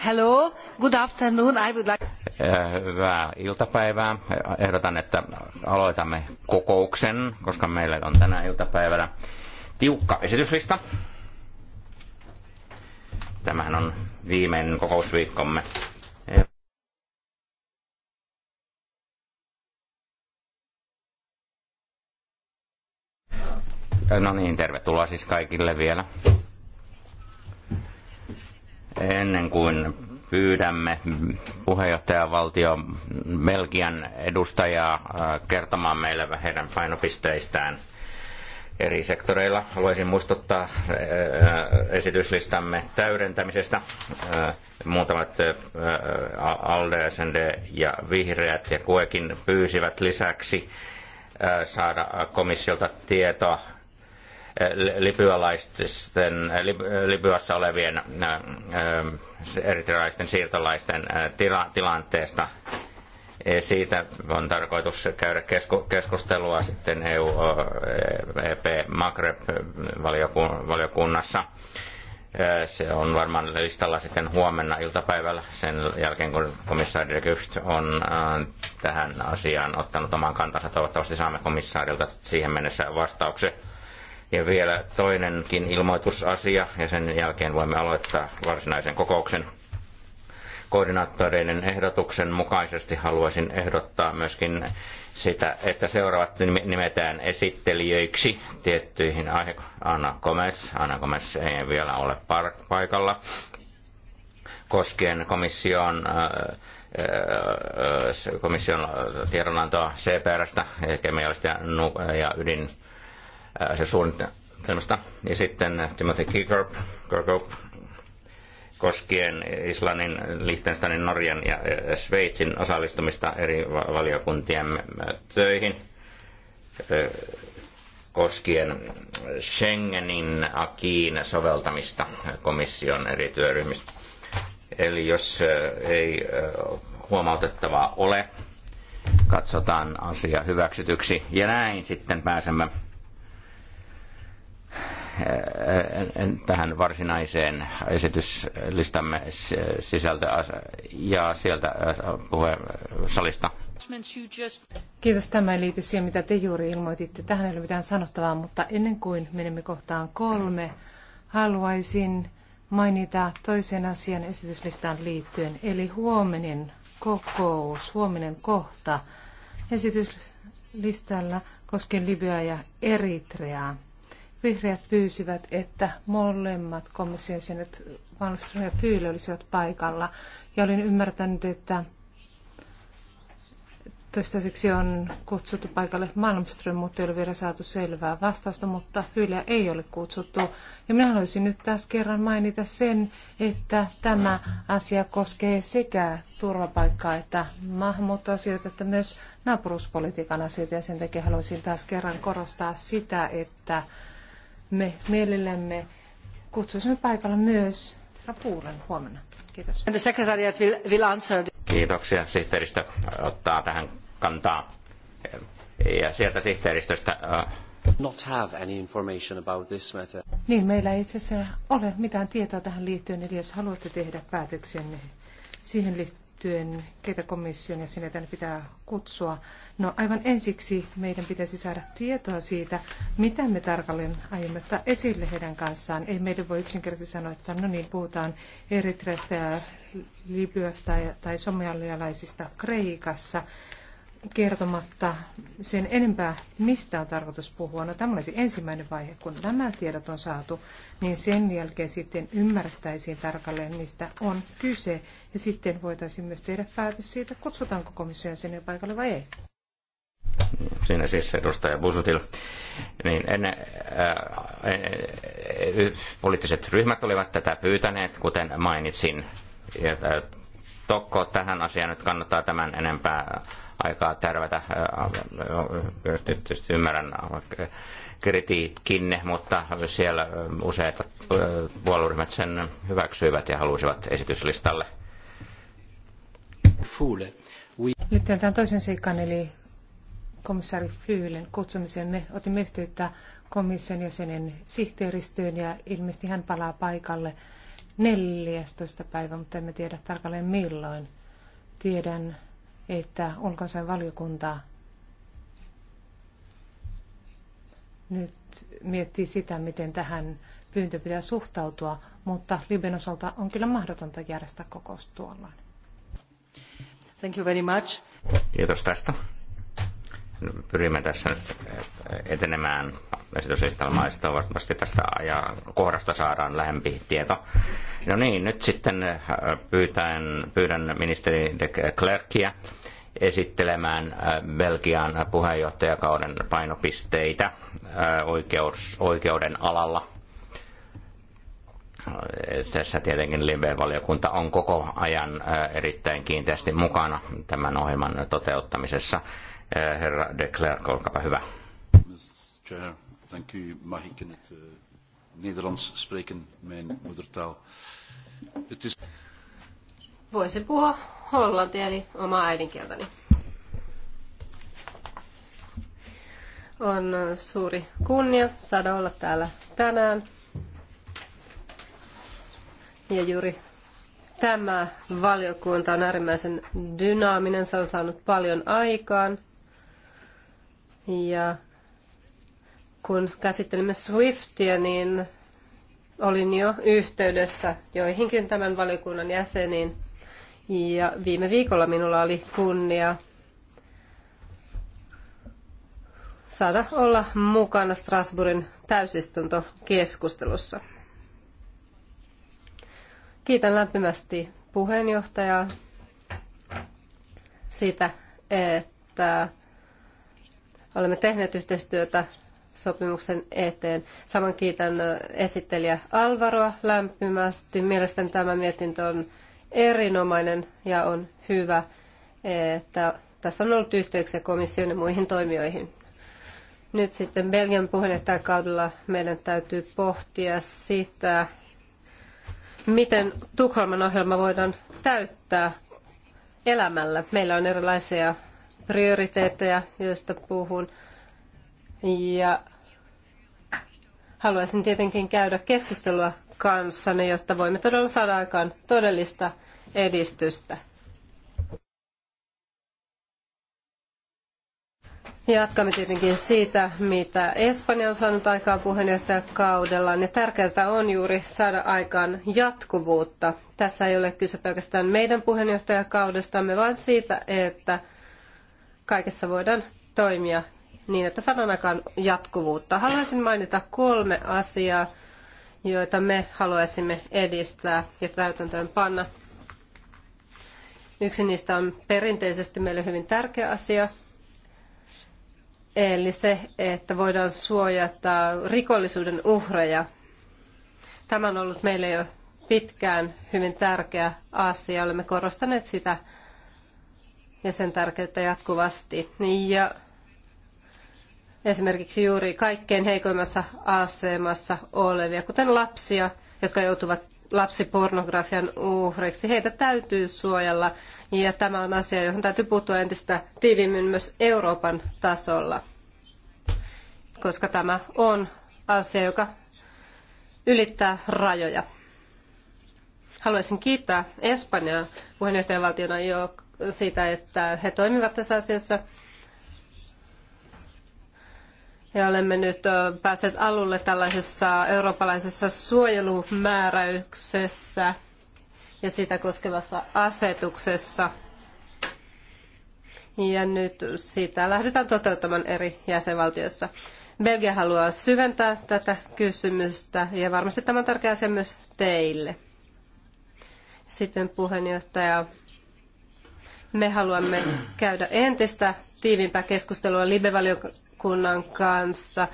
Hello, good afternoon. I would like... Äh, hyvää iltapäivää. Ehdotan, että aloitamme kokouksen, koska meillä on tänä iltapäivänä tiukka esityslista. Tämähän on viimeinen kokousviikkomme. No niin, tervetuloa siis kaikille vielä. Ennen kuin pyydämme puheenjohtajavaltio Belgian edustajaa äh, kertomaan meille heidän painopisteistään eri sektoreilla. Haluaisin muistuttaa äh, esityslistamme täydentämisestä. Äh, muutamat ALDE, SND ja Vihreät ja Kuekin pyysivät lisäksi saada komissiolta tietoa libyalaisten, Libyassa olevien äh, äh, erityisesti siirtolaisten äh, tilanteesta. Siitä on tarkoitus käydä keskustelua sitten EU, EP, Maghreb-valiokunnassa. Se on varmaan listalla sitten huomenna iltapäivällä sen jälkeen, kun komissaari de Gucht on tähän asiaan ottanut oman kantansa. Toivottavasti saamme komissaarilta siihen mennessä vastauksen ja vielä toinenkin ilmoitusasia, ja sen jälkeen voimme aloittaa varsinaisen kokouksen. Koordinaattoreiden ehdotuksen mukaisesti haluaisin ehdottaa myöskin sitä, että seuraavat nimetään esittelijöiksi tiettyihin aiheisiin. Anna Komes, Anna Komes ei vielä ole paikalla, koskien komission äh, äh, äh komission tiedonantoa CPRstä, kemiallista ja ydin Äh, se suunnitelmasta. Ja sitten Timothy Kirkup, Kirkup koskien Islannin, Liechtensteinin, Norjan ja äh, Sveitsin osallistumista eri valiokuntien äh, töihin koskien Schengenin akiin soveltamista komission eri työryhmissä. Eli jos ei huomautettavaa ole, katsotaan asia hyväksytyksi. Ja näin sitten pääsemme Eh, tähän varsinaiseen esityslistamme sisältö ja sieltä eh, puhe salista. Kiitos. Tämä ei liity siihen, mitä te juuri ilmoititte. Tähän ei ole mitään sanottavaa, mutta ennen kuin menemme kohtaan kolme, haluaisin mainita toisen asian esityslistaan liittyen, eli huominen kokous, huominen kohta esityslistalla koskien Libyaa ja Eritreaa. Vihreät pyysivät, että molemmat komission jäsenet, Wallström ja Fyyle olisivat paikalla. Ja olin ymmärtänyt, että toistaiseksi on kutsuttu paikalle Malmström, mutta ei ole vielä saatu selvää vastausta, mutta Fyyle ei ole kutsuttu. Ja minä haluaisin nyt taas kerran mainita sen, että tämä asia koskee sekä turvapaikkaa että maahanmuuttoasioita, että myös naapuruspolitiikan asioita. Ja sen takia haluaisin taas kerran korostaa sitä, että me mielellämme kutsuisimme paikalla myös Rapuulan huomenna. Kiitos. Kiitoksia. Sihteeristö ottaa tähän kantaa. Ja sieltä sihteeristöstä... Not have any information about this matter. Niin, meillä ei itse asiassa ole mitään tietoa tähän liittyen, eli jos haluatte tehdä päätöksenne siihen liittyen, liittyen, ketä komission ja sinne tänne pitää kutsua. No aivan ensiksi meidän pitäisi saada tietoa siitä, mitä me tarkalleen aiomme ottaa esille heidän kanssaan. Ei meidän voi yksinkertaisesti sanoa, että no niin, puhutaan Eritreasta ja Libyasta tai somalialaisista Kreikassa kertomatta sen enempää, mistä on tarkoitus puhua. No tämä olisi ensimmäinen vaihe, kun nämä tiedot on saatu, niin sen jälkeen sitten ymmärrettäisiin tarkalleen, mistä on kyse. Ja sitten voitaisiin myös tehdä päätös siitä, kutsutaanko komission sen paikalle vai ei. Siinä siis edustaja Busutil. Niin en, äh, äh, äh, poliittiset ryhmät olivat tätä pyytäneet, kuten mainitsin. Ja, äh, Tokko tähän asiaan nyt kannattaa tämän enempää aikaa tärvätä. Tietysti ymmärrän kritiikkinne, mutta siellä useat puolueryhmät sen hyväksyivät ja halusivat esityslistalle. Nyt tämän toisen seikan, eli komissaari Fyylen kutsumisen me otimme yhteyttä komission jäsenen sihteeristöön ja ilmeisesti hän palaa paikalle 14. päivä, mutta emme tiedä tarkalleen milloin. Tiedän, että ulkoisen valiokunta nyt miettii sitä, miten tähän pyyntö pitää suhtautua, mutta Liben osalta on kyllä mahdotonta järjestää kokous tuolloin. Thank you very much. Kiitos tästä pyrimme tässä eh, etenemään esityslistalla toivottavasti tästä ja kohdasta saadaan lähempi tieto. No niin, nyt sitten eh, pyytän, pyydän ministeri de Klerkia esittelemään eh, Belgian puheenjohtajakauden painopisteitä oikeus, oikeuden alalla. Tässä tietenkin Libe-valiokunta on koko ajan erittäin kiinteästi mukana tämän ohjelman toteuttamisessa Eh, herra de Klerk, olkaapa hyvä. Chair, thank you. Mag ik eh, Nederlands spreken, mijn moedertaal? Het is... Voisin puhua hollantia, eli omaa äidinkieltäni. On eh, suuri kunnia saada olla täällä tänään. Ja juuri tämä valiokunta on äärimmäisen dynaaminen, se on saanut paljon aikaan – ja kun käsittelimme Swiftia, niin olin jo yhteydessä joihinkin tämän valiokunnan jäseniin. Ja viime viikolla minulla oli kunnia saada olla mukana Strasbourgin täysistuntokeskustelussa. Kiitän lämpimästi puheenjohtajaa siitä, että Olemme tehneet yhteistyötä sopimuksen eteen. Saman kiitän esittelijä Alvaroa lämpimästi. Mielestäni tämä mietintö on erinomainen ja on hyvä, että tässä on ollut yhteyksiä komission ja muihin toimijoihin. Nyt sitten Belgian puheenjohtajakaudella meidän täytyy pohtia sitä, miten Tukholman ohjelma voidaan täyttää elämällä. Meillä on erilaisia prioriteetteja, joista puhun. Ja haluaisin tietenkin käydä keskustelua kanssanne, jotta voimme todella saada aikaan todellista edistystä. Jatkamme tietenkin siitä, mitä Espanja on saanut aikaan puheenjohtajakaudellaan. Ja tärkeää on juuri saada aikaan jatkuvuutta. Tässä ei ole kyse pelkästään meidän puheenjohtajakaudestamme, vaan siitä, että kaikessa voidaan toimia niin, että saadaan aikaan jatkuvuutta. Haluaisin mainita kolme asiaa, joita me haluaisimme edistää ja täytäntöön panna. Yksi niistä on perinteisesti meille hyvin tärkeä asia, eli se, että voidaan suojata rikollisuuden uhreja. Tämä on ollut meille jo pitkään hyvin tärkeä asia. Olemme korostaneet sitä ja sen tärkeyttä jatkuvasti. Ja esimerkiksi juuri kaikkein heikoimmassa asemassa olevia, kuten lapsia, jotka joutuvat lapsipornografian uhreiksi. Heitä täytyy suojella ja tämä on asia, johon täytyy puuttua entistä tiiviimmin myös Euroopan tasolla, koska tämä on asia, joka ylittää rajoja. Haluaisin kiittää Espanjaa puheenjohtajavaltiona, joka siitä, että he toimivat tässä asiassa. Ja olemme nyt päässeet alulle tällaisessa eurooppalaisessa suojelumääräyksessä ja sitä koskevassa asetuksessa. Ja nyt sitä lähdetään toteuttamaan eri jäsenvaltioissa. Belgia haluaa syventää tätä kysymystä ja varmasti tämä on tärkeä asia myös teille. Sitten puheenjohtaja me haluamme käydä entistä tiivimpää keskustelua Libe-valiokunnan kanssa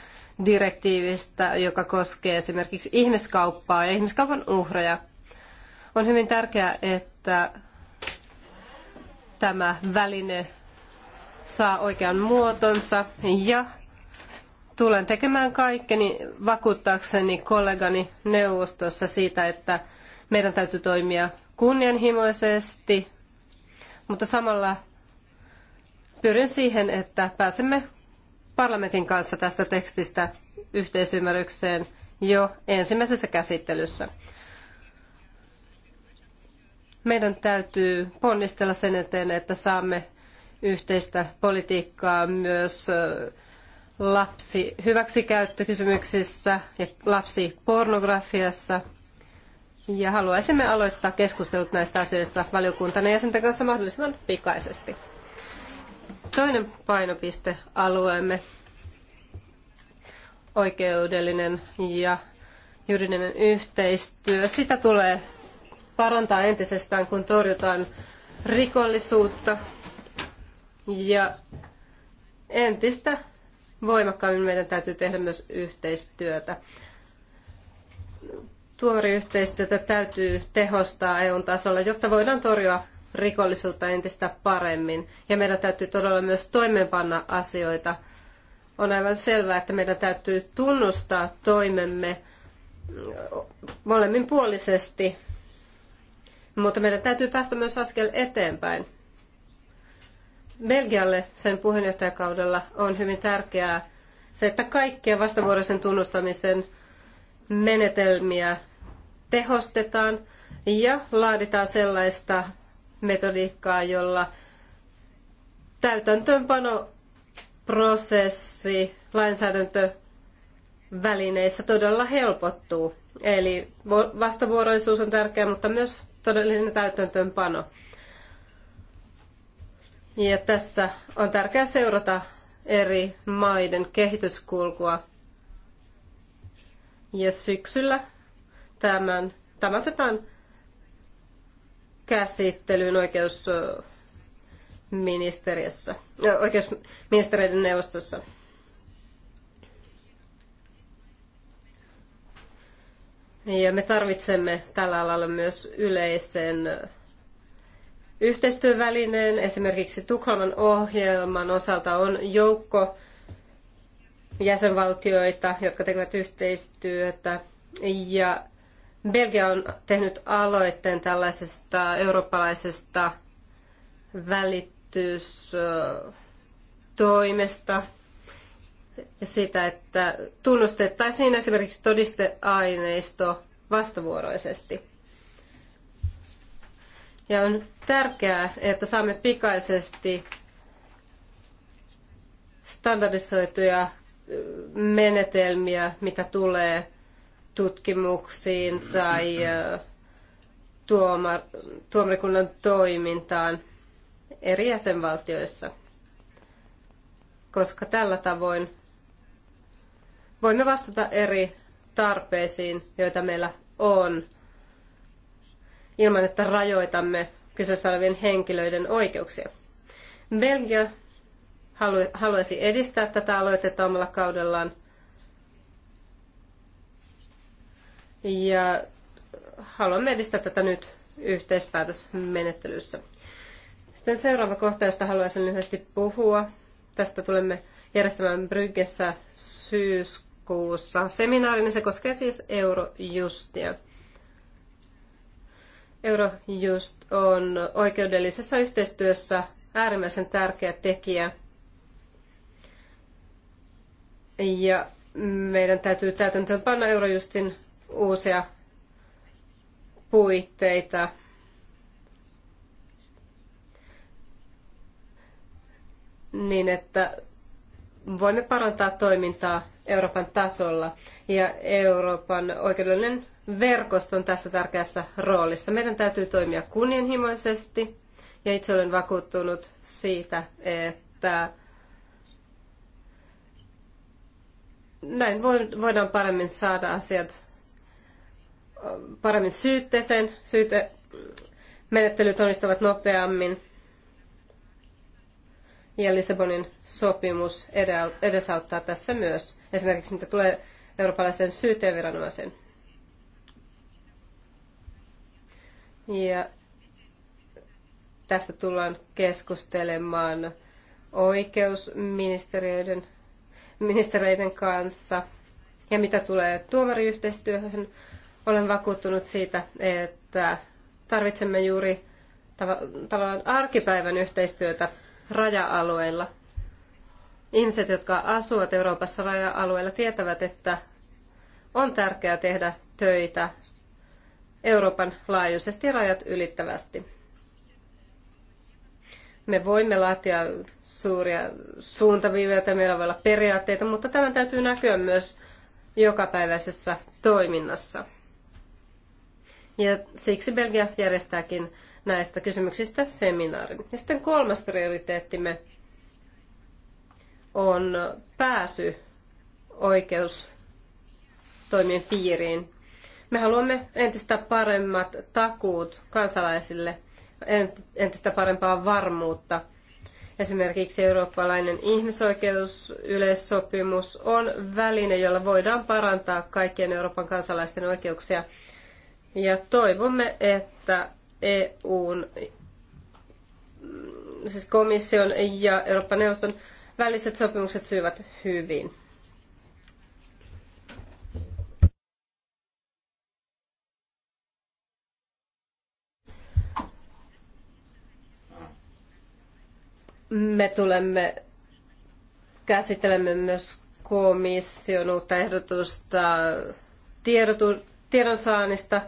direktiivistä, joka koskee esimerkiksi ihmiskauppaa ja ihmiskaupan uhreja. On hyvin tärkeää, että tämä väline saa oikean muotonsa ja tulen tekemään kaikkeni vakuuttaakseni kollegani neuvostossa siitä, että meidän täytyy toimia kunnianhimoisesti mutta samalla pyrin siihen, että pääsemme parlamentin kanssa tästä tekstistä yhteisymmärrykseen jo ensimmäisessä käsittelyssä. Meidän täytyy ponnistella sen eteen, että saamme yhteistä politiikkaa myös lapsi hyväksikäyttökysymyksissä ja lapsipornografiassa – ja haluaisimme aloittaa keskustelut näistä asioista valiokuntana jäsenten kanssa mahdollisimman pikaisesti. Toinen painopiste alueemme oikeudellinen ja juridinen yhteistyö. Sitä tulee parantaa entisestään, kun torjutaan rikollisuutta ja entistä voimakkaammin meidän täytyy tehdä myös yhteistyötä tuomioyhteistyötä täytyy tehostaa EUn tasolla, jotta voidaan torjua rikollisuutta entistä paremmin. Ja meidän täytyy todella myös toimeenpanna asioita. On aivan selvää, että meidän täytyy tunnustaa toimemme molemminpuolisesti, mutta meidän täytyy päästä myös askel eteenpäin. Belgialle sen puheenjohtajakaudella on hyvin tärkeää se, että kaikkia vastavuoroisen tunnustamisen menetelmiä tehostetaan ja laaditaan sellaista metodiikkaa, jolla täytäntöönpanoprosessi lainsäädäntövälineissä todella helpottuu. Eli vastavuoroisuus on tärkeä, mutta myös todellinen täytäntöönpano. Ja tässä on tärkeää seurata eri maiden kehityskulkua ja syksyllä tämän, tämä otetaan käsittelyyn oikeusministeriössä, oikeusministeriöiden neuvostossa. Ja me tarvitsemme tällä alalla myös yleisen yhteistyövälineen. Esimerkiksi Tukholman ohjelman osalta on joukko jäsenvaltioita, jotka tekevät yhteistyötä. Ja Belgia on tehnyt aloitteen tällaisesta eurooppalaisesta välitystoimesta ja sitä, että tunnustettaisiin esimerkiksi todisteaineisto vastavuoroisesti. Ja on tärkeää, että saamme pikaisesti standardisoituja menetelmiä, mitä tulee tutkimuksiin tai tuomar, tuomarikunnan toimintaan eri jäsenvaltioissa, koska tällä tavoin voimme vastata eri tarpeisiin, joita meillä on, ilman että rajoitamme kyseessä olevien henkilöiden oikeuksia. Belgia haluaisi edistää tätä aloitetta omalla kaudellaan. Ja haluamme edistää tätä nyt yhteispäätösmenettelyssä. Sitten seuraava kohta, josta haluaisin lyhyesti puhua. Tästä tulemme järjestämään Bryggessä syyskuussa seminaarin, niin se koskee siis Eurojustia. Eurojust on oikeudellisessa yhteistyössä äärimmäisen tärkeä tekijä – ja meidän täytyy täytäntöön panna Eurojustin uusia puitteita. Niin, että voimme parantaa toimintaa Euroopan tasolla. Ja Euroopan oikeudellinen verkosto on tässä tärkeässä roolissa. Meidän täytyy toimia kunnianhimoisesti. Ja itse olen vakuuttunut siitä, että näin voidaan paremmin saada asiat paremmin syytteeseen. Syyte, menettelyt onnistuvat nopeammin. Ja Lissabonin sopimus edesauttaa tässä myös. Esimerkiksi mitä tulee eurooppalaisen syyteviranomaisen. Ja tästä tullaan keskustelemaan oikeusministeriöiden ministereiden kanssa. Ja mitä tulee tuomariyhteistyöhön, olen vakuuttunut siitä, että tarvitsemme juuri tavallaan arkipäivän yhteistyötä raja-alueilla. Ihmiset, jotka asuvat Euroopassa raja-alueilla, tietävät, että on tärkeää tehdä töitä Euroopan laajuisesti rajat ylittävästi. Me voimme laatia suuria suuntaviivoja, meillä voi olla periaatteita, mutta tämän täytyy näkyä myös jokapäiväisessä toiminnassa. Ja siksi Belgia järjestääkin näistä kysymyksistä seminaarin. Ja sitten kolmas prioriteettimme on pääsy oikeustoimien piiriin. Me haluamme entistä paremmat takuut kansalaisille entistä parempaa varmuutta. Esimerkiksi eurooppalainen ihmisoikeusyleissopimus on väline, jolla voidaan parantaa kaikkien Euroopan kansalaisten oikeuksia. Ja toivomme, että EUn, siis komission ja Euroopan neuvoston väliset sopimukset syyvät hyvin. Me tulemme käsittelemme myös komission uutta ehdotusta tiedotu, tiedonsaannista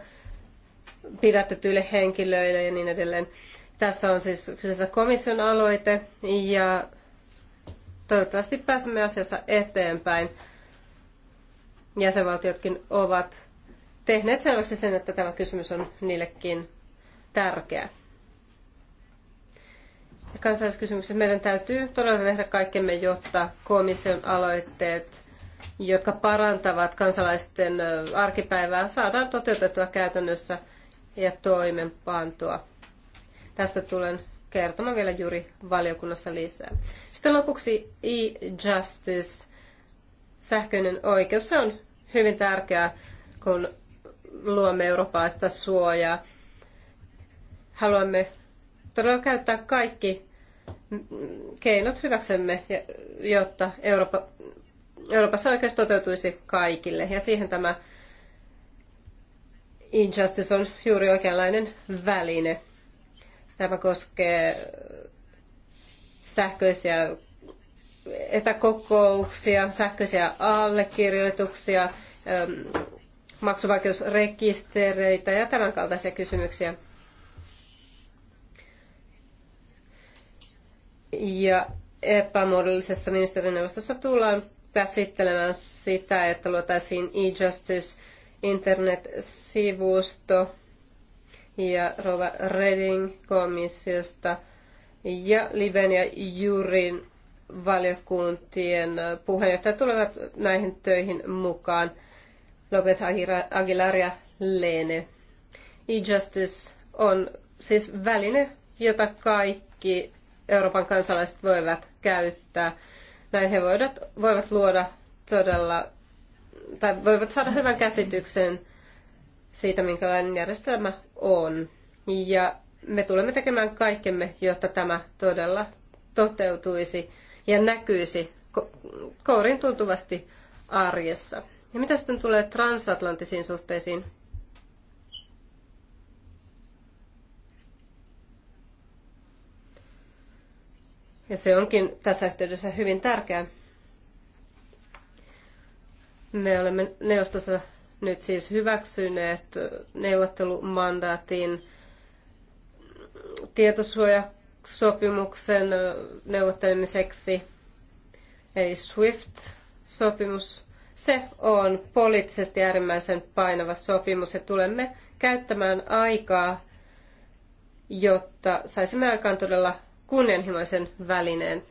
pidätetyille henkilöille ja niin edelleen. Tässä on siis kyseessä komission aloite ja toivottavasti pääsemme asiassa eteenpäin. Jäsenvaltiotkin ovat tehneet selväksi sen, että tämä kysymys on niillekin tärkeä ja kansalaiskysymyksissä meidän täytyy todella tehdä kaikkemme, jotta komission aloitteet, jotka parantavat kansalaisten arkipäivää, saadaan toteutettua käytännössä ja toimenpantua. Tästä tulen kertomaan vielä juuri valiokunnassa lisää. Sitten lopuksi e-justice, sähköinen oikeus. Se on hyvin tärkeää, kun luomme eurooppalaista suojaa. Haluamme todella käyttää kaikki keinot hyväksemme, jotta Eurooppa, Euroopassa oikeus toteutuisi kaikille. Ja siihen tämä Injustice on juuri oikeanlainen väline. Tämä koskee sähköisiä etäkokouksia, sähköisiä allekirjoituksia, maksuvaikeusrekistereitä ja tämän kaltaisia kysymyksiä. Ja epämuodollisessa ministerineuvostossa tullaan käsittelemään sitä, että luotaisiin e-justice internet-sivusto ja Rova Reding komissiosta ja Liven ja Jurin valiokuntien puheenjohtajat tulevat näihin töihin mukaan. Lopet Aguilar ja Lene. E-Justice on siis väline, jota kaikki Euroopan kansalaiset voivat käyttää. Näin he voivat, voivat luoda todella, tai voivat saada hyvän käsityksen siitä, minkälainen järjestelmä on. Ja me tulemme tekemään kaikkemme, jotta tämä todella toteutuisi ja näkyisi kourin tuntuvasti arjessa. Ja mitä sitten tulee transatlanttisiin suhteisiin, Ja se onkin tässä yhteydessä hyvin tärkeää. Me olemme neuvostossa nyt siis hyväksyneet neuvottelumandaatin tietosuojasopimuksen neuvottelemiseksi, eli SWIFT-sopimus. Se on poliittisesti äärimmäisen painava sopimus ja tulemme käyttämään aikaa, jotta saisimme aikaan todella kunnianhimoisen välineen.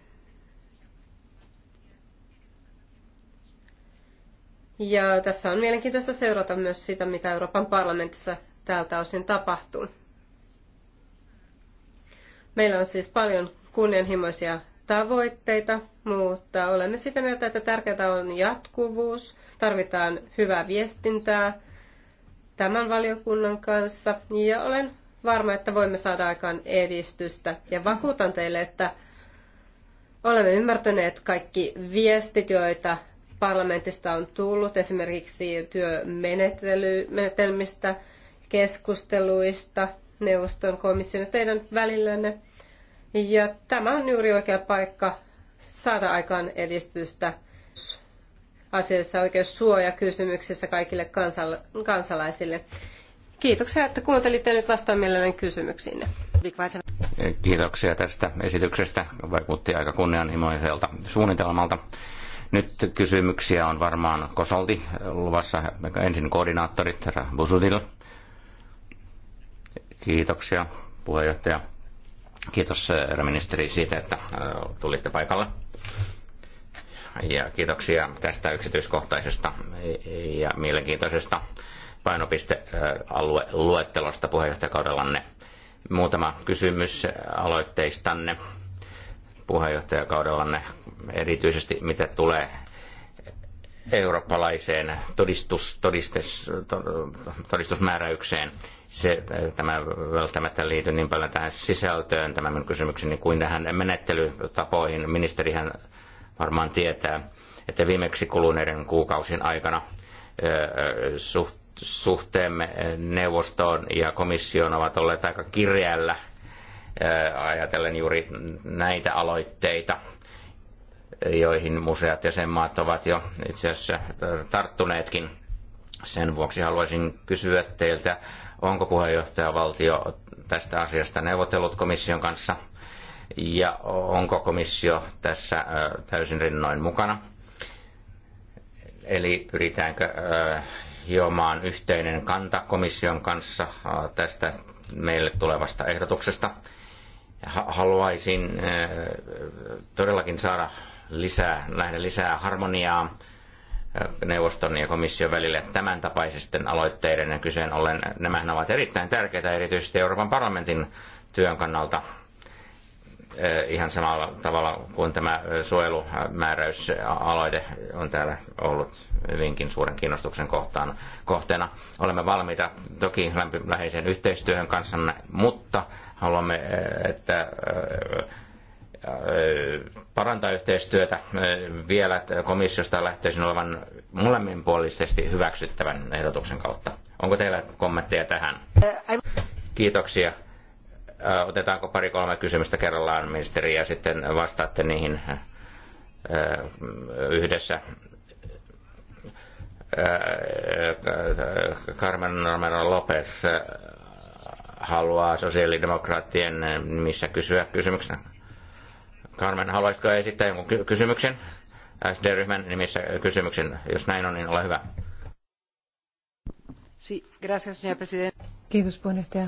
Ja tässä on mielenkiintoista seurata myös sitä, mitä Euroopan parlamentissa tältä osin tapahtuu. Meillä on siis paljon kunnianhimoisia tavoitteita, mutta olemme sitä mieltä, että tärkeää on jatkuvuus, tarvitaan hyvää viestintää tämän valiokunnan kanssa ja olen varma, että voimme saada aikaan edistystä. Ja vakuutan teille, että olemme ymmärtäneet kaikki viestit, joita parlamentista on tullut, esimerkiksi työmenetelmistä, keskusteluista, neuvoston komission ja teidän välillänne. Ja tämä on juuri oikea paikka saada aikaan edistystä asioissa oikeussuojakysymyksissä kaikille kansalaisille. Kiitoksia, että kuuntelitte nyt vastaan mielelläni kysymyksiinne. Kiitoksia tästä esityksestä. Vaikutti aika kunnianhimoiselta suunnitelmalta. Nyt kysymyksiä on varmaan kosolti luvassa. Ensin koordinaattorit, herra Busutil. Kiitoksia, puheenjohtaja. Kiitos, herra ministeri, siitä, että äh, tulitte paikalle. Ja kiitoksia tästä yksityiskohtaisesta ja mielenkiintoisesta Painopistealue luettelosta puheenjohtajakaudellanne. Muutama kysymys aloitteistanne puheenjohtajakaudellanne, erityisesti mitä tulee eurooppalaiseen todistus, todistes, todistusmääräykseen. Se, tämä välttämättä liity niin paljon tähän sisältöön, tämä minun kysymykseni, kuin tähän menettelytapoihin. Ministerihän varmaan tietää, että viimeksi kuluneiden kuukausien aikana suht, suhteemme eh, neuvostoon ja komissioon ovat olleet aika kireällä eh, ajatellen juuri näitä aloitteita, joihin museat ja sen maat ovat jo itse asiassa eh, tarttuneetkin. Sen vuoksi haluaisin kysyä teiltä, onko puheenjohtajavaltio tästä asiasta neuvotellut komission kanssa ja onko komissio tässä täysin rinnoin mukana? Eli pyritäänkö hiomaan yhteinen kanta komission kanssa tästä meille tulevasta ehdotuksesta. Haluaisin todellakin saada lisää, nähdä lisää harmoniaa neuvoston ja komission välille tämän tapaisisten aloitteiden ja kyseen ollen. Nämähän ovat erittäin tärkeitä erityisesti Euroopan parlamentin työn kannalta Eh, ihan samalla tavalla kuin tämä eh, suojelumääräysaloite on täällä ollut hyvinkin suuren kiinnostuksen kohtaan, kohteena. Olemme valmiita toki läheiseen yhteistyöhön kanssanne, mutta haluamme, eh, että parantaa yhteistyötä vielä komissiosta lähtöisin olevan molemminpuolisesti hyväksyttävän ehdotuksen kautta. Onko teillä kommentteja tähän? Kiitoksia Äh, otetaanko pari-kolme kysymystä kerrallaan, ministeri, ja sitten vastaatte niihin äh, yhdessä. Äh, Carmen Romero Lopez haluaa sosiaalidemokraattien missä kysyä kysymyksen. Carmen, haluaisitko esittää jonkun kysymyksen? SD-ryhmän nimissä kysymyksen. Jos näin on, niin ole hyvä. Sí, gracias, señor presidente. Kiitos puheenjohtaja.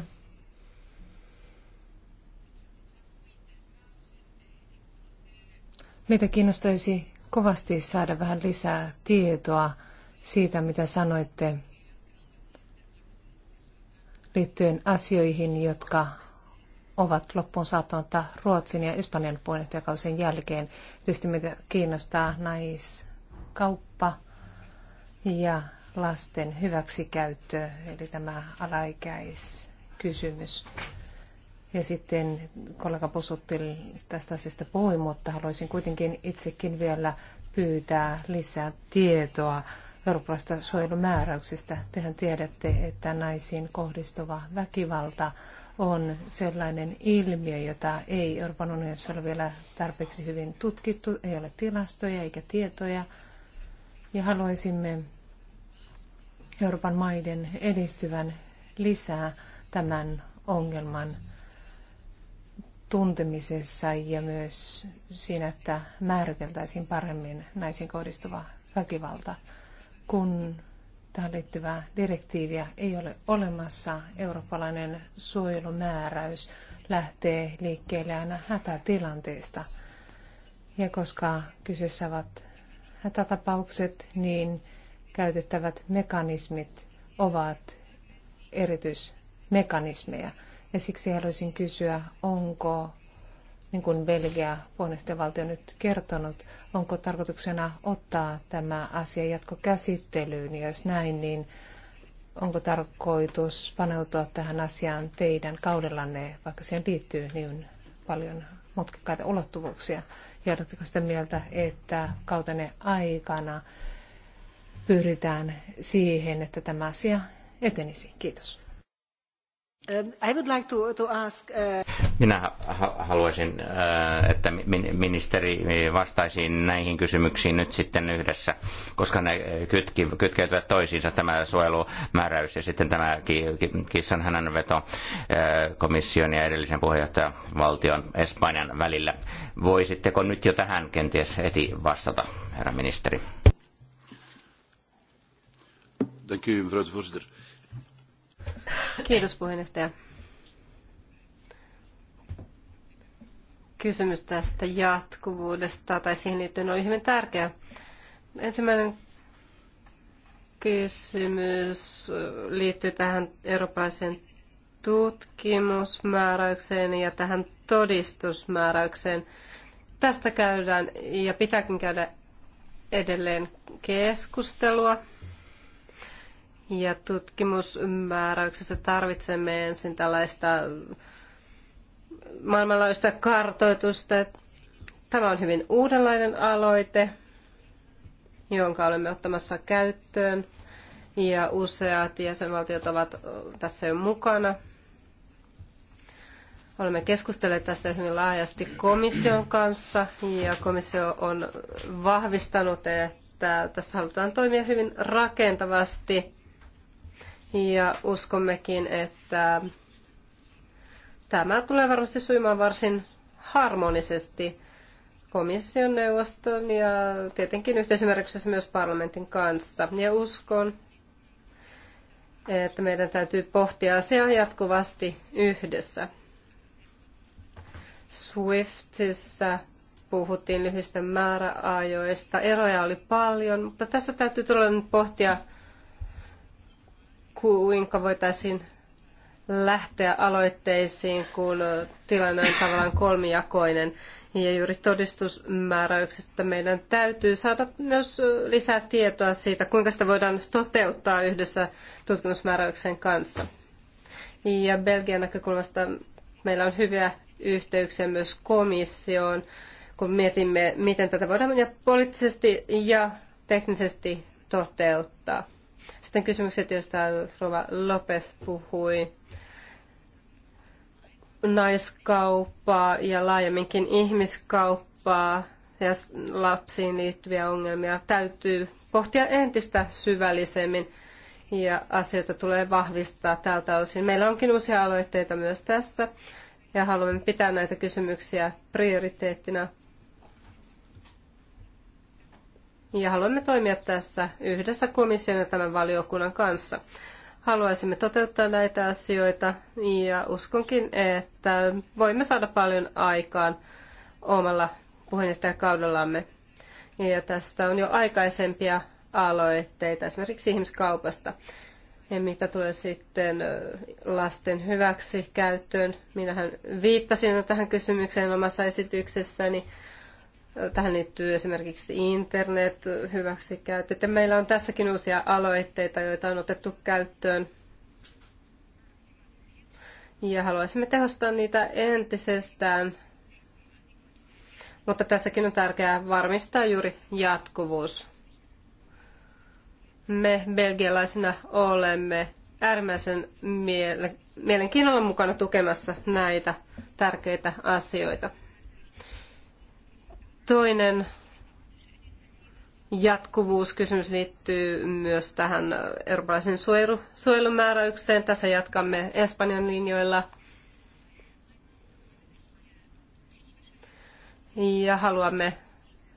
Meitä kiinnostaisi kovasti saada vähän lisää tietoa siitä, mitä sanoitte liittyen asioihin, jotka ovat loppuun saattamatta Ruotsin ja Espanjan puheenjohtajakausien jälkeen. Tietysti meitä kiinnostaa naiskauppa ja lasten hyväksikäyttö, eli tämä alaikäiskysymys. kysymys. Ja sitten kollega Posutti tästä asiasta puhui, mutta haluaisin kuitenkin itsekin vielä pyytää lisää tietoa eurooppalaisista suojelumääräyksistä. Tehän tiedätte, että naisiin kohdistuva väkivalta on sellainen ilmiö, jota ei Euroopan unionissa ole vielä tarpeeksi hyvin tutkittu, ei ole tilastoja eikä tietoja. Ja haluaisimme Euroopan maiden edistyvän lisää tämän ongelman tuntemisessa ja myös siinä, että määriteltäisiin paremmin naisiin kohdistuva väkivalta, kun tähän liittyvää direktiiviä ei ole olemassa. Eurooppalainen suojelumääräys lähtee liikkeelle aina hätätilanteesta. Ja koska kyseessä ovat hätätapaukset, niin käytettävät mekanismit ovat erityismekanismeja – ja siksi haluaisin kysyä, onko, niin kuin Belgia puheenjohtajavaltio nyt kertonut, onko tarkoituksena ottaa tämä asia jatkokäsittelyyn, ja jos näin, niin onko tarkoitus paneutua tähän asiaan teidän kaudellanne, vaikka siihen liittyy niin paljon mutkikkaita ulottuvuuksia. Ja oletteko sitä mieltä, että kautenne aikana pyritään siihen, että tämä asia etenisi? Kiitos. Um, I would like to, to ask, uh... Minä haluaisin, uh, että ministeri vastaisi näihin kysymyksiin nyt sitten yhdessä, koska ne kytkeytyvät toisiinsa tämä suojelumääräys ja sitten tämä kissan hänen veto uh, komission ja edellisen puheenjohtajan valtion Espanjan välillä. Voisitteko nyt jo tähän kenties heti vastata, herra ministeri? Dank u, Kiitos puheenjohtaja. Kysymys tästä jatkuvuudesta tai siihen liittyen oli hyvin tärkeä. Ensimmäinen kysymys liittyy tähän eurooppalaiseen tutkimusmääräykseen ja tähän todistusmääräykseen. Tästä käydään ja pitääkin käydä edelleen keskustelua. Ja tutkimusmääräyksessä tarvitsemme ensin tällaista maailmanlaajuista kartoitusta. Tämä on hyvin uudenlainen aloite, jonka olemme ottamassa käyttöön. Ja useat jäsenvaltiot ovat tässä jo mukana. Olemme keskustelleet tästä hyvin laajasti komission kanssa ja komissio on vahvistanut, että tässä halutaan toimia hyvin rakentavasti ja uskommekin, että tämä tulee varmasti suimaan varsin harmonisesti komission neuvoston ja tietenkin yhteisymmärryksessä myös parlamentin kanssa. Ja uskon, että meidän täytyy pohtia asiaa jatkuvasti yhdessä. Swiftissä puhuttiin lyhyistä määräajoista. Eroja oli paljon, mutta tässä täytyy todella nyt pohtia kuinka voitaisiin lähteä aloitteisiin, kun tilanne on tavallaan kolmijakoinen. Ja juuri todistusmääräyksestä meidän täytyy saada myös lisää tietoa siitä, kuinka sitä voidaan toteuttaa yhdessä tutkimusmääräyksen kanssa. Ja Belgian näkökulmasta meillä on hyviä yhteyksiä myös komissioon, kun mietimme, miten tätä voidaan poliittisesti ja teknisesti toteuttaa. Sitten kysymykset, joista Rova Lopez puhui, naiskauppaa ja laajemminkin ihmiskauppaa ja lapsiin liittyviä ongelmia täytyy pohtia entistä syvällisemmin ja asioita tulee vahvistaa tältä osin. Meillä onkin uusia aloitteita myös tässä ja haluamme pitää näitä kysymyksiä prioriteettina ja haluamme toimia tässä yhdessä komission ja tämän valiokunnan kanssa. Haluaisimme toteuttaa näitä asioita ja uskonkin, että voimme saada paljon aikaan omalla puheenjohtajakaudellamme. Ja tästä on jo aikaisempia aloitteita, esimerkiksi ihmiskaupasta. Ja mitä tulee sitten lasten hyväksi käyttöön, minähän viittasin tähän kysymykseen omassa esityksessäni. Niin Tähän liittyy esimerkiksi internet hyväksikäyttö. Ja meillä on tässäkin uusia aloitteita, joita on otettu käyttöön. Ja haluaisimme tehostaa niitä entisestään. Mutta tässäkin on tärkeää varmistaa juuri jatkuvuus. Me belgialaisina olemme äärimmäisen mielenkiinnolla mukana tukemassa näitä tärkeitä asioita. Toinen jatkuvuuskysymys liittyy myös tähän eurooppalaisen suojelu, suojelumääräykseen. Tässä jatkamme Espanjan linjoilla. Ja haluamme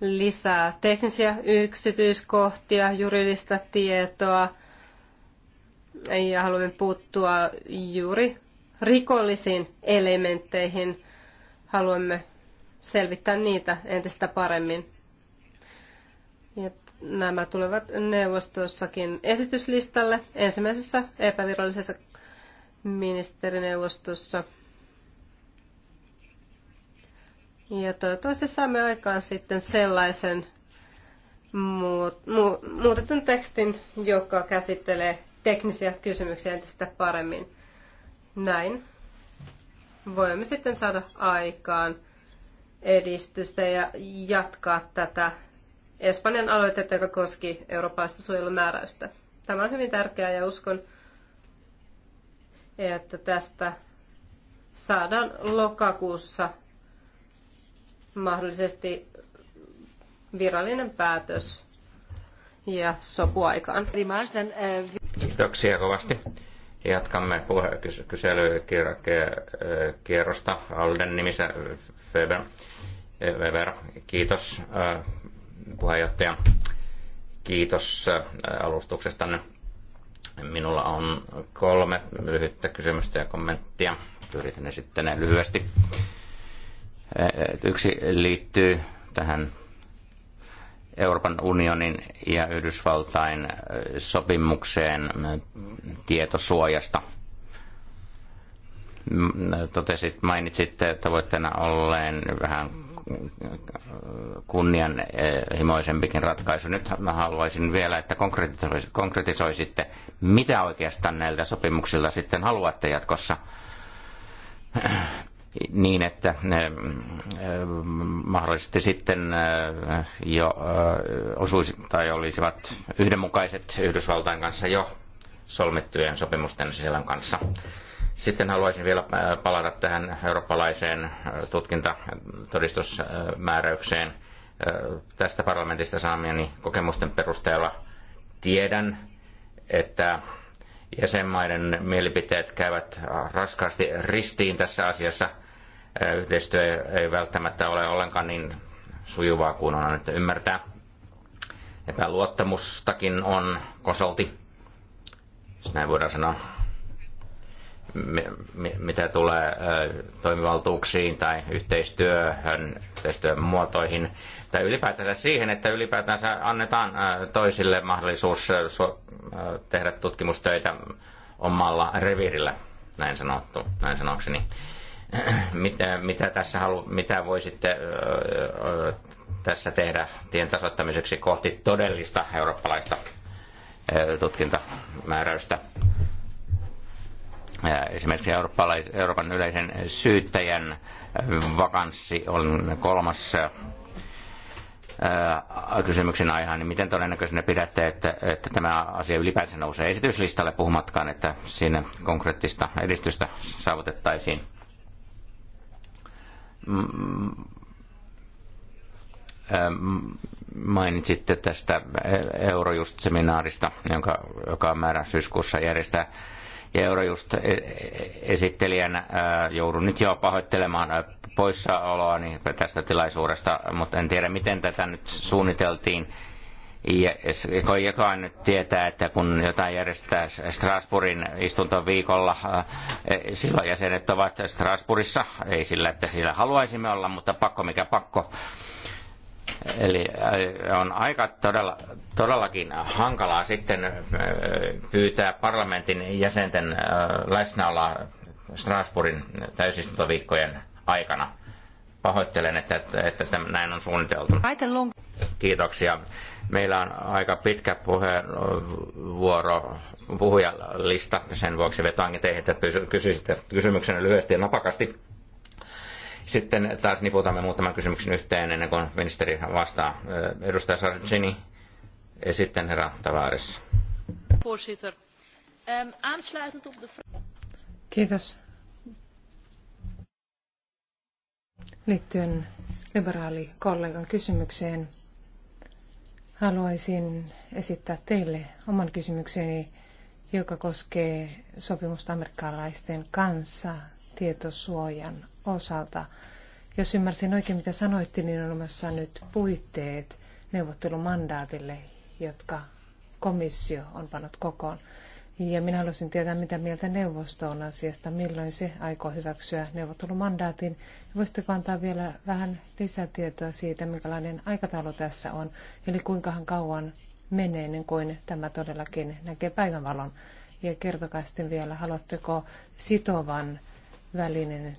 lisää teknisiä yksityiskohtia, juridista tietoa ja haluamme puuttua juuri rikollisiin elementteihin. Haluamme selvittää niitä entistä paremmin. Ja nämä tulevat neuvostossakin esityslistalle ensimmäisessä epävirallisessa ministerineuvostossa. Ja toivottavasti saamme aikaan sitten sellaisen muut, mu, muutetun tekstin, joka käsittelee teknisiä kysymyksiä entistä paremmin. Näin voimme sitten saada aikaan edistystä ja jatkaa tätä Espanjan aloitetta, joka koski eurooppalaista suojelumääräystä. Tämä on hyvin tärkeää ja uskon, että tästä saadaan lokakuussa mahdollisesti virallinen päätös ja sopuaikaan. Kiitoksia kovasti. Jatkamme puhe- kyselykierrosta Alden nimissä Feber. Weber, kiitos äh, puheenjohtaja. Kiitos äh, alustuksestanne. Minulla on kolme lyhyttä kysymystä ja kommenttia. Yritän esittää ne lyhyesti. Äh, yksi liittyy tähän Euroopan unionin ja Yhdysvaltain sopimukseen tietosuojasta. Totesit, mainitsitte tavoitteena olleen vähän kunnianhimoisempikin ratkaisu. Nyt mä haluaisin vielä, että konkretisoisitte, mitä oikeastaan näiltä sopimuksilta sitten haluatte jatkossa niin, että eh, eh, mahdollisesti sitten eh, jo osuisi tai olisivat yhdenmukaiset Yhdysvaltain kanssa jo solmittujen sopimusten sisällön kanssa. Sitten haluaisin vielä äh, palata tähän eurooppalaiseen äh, tutkintatodistusmääräykseen. Äh, tästä parlamentista saamieni kokemusten perusteella tiedän, että jäsenmaiden mielipiteet käyvät raskaasti ristiin tässä asiassa. Yhteistyö ei välttämättä ole ollenkaan niin sujuvaa kuin on nyt ymmärtää. Epäluottamustakin on kosolti, jos näin voidaan sanoa mitä tulee toimivaltuuksiin tai yhteistyöhön, yhteistyön muotoihin tai ylipäätään siihen, että ylipäätään annetaan toisille mahdollisuus tehdä tutkimustöitä omalla reviirillä, näin, sanottu, näin sanokseni. Mitä, mitä, tässä halu, mitä voisitte tässä tehdä tien tasoittamiseksi kohti todellista eurooppalaista tutkintamääräystä? Esimerkiksi Euroopan yleisen syyttäjän vakanssi on kolmas kysymyksen aihe, niin miten todennäköisenä pidätte, että, että tämä asia ylipäänsä nousee esityslistalle, puhumattakaan, että siinä konkreettista edistystä saavutettaisiin? Mainitsitte tästä Eurojust-seminaarista, jonka, joka on määrä syyskuussa järjestää ja Eurojust e- e- esittelijänä joudun nyt jo pahoittelemaan poissaoloa tästä tilaisuudesta, mutta en tiedä miten tätä nyt suunniteltiin. Ja kun jokainen nyt tietää, että kun jotain järjestetään Strasbourgin istuntoviikolla, e- silloin jäsenet ovat Strasbourgissa, ei sillä, että siellä haluaisimme olla, mutta pakko mikä pakko. Eli äh, on aika todella, todellakin hankalaa sitten äh, pyytää parlamentin jäsenten äh, läsnäoloa Strasbourgin täysistuntoviikkojen aikana. Pahoittelen, että, että, että näin on suunniteltu. Kiitoksia. Meillä on aika pitkä puheenvuoro, puhujalista. Sen vuoksi vetoankin teihin, että kysyisitte kysymyksen lyhyesti ja napakasti. Sitten taas niputamme muutaman kysymyksen yhteen ennen kuin ministeri vastaa. Edustaja Sargini ja sitten herra Tavares. Ehm, Kiitos. Liittyen kollegan kysymykseen, haluaisin esittää teille oman kysymykseni, joka koskee sopimusta amerikkalaisten kanssa tietosuojan osalta. Jos ymmärsin oikein, mitä sanoitte, niin on olemassa nyt puitteet neuvottelumandaatille, jotka komissio on pannut kokoon. Ja minä haluaisin tietää, mitä mieltä neuvosto on asiasta, milloin se aikoo hyväksyä neuvottelumandaatin. Voisitteko antaa vielä vähän lisätietoa siitä, minkälainen aikataulu tässä on, eli kuinkahan kauan menee ennen kuin tämä todellakin näkee päivänvalon. Ja kertokaa sitten vielä, haluatteko sitovan välinen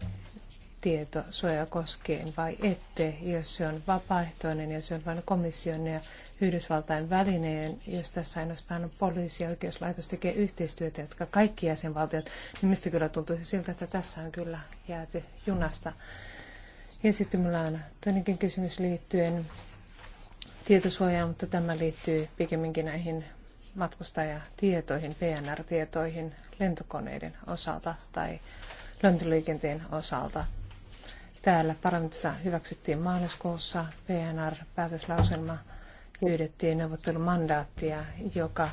tietosuoja koskien vai ette, jos se on vapaaehtoinen ja se on vain komission ja Yhdysvaltain välineen, jos tässä ainoastaan poliisi ja oikeuslaitos tekee yhteistyötä, jotka kaikki jäsenvaltiot, niin mistä kyllä tuntuisi siltä, että tässä on kyllä jääty junasta. Ja sitten minulla on toinenkin kysymys liittyen tietosuojaan, mutta tämä liittyy pikemminkin näihin matkustajatietoihin, PNR-tietoihin lentokoneiden osalta tai lentoliikenteen osalta. Täällä parlamentissa hyväksyttiin maaliskuussa PNR-päätöslauselma pyydettiin neuvottelumandaattia, joka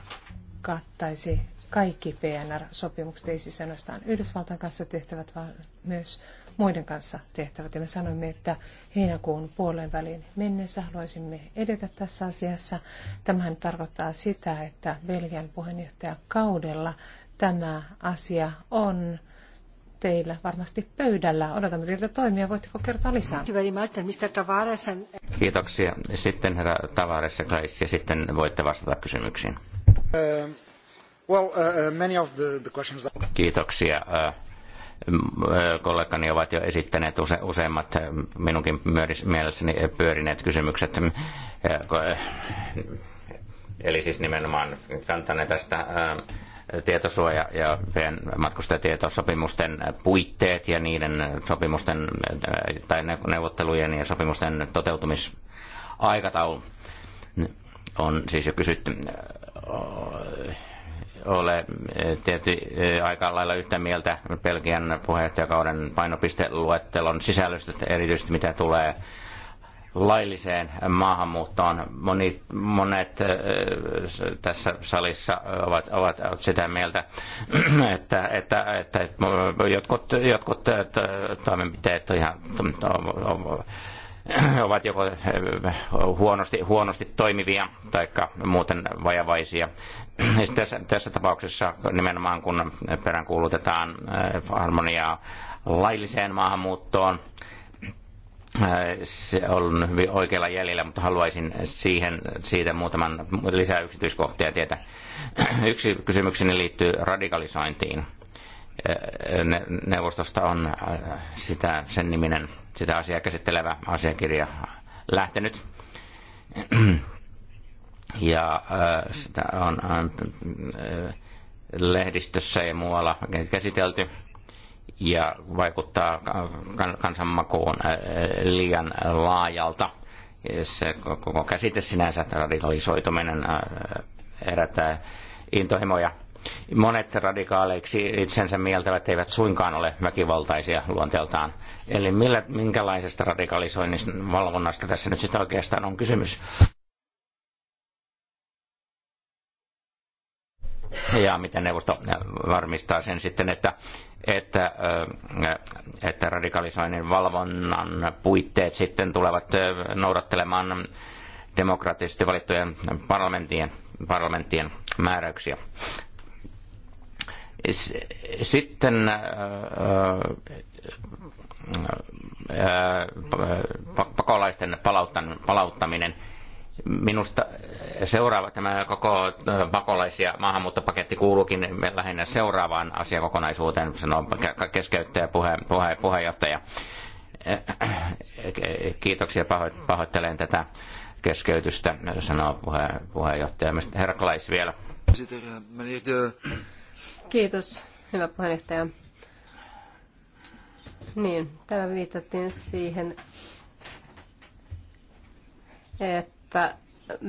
kattaisi kaikki PNR-sopimukset, ei siis ainoastaan Yhdysvaltain kanssa tehtävät, vaan myös muiden kanssa tehtävät. Ja me sanoimme, että heinäkuun puolen väliin mennessä haluaisimme edetä tässä asiassa. Tämähän tarkoittaa sitä, että Belgian puheenjohtajakaudella tämä asia on teillä varmasti pöydällä. Odotamme teiltä toimia. Voitteko kertoa lisää? Kiitoksia. Sitten herra Tavares ja Kais, ja sitten voitte vastata kysymyksiin. Uh, uh, uh, Kiitoksia. Kollegani ovat jo esittäneet use, useimmat minunkin mielessäni pyörineet kysymykset. Eli siis nimenomaan kantaneet tästä tietosuoja- ja matkustajatietosopimusten puitteet ja niiden sopimusten tai neuvottelujen ja sopimusten toteutumisaikataulu on siis jo kysytty ole tietysti aika lailla yhtä mieltä Belgian puheenjohtajakauden painopisteluettelon sisällöstä, erityisesti mitä tulee lailliseen maahanmuuttoon. Monet, monet tässä salissa ovat, ovat sitä mieltä, että, että, että että jotkut, jotkut toimenpiteet ihan, ovat joko huonosti, huonosti toimivia tai muuten vajavaisia. Tässä, tässä tapauksessa nimenomaan kun peräänkuulutetaan harmoniaa lailliseen maahanmuuttoon, Äh, se on hyvin oikealla jäljellä, mutta haluaisin siihen, siitä muutaman lisää yksityiskohtia tietää. Yksi kysymykseni liittyy radikalisointiin. Äh, neuvostosta on äh, sitä, sen niminen, sitä asiaa käsittelevä asiakirja lähtenyt. Ja sitä on lehdistössä ja muualla käsitelty ja vaikuttaa kansanmakuun äh, äh, liian äh, laajalta. Se koko käsite sinänsä radikalisoituminen herättää intohimoja. Monet radikaaleiksi itsensä mieltävät eivät suinkaan ole väkivaltaisia luonteeltaan. Eli millä, minkälaisesta radikalisoinnin valvonnasta tässä nyt sitten oikeastaan on kysymys? ja miten neuvosto äh, varmistaa sen sitten, että, että, äh, että radikalisoinnin valvonnan puitteet sitten tulevat äh, noudattelemaan demokraattisesti valittujen parlamenttien, parlamenttien määräyksiä. Sitten pakolaisten palauttaminen Minusta seuraava, tämä koko pakolais- ja maahanmuuttopaketti kuuluukin lähinnä seuraavaan asiakokonaisuuteen, sanoo keskeyttäjä puhe, puhe, puheenjohtaja. Kiitoksia, pahoittelen tätä keskeytystä, sanoo puhe, puheenjohtaja. Herra Klais vielä. Kiitos, hyvä puheenjohtaja. Niin, täällä viitattiin siihen, että että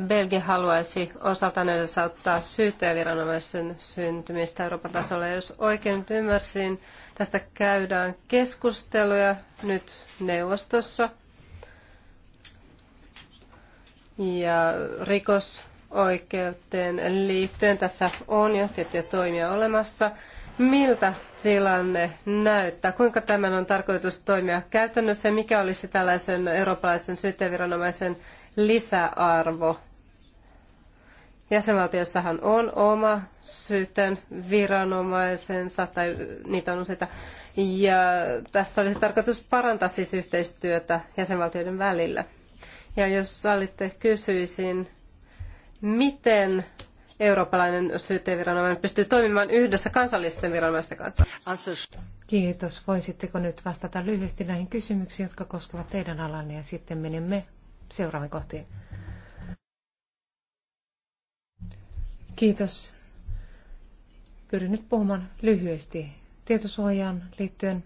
Belgia haluaisi osaltaan edesauttaa syyttäjäviranomaisen syntymistä Euroopan tasolla. Jos oikein nyt ymmärsin, tästä käydään keskusteluja nyt neuvostossa. Ja rikosoikeuteen liittyen tässä on jo tiettyjä toimia olemassa. Miltä tilanne näyttää? Kuinka tämän on tarkoitus toimia käytännössä? Mikä olisi tällaisen eurooppalaisen syyttäjäviranomaisen lisäarvo. Jäsenvaltiossahan on oma syytön viranomaisensa, tai niitä on useita, ja tässä olisi tarkoitus parantaa siis yhteistyötä jäsenvaltioiden välillä. Ja jos sallitte, kysyisin, miten eurooppalainen syyttäjäviranomainen pystyy toimimaan yhdessä kansallisten viranomaisten kanssa. Kiitos. Voisitteko nyt vastata lyhyesti näihin kysymyksiin, jotka koskevat teidän alanne ja sitten menemme seuraaviin kohtiin. Kiitos. Pyrin nyt puhumaan lyhyesti tietosuojaan liittyen.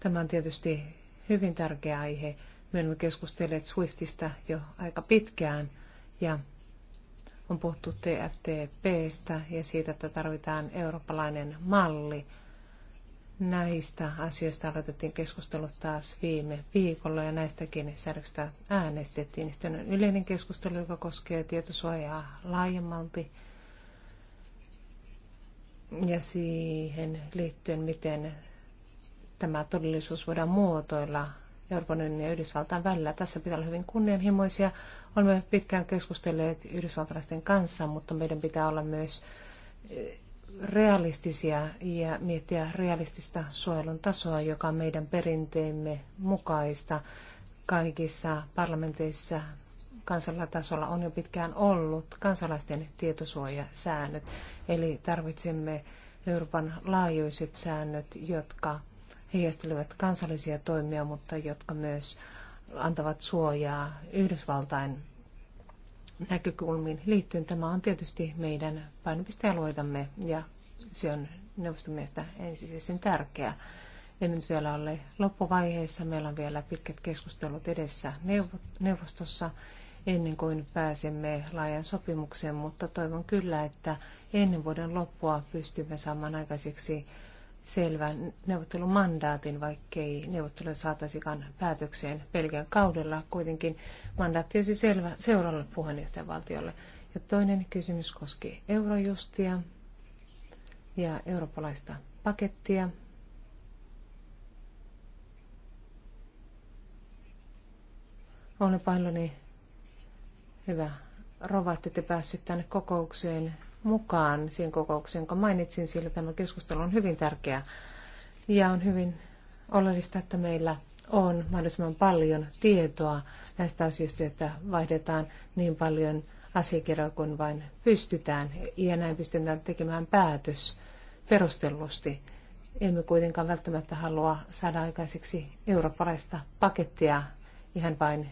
Tämä on tietysti hyvin tärkeä aihe. Me olemme keskustelleet Swiftistä jo aika pitkään ja on puhuttu TFTPstä ja siitä, että tarvitaan eurooppalainen malli – Näistä asioista aloitettiin keskustelut taas viime viikolla ja näistäkin säädöksistä äänestettiin. Sitten on yleinen keskustelu, joka koskee tietosuojaa laajemmalti ja siihen liittyen, miten tämä todellisuus voidaan muotoilla Euroopan unionin ja Yhdysvaltain välillä. Tässä pitää olla hyvin kunnianhimoisia. Olemme pitkään keskustelleet yhdysvaltalaisten kanssa, mutta meidän pitää olla myös realistisia ja miettiä realistista suojelun tasoa, joka on meidän perinteemme mukaista kaikissa parlamenteissa kansalla on jo pitkään ollut kansalaisten tietosuojasäännöt. Eli tarvitsemme Euroopan laajuiset säännöt, jotka heijastelevat kansallisia toimia, mutta jotka myös antavat suojaa Yhdysvaltain näkökulmiin liittyen. Tämä on tietysti meidän painopistealueitamme ja se on neuvoston mielestä ensisijaisen tärkeää. Ja nyt vielä ole loppuvaiheessa. Meillä on vielä pitkät keskustelut edessä neuvostossa ennen kuin pääsemme laajan sopimukseen, mutta toivon kyllä, että ennen vuoden loppua pystymme saamaan aikaiseksi selvän neuvottelumandaatin, vaikkei neuvottelu saataisikaan päätökseen Belgian kaudella. Kuitenkin mandaatti olisi selvä seuraavalle puheenjohtajavaltiolle. Ja toinen kysymys koski eurojustia ja eurooppalaista pakettia. Olen pahoillani hyvä rova, että te päässyt tänne kokoukseen mukaan siihen kokoukseen, jonka mainitsin, sillä tämä keskustelu on hyvin tärkeä. Ja on hyvin oleellista, että meillä on mahdollisimman paljon tietoa näistä asioista, että vaihdetaan niin paljon asiakirjoja kuin vain pystytään. Ja näin pystytään tekemään päätös perustellusti. Emme kuitenkaan välttämättä halua saada aikaiseksi eurooppalaista pakettia ihan vain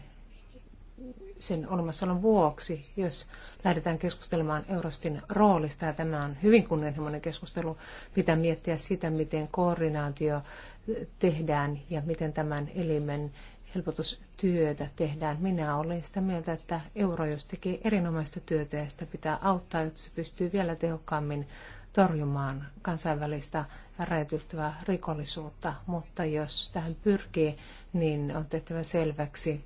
sen olemassaolon vuoksi, jos lähdetään keskustelemaan Eurostin roolista, ja tämä on hyvin kunnianhimoinen keskustelu, pitää miettiä sitä, miten koordinaatio tehdään ja miten tämän elimen helpotustyötä tehdään. Minä olen sitä mieltä, että jos tekee erinomaista työtä ja sitä pitää auttaa, jotta se pystyy vielä tehokkaammin torjumaan kansainvälistä räätyltävää rikollisuutta, mutta jos tähän pyrkii, niin on tehtävä selväksi,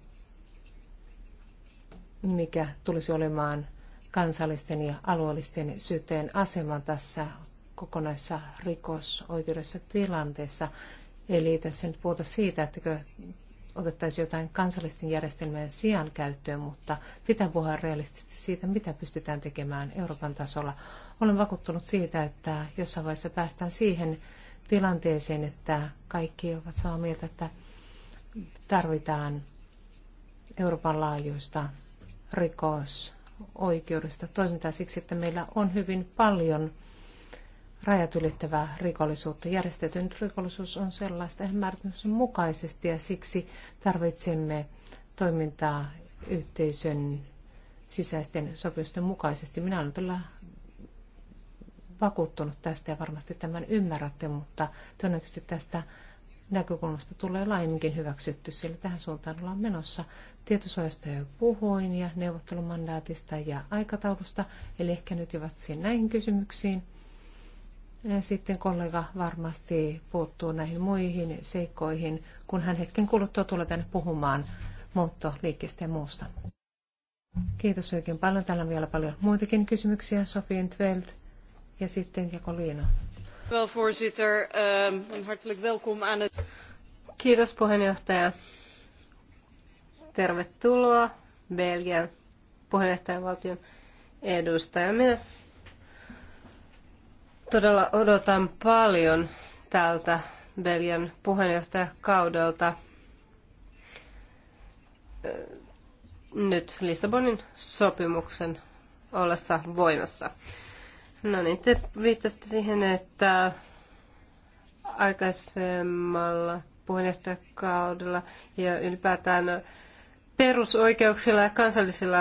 mikä tulisi olemaan kansallisten ja alueellisten syyteen asema tässä kokonaisessa rikosoikeudessa tilanteessa. Eli tässä nyt puhuta siitä, että otettaisiin jotain kansallisten järjestelmien sijaan käyttöön, mutta pitää puhua realistisesti siitä, mitä pystytään tekemään Euroopan tasolla. Olen vakuuttunut siitä, että jossain vaiheessa päästään siihen tilanteeseen, että kaikki ovat samaa mieltä, että tarvitaan Euroopan laajuista rikos oikeudesta toimintaa siksi, että meillä on hyvin paljon rajat ylittävää rikollisuutta. Järjestetyn rikollisuus on sellaista määrityksen mukaisesti ja siksi tarvitsemme toimintaa yhteisön sisäisten sopimusten mukaisesti. Minä olen todella vakuuttunut tästä ja varmasti tämän ymmärrätte, mutta todennäköisesti tästä näkökulmasta tulee laajemminkin hyväksytty, sillä tähän suuntaan ollaan menossa tietosuojasta jo puhuin ja neuvottelumandaatista ja aikataulusta, eli ehkä nyt jo vastasin näihin kysymyksiin. Sitten kollega varmasti puuttuu näihin muihin seikkoihin, kun hän hetken kuluttua tulee tänne puhumaan muuttoliikkeestä ja muusta. Kiitos oikein paljon. Täällä on vielä paljon muitakin kysymyksiä. Sofien Tveld ja sitten Jakoliina. Wel, voorzitter. Um, hartelijk welkom aan het... Kiitos puheenjohtaja. Tervetuloa Belgian puheenjohtajavaltion edustaja. todella odotan paljon tältä Belgian puheenjohtajakaudelta. Nyt Lissabonin sopimuksen ollessa voimassa. No niin, te viittasitte siihen, että aikaisemmalla puheenjohtajakaudella ja ylipäätään perusoikeuksilla ja kansallisilla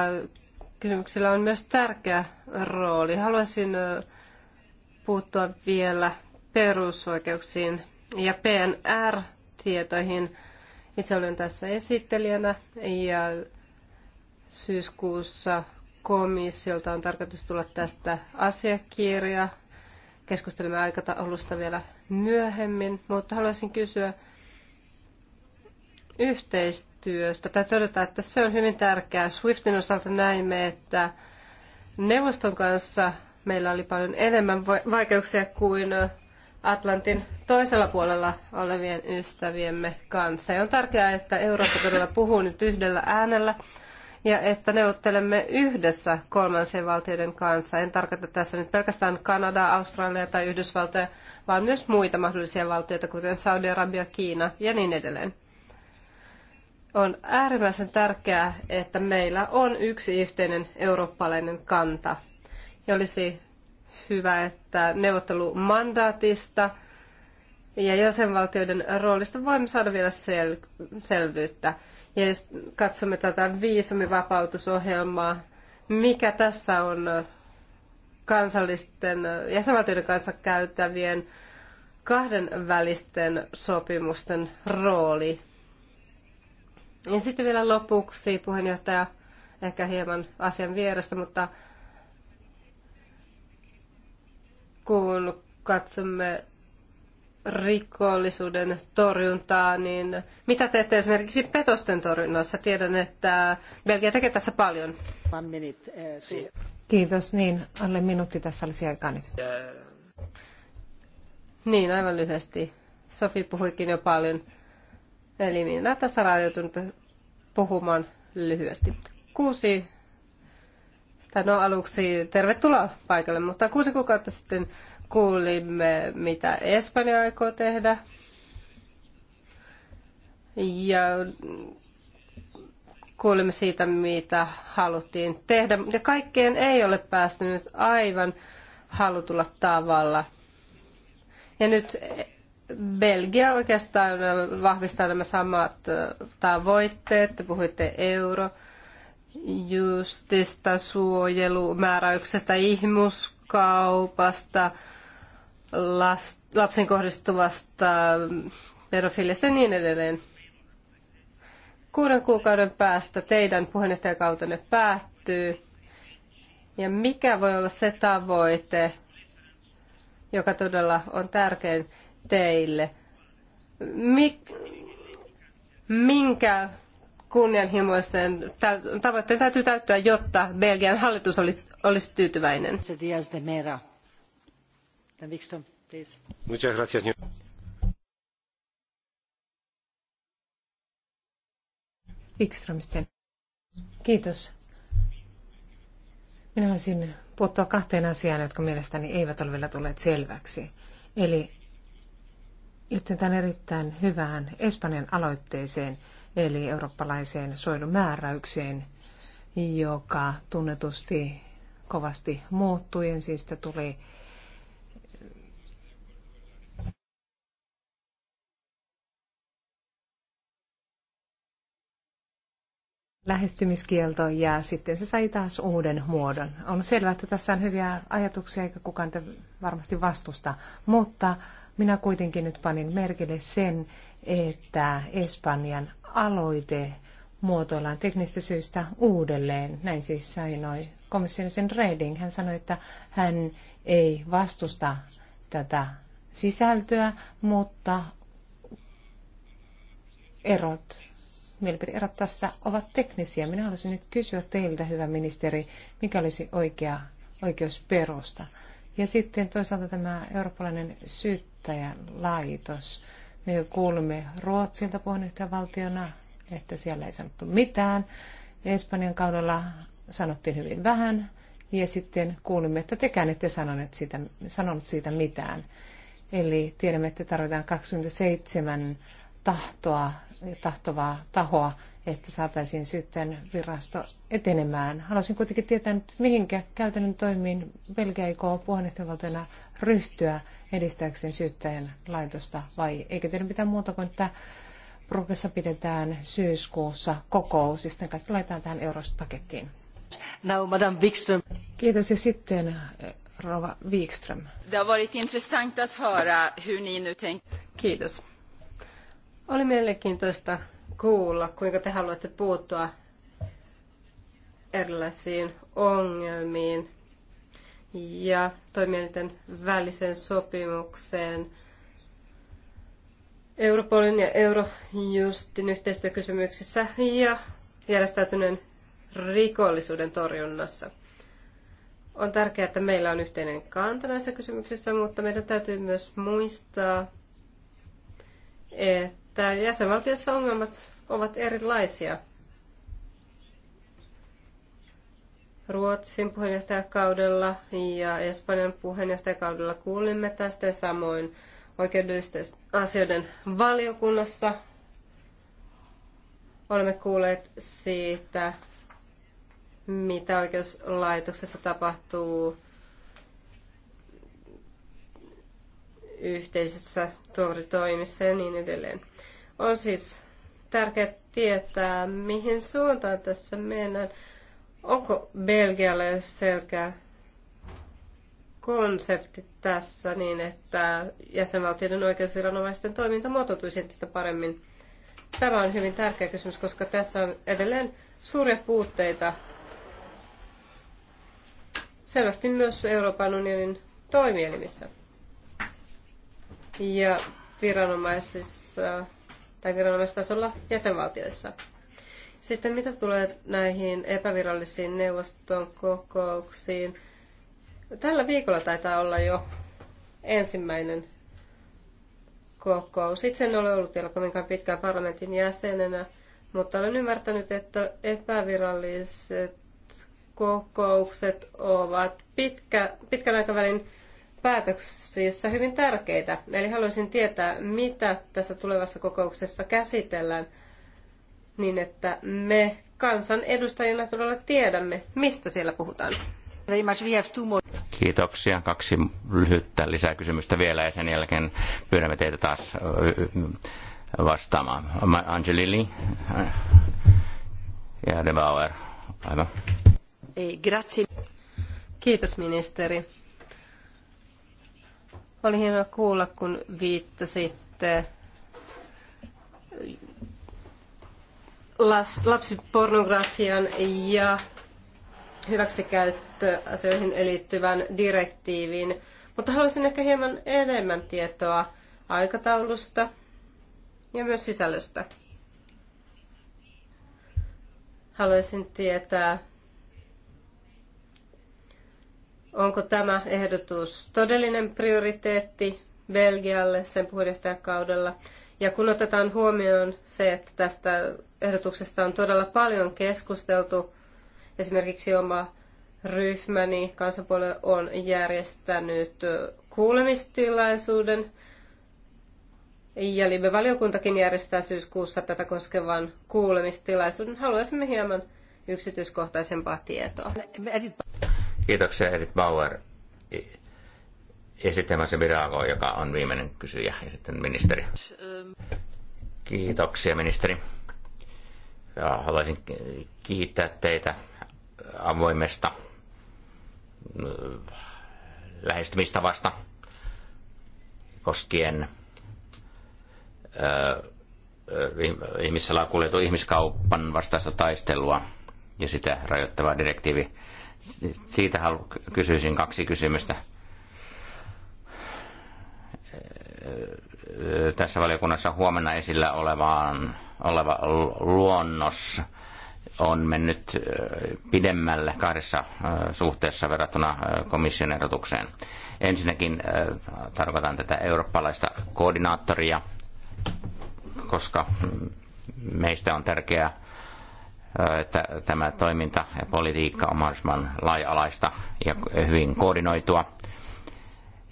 kysymyksillä on myös tärkeä rooli. Haluaisin puuttua vielä perusoikeuksiin ja PNR-tietoihin. Itse olen tässä esittelijänä ja syyskuussa komissiolta on tarkoitus tulla tästä asiakirja. Keskustelemme aikataulusta vielä myöhemmin, mutta haluaisin kysyä yhteistä työstä. Täytyy todeta, että se on hyvin tärkeää. Swiftin osalta näimme, että neuvoston kanssa meillä oli paljon enemmän vaikeuksia kuin Atlantin toisella puolella olevien ystäviemme kanssa. Ja on tärkeää, että Eurooppa todella puhuu nyt yhdellä äänellä ja että neuvottelemme yhdessä kolmansien valtioiden kanssa. En tarkoita tässä nyt pelkästään Kanadaa, Australiaa tai Yhdysvaltoja, vaan myös muita mahdollisia valtioita, kuten Saudi-Arabia, Kiina ja niin edelleen. On äärimmäisen tärkeää, että meillä on yksi yhteinen eurooppalainen kanta. Ja olisi hyvä, että neuvottelumandaatista ja jäsenvaltioiden roolista voimme saada vielä sel- selvyyttä. Ja jos katsomme tätä viisumivapautusohjelmaa, mikä tässä on kansallisten jäsenvaltioiden kanssa käytävien kahdenvälisten sopimusten rooli. Ja sitten vielä lopuksi puheenjohtaja, ehkä hieman asian vierestä, mutta kun katsomme rikollisuuden torjuntaa, niin mitä teette esimerkiksi petosten torjunnassa? Tiedän, että Belgia tekee tässä paljon. Eh, Kiitos, niin alle minuutti tässä olisi aikaa nyt. Niin, aivan lyhyesti. Sofi puhuikin jo paljon. Eli minä tässä rajoitun puhumaan lyhyesti. Kuusi, tai no aluksi tervetuloa paikalle, mutta kuusi kuukautta sitten kuulimme, mitä Espanja aikoo tehdä. Ja kuulimme siitä, mitä haluttiin tehdä. Ja kaikkeen ei ole päästy nyt aivan halutulla tavalla. Ja nyt Belgia oikeastaan vahvistaa nämä samat tavoitteet. Te puhuitte euro, justista, suojelumääräyksestä, ihmuskaupasta, lapsen kohdistuvasta pedofiilista ja niin edelleen. Kuuden kuukauden päästä teidän puheenjohtajakautenne päättyy. Ja mikä voi olla se tavoite, joka todella on tärkein? teille? Mik, minkä kunnianhimoisen tavoitteen täytyy täyttää, jotta Belgian hallitus oli, olisi tyytyväinen? Kiitos. Minä olisin puuttua kahteen asiaan, jotka mielestäni eivät ole vielä tulleet selväksi. Eli Joten tämän erittäin hyvään Espanjan aloitteeseen, eli eurooppalaiseen suojelumääräykseen, joka tunnetusti kovasti muuttui. sitä tuli lähestymiskielto ja sitten se sai taas uuden muodon. On selvää, että tässä on hyviä ajatuksia eikä kukaan te varmasti vastusta, mutta minä kuitenkin nyt panin merkille sen, että Espanjan aloite muotoillaan teknistä syistä uudelleen. Näin siis sanoi komissionisen Reding. Hän sanoi, että hän ei vastusta tätä sisältöä, mutta erot, mielipideerot tässä ovat teknisiä. Minä haluaisin nyt kysyä teiltä, hyvä ministeri, mikä olisi oikea oikeusperusta. perusta ja sitten toisaalta tämä eurooppalainen syyttäjälaitos. Me kuulimme Ruotsilta puheenjohtajavaltiona, että siellä ei sanottu mitään. Espanjan kaudella sanottiin hyvin vähän. Ja sitten kuulimme, että tekään ette sanoneet siitä, sanonut siitä mitään. Eli tiedämme, että tarvitaan 27 tahtoa ja tahtovaa tahoa, että saataisiin syytteen virasto etenemään. Haluaisin kuitenkin tietää että mihinkä käytännön toimiin Belgia IK puheenjohtajavaltiona ryhtyä edistääkseen syyttäjän laitosta, vai eikö teidän mitään muuta kuin, että Brugessa pidetään syyskuussa kokous, ja sitten kaikki laitetaan tähän eurospakettiin. Now, Madame Wikström. Kiitos, ja sitten eh, Rova Wikström. Det har varit intressant att höra hur ni nu tänker. Kiitos oli mielenkiintoista kuulla, kuinka te haluatte puuttua erilaisiin ongelmiin ja toimielinten väliseen sopimukseen. Europolin ja Eurojustin yhteistyökysymyksissä ja järjestäytyneen rikollisuuden torjunnassa. On tärkeää, että meillä on yhteinen kanta näissä kysymyksissä, mutta meidän täytyy myös muistaa, että että jäsenvaltiossa ongelmat ovat erilaisia. Ruotsin puheenjohtajakaudella ja Espanjan puheenjohtajakaudella kuulimme tästä samoin oikeudellisten asioiden valiokunnassa. Olemme kuulleet siitä, mitä oikeuslaitoksessa tapahtuu yhteisessä tuomaritoimissa niin ja niin edelleen. On siis tärkeää tietää, mihin suuntaan tässä mennään. Onko Belgialla jo selkeä konsepti tässä niin, että jäsenvaltioiden oikeusviranomaisten toiminta muotoutuisi entistä paremmin? Tämä on hyvin tärkeä kysymys, koska tässä on edelleen suuria puutteita. Selvästi myös Euroopan unionin toimielimissä ja viranomaisissa tai viranomaistasolla jäsenvaltioissa. Sitten mitä tulee näihin epävirallisiin neuvoston kokouksiin, tällä viikolla taitaa olla jo ensimmäinen kokous. Itse en ole ollut vielä kovinkaan pitkään parlamentin jäsenenä, mutta olen ymmärtänyt, että epäviralliset kokoukset ovat pitkä, pitkän aikavälin päätöksissä hyvin tärkeitä. Eli haluaisin tietää, mitä tässä tulevassa kokouksessa käsitellään, niin että me kansan edustajina todella tiedämme, mistä siellä puhutaan. Kiitoksia. Kaksi lyhyttä lisäkysymystä vielä ja sen jälkeen pyydämme teitä taas vastaamaan. Angelili äh, ja De Bauer. Eh, grazie. Kiitos ministeri oli hienoa kuulla, kun viittasitte lapsipornografian ja hyväksikäyttöasioihin liittyvän direktiiviin. Mutta haluaisin ehkä hieman enemmän tietoa aikataulusta ja myös sisällöstä. Haluaisin tietää, Onko tämä ehdotus todellinen prioriteetti Belgialle sen puheenjohtajakaudella? Ja kun otetaan huomioon se, että tästä ehdotuksesta on todella paljon keskusteltu, esimerkiksi oma ryhmäni kansanpuolue on järjestänyt kuulemistilaisuuden, ja Libe-valiokuntakin järjestää syyskuussa tätä koskevan kuulemistilaisuuden. Haluaisimme hieman yksityiskohtaisempaa tietoa. Kiitoksia Edith Bauer. Ja sitten Virago, joka on viimeinen kysyjä, ja sitten ministeri. Kiitoksia ministeri. Ja haluaisin kiittää teitä avoimesta mm, lähestymistavasta koskien ihmissalakuljetun ihmiskaupan vastaista taistelua ja sitä rajoittavaa direktiivi siitä halu, kysyisin kaksi kysymystä. Tässä valiokunnassa huomenna esillä olevaan, oleva luonnos on mennyt pidemmälle kahdessa suhteessa verrattuna komission ehdotukseen. Ensinnäkin tarkoitan tätä eurooppalaista koordinaattoria, koska meistä on tärkeää että tämä toiminta ja politiikka on mahdollisimman laaja-alaista ja hyvin koordinoitua.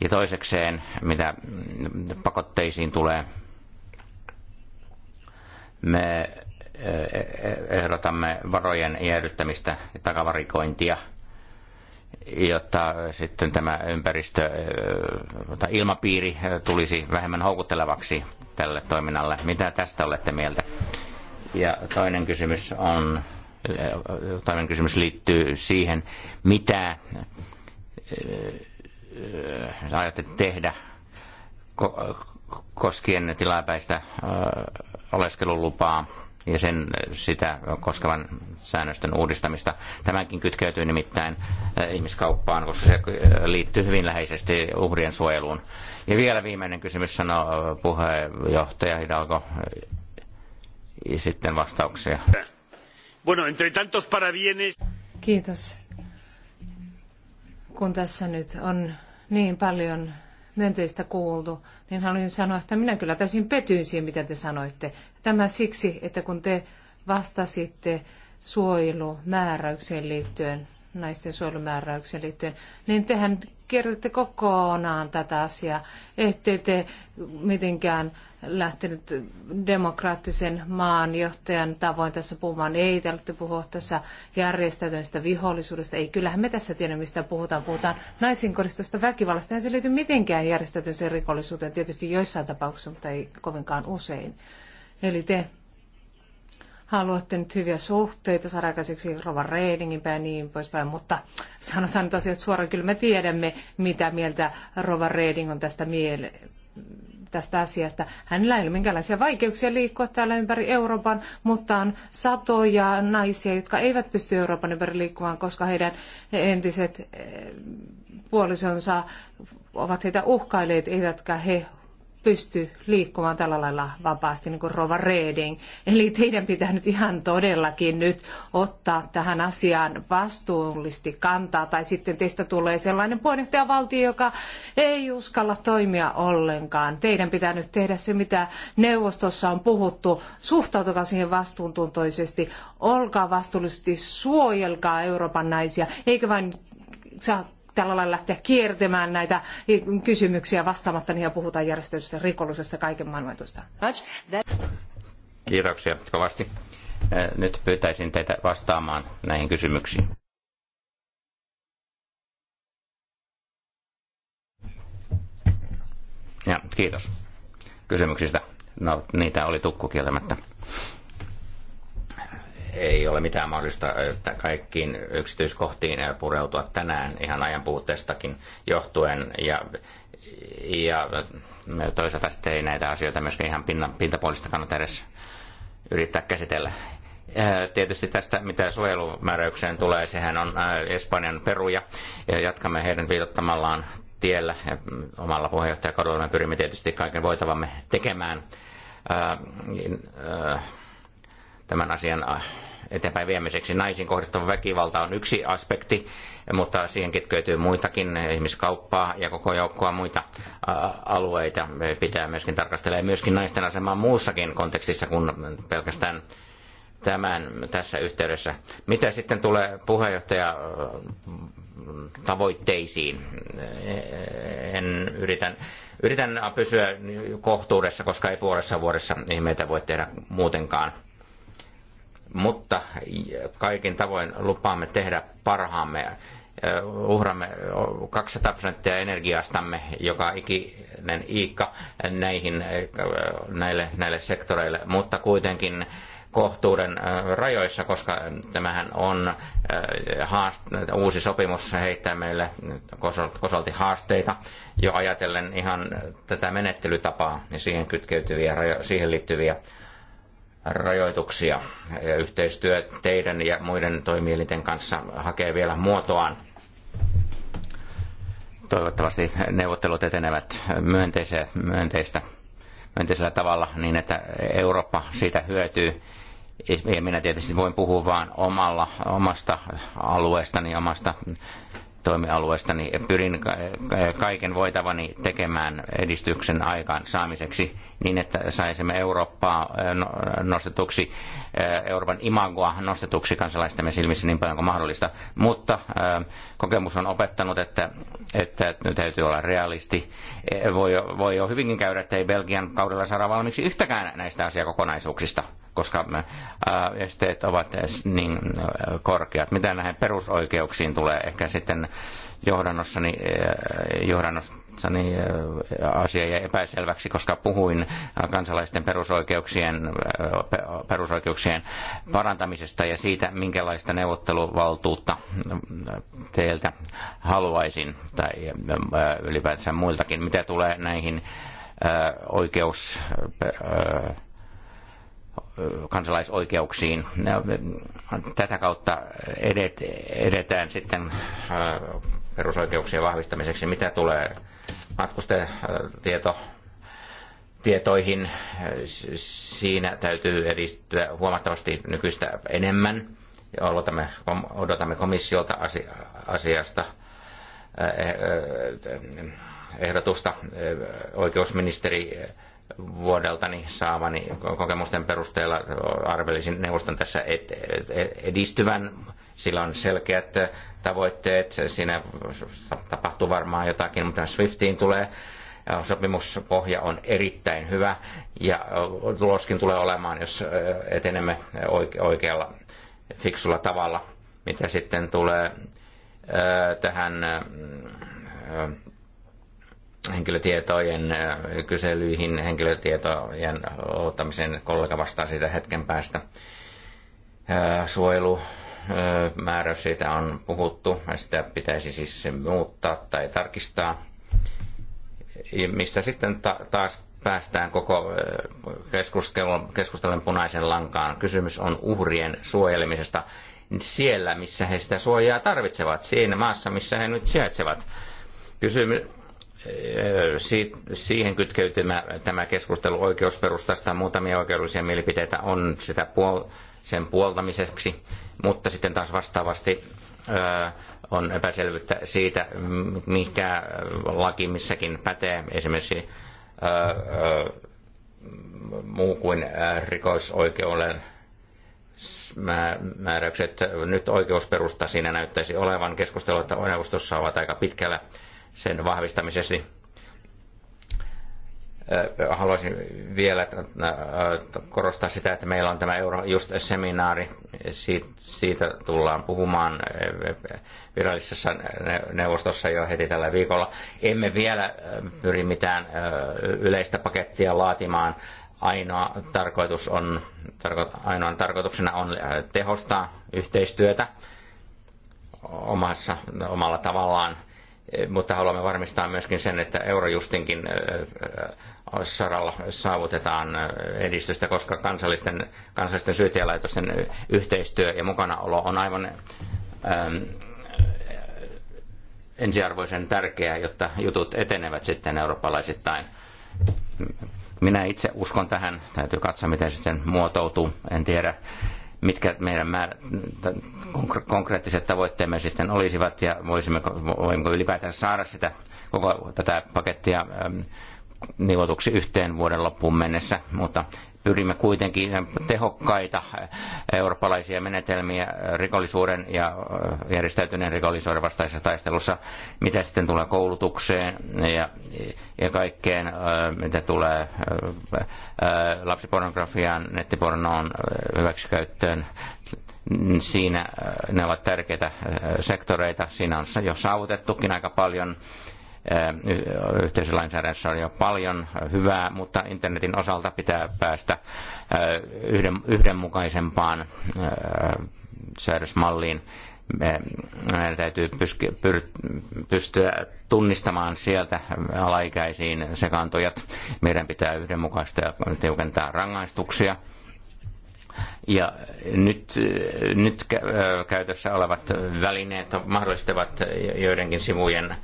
Ja toisekseen, mitä pakotteisiin tulee, me e-, ehdotamme varojen jäädyttämistä ja takavarikointia, jotta sitten tämä ympäristö tai ilmapiiri tulisi vähemmän houkuttelevaksi tälle toiminnalle. Mitä tästä olette mieltä? Ja toinen kysymys on, toinen kysymys liittyy siihen, mitä äh, äh, aiotte tehdä koskien tilapäistä äh, oleskelulupaa ja sen sitä koskevan säännösten uudistamista. Tämäkin kytkeytyy nimittäin ihmiskauppaan, koska se liittyy hyvin läheisesti uhrien suojeluun. Ja vielä viimeinen kysymys sanoo puheenjohtaja Hidalgo sitten vastauksia. Bueno, entre tantos parabienes. Kiitos. Kun tässä nyt on niin paljon myönteistä kuultu, niin haluaisin sanoa, että minä kyllä täysin petyin siihen, mitä te sanoitte. Tämä siksi, että kun te vastasitte suojelumääräykseen liittyen, naisten suojelumääräykseen liittyen, niin tehän kierrätte kokonaan tätä asiaa, ettei te mitenkään lähtenyt demokraattisen maanjohtajan tavoin tässä puhumaan. Ei tarvitse puhua tässä järjestäytyneestä vihollisuudesta. Ei, kyllähän me tässä tiedä, mistä puhutaan. Puhutaan naisiin kohdistuvasta väkivallasta. Eihän se liity mitenkään järjestäytyneeseen rikollisuuteen, tietysti joissain tapauksissa, mutta ei kovinkaan usein. Eli te haluatte nyt hyviä suhteita, saada aikaiseksi Rova Reidingin päin niin poispäin, mutta sanotaan nyt asiat suoraan, kyllä me tiedämme, mitä mieltä Rova Reiding on tästä miele- tästä asiasta. Hänellä ei ole minkäänlaisia vaikeuksia liikkua täällä ympäri Euroopan, mutta on satoja naisia, jotka eivät pysty Euroopan ympäri liikkumaan, koska heidän entiset eh, puolisonsa ovat heitä uhkailleet, eivätkä he pysty liikkumaan tällä lailla vapaasti, niin kuin Rova Reding. Eli teidän pitää nyt ihan todellakin nyt ottaa tähän asiaan vastuullisesti kantaa, tai sitten teistä tulee sellainen puheenjohtajavaltio, joka ei uskalla toimia ollenkaan. Teidän pitää nyt tehdä se, mitä neuvostossa on puhuttu. Suhtautukaa siihen vastuuntuntoisesti, olkaa vastuullisesti, suojelkaa Euroopan naisia, eikä vain saa tällä lailla lähteä kiertämään näitä kysymyksiä vastaamatta niihin ja puhutaan järjestetystä rikollisesta kaiken maailman Kiitoksia kovasti. Nyt pyytäisin teitä vastaamaan näihin kysymyksiin. Ja kiitos kysymyksistä. No, niitä oli tukku kieltämättä ei ole mitään mahdollista että kaikkiin yksityiskohtiin pureutua tänään ihan ajan puutteestakin johtuen. Ja, ja toisaalta sitten ei näitä asioita myöskään ihan pintapuolista kannata edes yrittää käsitellä. Tietysti tästä, mitä suojelumääräykseen tulee, sehän on Espanjan peruja. Ja jatkamme heidän viitottamallaan tiellä. Ja mm, omalla puheenjohtajakaudella me pyrimme tietysti kaiken voitavamme tekemään. Äh, ää, tämän asian äh, eteenpäin viemiseksi. Naisiin kohdistuva väkivalta on yksi aspekti, mutta siihen kytkeytyy muitakin, ihmiskauppaa ja koko joukkoa muita äh, alueita pitää myöskin tarkastella. Ja myöskin naisten asemaa muussakin kontekstissa kuin pelkästään tämän tässä yhteydessä. Mitä sitten tulee puheenjohtaja äh, tavoitteisiin? En yritän, yritän pysyä kohtuudessa, koska ei puolessa vuodessa ihmeitä voi tehdä muutenkaan mutta kaikin tavoin lupaamme tehdä parhaamme. Uhramme 200 prosenttia energiastamme joka ikinen iikka näihin, näille, näille sektoreille, mutta kuitenkin kohtuuden rajoissa, koska tämähän on haast- uusi sopimus heittää meille kosolti haasteita jo ajatellen ihan tätä menettelytapaa ja siihen kytkeytyviä, siihen liittyviä rajoituksia. Yhteistyö teidän ja muiden toimielinten kanssa hakee vielä muotoaan. Toivottavasti neuvottelut etenevät myönteisiä, myönteistä, myönteisellä tavalla niin, että Eurooppa siitä hyötyy. Ja minä tietysti voin puhua vain omalla, omasta alueestani, omasta niin Pyrin kaiken voitavani tekemään edistyksen aikaan saamiseksi niin, että saisimme Eurooppaa no-, nostetuksi, Euroopan imagoa nostetuksi kansalaistemme silmissä niin paljon kuin mahdollista. Mutta kokemus on opettanut, että, että nyt täytyy olla realisti. E, voi, voi jo hyvinkin käydä, että ei Belgian kaudella saada valmiiksi yhtäkään näistä asiakokonaisuuksista koska esteet ovat niin korkeat. Mitä näihin perusoikeuksiin tulee ehkä sitten johdannossani, johdannossani asia jäi epäselväksi, koska puhuin kansalaisten perusoikeuksien, perusoikeuksien parantamisesta ja siitä, minkälaista neuvotteluvaltuutta teiltä haluaisin tai ylipäätään muiltakin. Mitä tulee näihin oikeus kansalaisoikeuksiin. Äh, tätä kautta edet, edetään sitten äh, perusoikeuksien vahvistamiseksi, mitä tulee matkustajatieto tietoihin. Äh, siinä täytyy edistyä huomattavasti nykyistä enemmän. Odotamme, odotamme komissiolta asiasta ehdotusta. Oikeusministeri vuodeltani saamani kokemusten perusteella arvelisin neuvoston tässä edistyvän. Sillä on selkeät tavoitteet, siinä tapahtuu varmaan jotakin, mutta Swiftiin tulee sopimuspohja on erittäin hyvä ja tuloskin tulee olemaan, jos etenemme oikealla fiksulla tavalla. Mitä sitten tulee tähän henkilötietojen äh, kyselyihin, henkilötietojen ottamisen kollega vastaa siitä hetken päästä. Äh, Suojelumäärä äh, siitä on puhuttu, ja sitä pitäisi siis muuttaa tai tarkistaa. Mistä sitten taas päästään koko keskustelun, keskustelun punaisen lankaan. Kysymys on uhrien suojelemisesta siellä, missä he sitä suojaa tarvitsevat, siinä maassa, missä he nyt sijaitsevat. Kysymys, siihen kytkeytymä tämä keskustelu oikeusperustasta. Muutamia oikeudellisia mielipiteitä on sitä puol- sen puoltamiseksi, mutta sitten taas vastaavasti on epäselvyyttä siitä, mikä laki missäkin pätee. Esimerkiksi muu kuin rikosoikeuden määräykset. Nyt oikeusperusta siinä näyttäisi olevan. Keskustelut neuvostossa ovat aika pitkällä sen vahvistamisesi. Haluaisin vielä korostaa sitä, että meillä on tämä Eurojust-seminaari. Siitä tullaan puhumaan virallisessa neuvostossa jo heti tällä viikolla. Emme vielä pyri mitään yleistä pakettia laatimaan. Ainoa tarkoitus on, tarko, ainoan tarkoituksena on tehostaa yhteistyötä omassa, omalla tavallaan – mutta haluamme varmistaa myöskin sen, että Eurojustinkin saralla saavutetaan edistystä, koska kansallisten, kansallisten syyttäjälaitosten yhteistyö ja mukanaolo on aivan ensiarvoisen tärkeää, jotta jutut etenevät sitten eurooppalaisittain. Minä itse uskon tähän, täytyy katsoa miten se sitten muotoutuu, en tiedä mitkä meidän määrä, konkreettiset tavoitteemme sitten olisivat ja voisimmeko, voimmeko ylipäätään saada sitä koko tätä pakettia nivotuksi yhteen vuoden loppuun mennessä, mutta pyrimme kuitenkin tehokkaita eurooppalaisia menetelmiä rikollisuuden ja äh, järjestäytyneen rikollisuuden vastaisessa taistelussa, mitä sitten tulee koulutukseen ja, ja kaikkeen, äh, mitä tulee äh, lapsipornografiaan, nettipornoon, hyväksikäyttöön. Siinä ne ovat tärkeitä sektoreita. Siinä on jo saavutettukin aika paljon yhteisölainsäädännössä on jo paljon hyvää, mutta internetin osalta pitää päästä yhden, yhdenmukaisempaan säädösmalliin. Meidän täytyy pystyä tunnistamaan sieltä alaikäisiin sekaantujat. Meidän pitää yhdenmukaista ja tiukentaa rangaistuksia. Ja nyt, nyt käytössä olevat välineet mahdollistavat joidenkin sivujen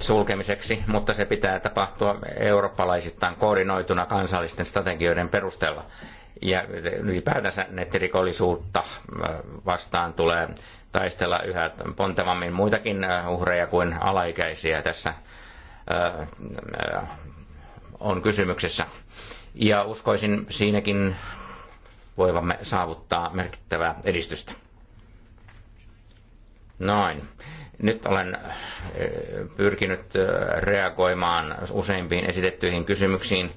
sulkemiseksi, mutta se pitää tapahtua eurooppalaisittain koordinoituna kansallisten strategioiden perusteella. Ja ylipäätänsä nettirikollisuutta vastaan tulee taistella yhä pontevammin muitakin uhreja kuin alaikäisiä tässä on kysymyksessä. Ja uskoisin siinäkin voivamme saavuttaa merkittävää edistystä. Noin. Nyt olen äh, pyrkinyt äh, reagoimaan useimpiin esitettyihin kysymyksiin.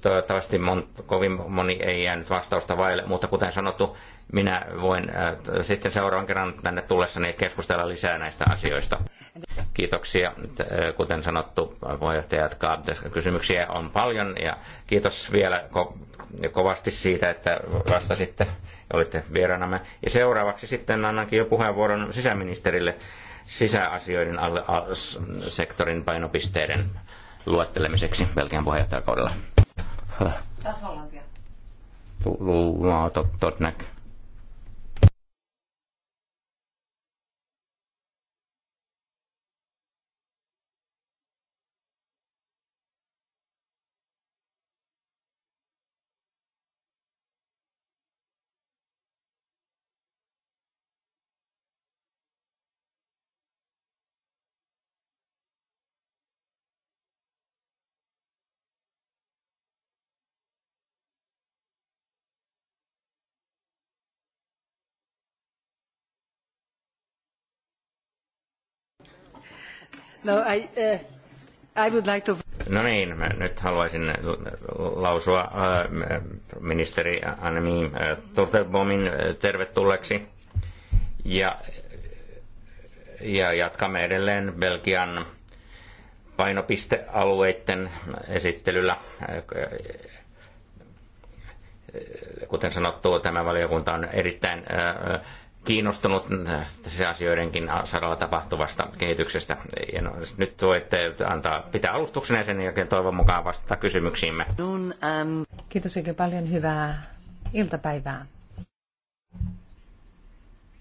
Toivottavasti mon, kovin moni ei jäänyt vastausta vaille, mutta kuten sanottu, minä voin äh, sitten seuraavan kerran tänne tullessani keskustella lisää näistä asioista. Kiitoksia. Äh, kuten sanottu, voi jatkaa. Kysymyksiä on paljon ja kiitos vielä ko- kovasti siitä, että vastasitte ja olitte vieraanamme. Ja seuraavaksi sitten annankin jo puheenvuoron sisäministerille sisäasioiden alle, sektorin painopisteiden luettelemiseksi Belgian puheenjohtajakaudella. Tasavallantia. Lu, lu, to, no, to, No, I, uh, I would like to... No niin, mä nyt haluaisin lausua äh, ministeri Annemi äh, Turtelbomin äh, tervetulleeksi. Ja, ja jatkamme edelleen Belgian painopistealueiden esittelyllä. Kuten sanottu, tämä valiokunta on erittäin kiinnostunut äh, asioidenkin saralla tapahtuvasta kehityksestä. Ja no, nyt voitte antaa pitää alustuksen ja sen jälkeen toivon mukaan vastata kysymyksiimme. Ähm, Kiitos oikein paljon. Hyvää iltapäivää.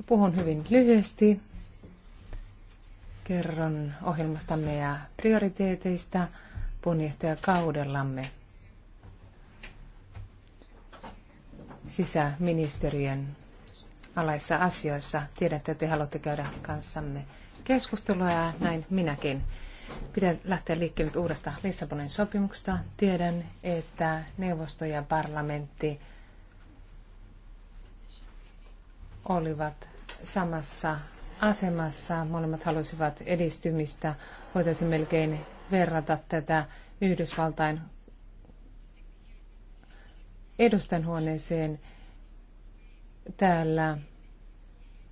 Puhun hyvin lyhyesti. Kerron ohjelmastamme ja prioriteeteista kaudellamme Sisäministeriön alaissa asioissa. Tiedätte, että te haluatte käydä kanssamme keskustelua ja näin minäkin. Pidän lähteä liikkeelle uudesta Lissabonin sopimuksesta. Tiedän, että neuvosto ja parlamentti olivat samassa asemassa. Molemmat halusivat edistymistä. Voitaisiin melkein verrata tätä Yhdysvaltain edustanhuoneeseen huoneeseen Täällä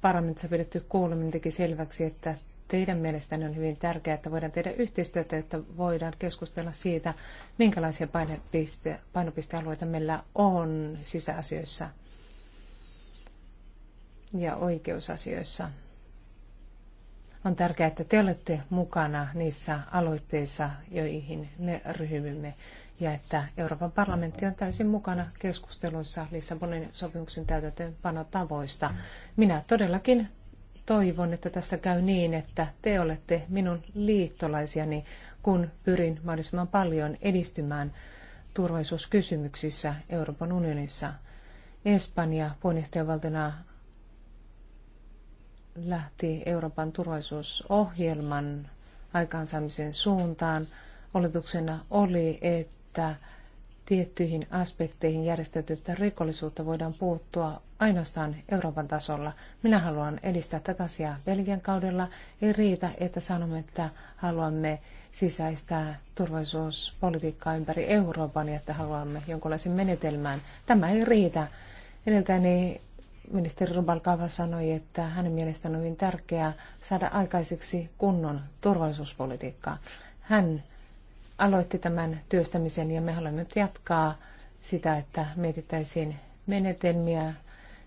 parlamentissa pidetty kuuleminen teki selväksi, että teidän mielestänne on hyvin tärkeää, että voidaan tehdä yhteistyötä, että voidaan keskustella siitä, minkälaisia painopiste, painopistealueita meillä on sisäasioissa ja oikeusasioissa. On tärkeää, että te olette mukana niissä aloitteissa, joihin me ryhdymme ja että Euroopan parlamentti on täysin mukana keskusteluissa Lissabonin sopimuksen täytäntöönpanotavoista. Minä todellakin toivon, että tässä käy niin, että te olette minun liittolaisiani, kun pyrin mahdollisimman paljon edistymään turvallisuuskysymyksissä Euroopan unionissa. Espanja puheenjohtajavaltiona lähti Euroopan turvallisuusohjelman aikaansaamisen suuntaan. Oletuksena oli, että että tiettyihin aspekteihin järjestäytynyttä rikollisuutta voidaan puuttua ainoastaan Euroopan tasolla. Minä haluan edistää tätä asiaa Belgian kaudella. Ei riitä, että sanomme, että haluamme sisäistää turvallisuuspolitiikkaa ympäri Euroopan ja että haluamme jonkinlaisen menetelmään. Tämä ei riitä. Edeltäni ministeri Rubalkava sanoi, että hänen mielestään on hyvin tärkeää saada aikaiseksi kunnon turvallisuuspolitiikkaa. Hän aloitti tämän työstämisen ja me haluamme nyt jatkaa sitä, että mietittäisiin menetelmiä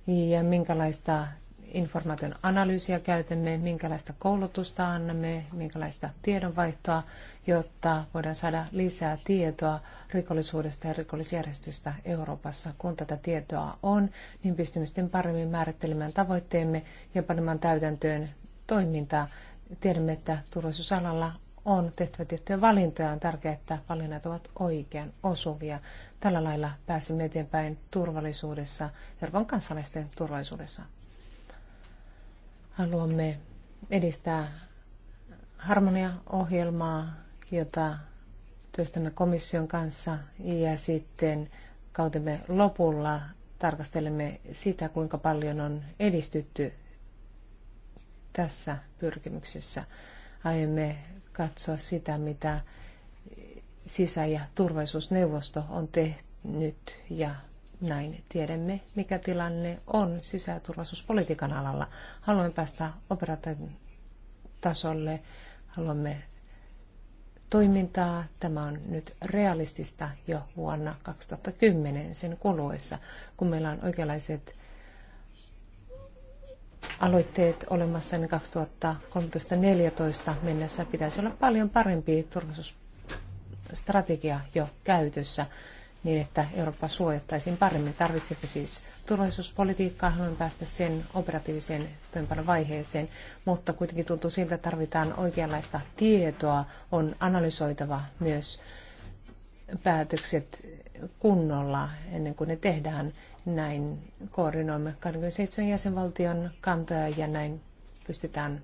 ja minkälaista informaation analyysiä käytämme, minkälaista koulutusta annamme, minkälaista tiedonvaihtoa, jotta voidaan saada lisää tietoa rikollisuudesta ja rikollisjärjestystä Euroopassa. Kun tätä tietoa on, niin pystymme sitten paremmin määrittelemään tavoitteemme ja panemaan täytäntöön toimintaa. Tiedämme, että turvallisuusalalla on tehtävä tiettyjä valintoja. On tärkeää, että valinnat ovat oikean osuvia. Tällä lailla pääsimme eteenpäin turvallisuudessa, Euroopan kansalaisten turvallisuudessa. Haluamme edistää harmoniaohjelmaa, jota työstämme komission kanssa ja sitten kautemme lopulla tarkastelemme sitä, kuinka paljon on edistytty tässä pyrkimyksessä. Aiemme katsoa sitä, mitä sisä- ja turvallisuusneuvosto on tehnyt ja näin tiedämme, mikä tilanne on sisä- ja turvallisuuspolitiikan alalla. Haluamme päästä operaation tasolle, haluamme toimintaa. Tämä on nyt realistista jo vuonna 2010 sen kuluessa, kun meillä on oikeanlaiset aloitteet olemassa ennen 2013-2014 mennessä pitäisi olla paljon parempi turvallisuusstrategia jo käytössä niin, että Eurooppa suojattaisiin paremmin. Tarvitsette siis turvallisuuspolitiikkaa, haluan päästä sen operatiiviseen vaiheeseen, mutta kuitenkin tuntuu siltä, että tarvitaan oikeanlaista tietoa, on analysoitava myös päätökset kunnolla ennen kuin ne tehdään näin koordinoimme 27 jäsenvaltion kantoja ja näin pystytään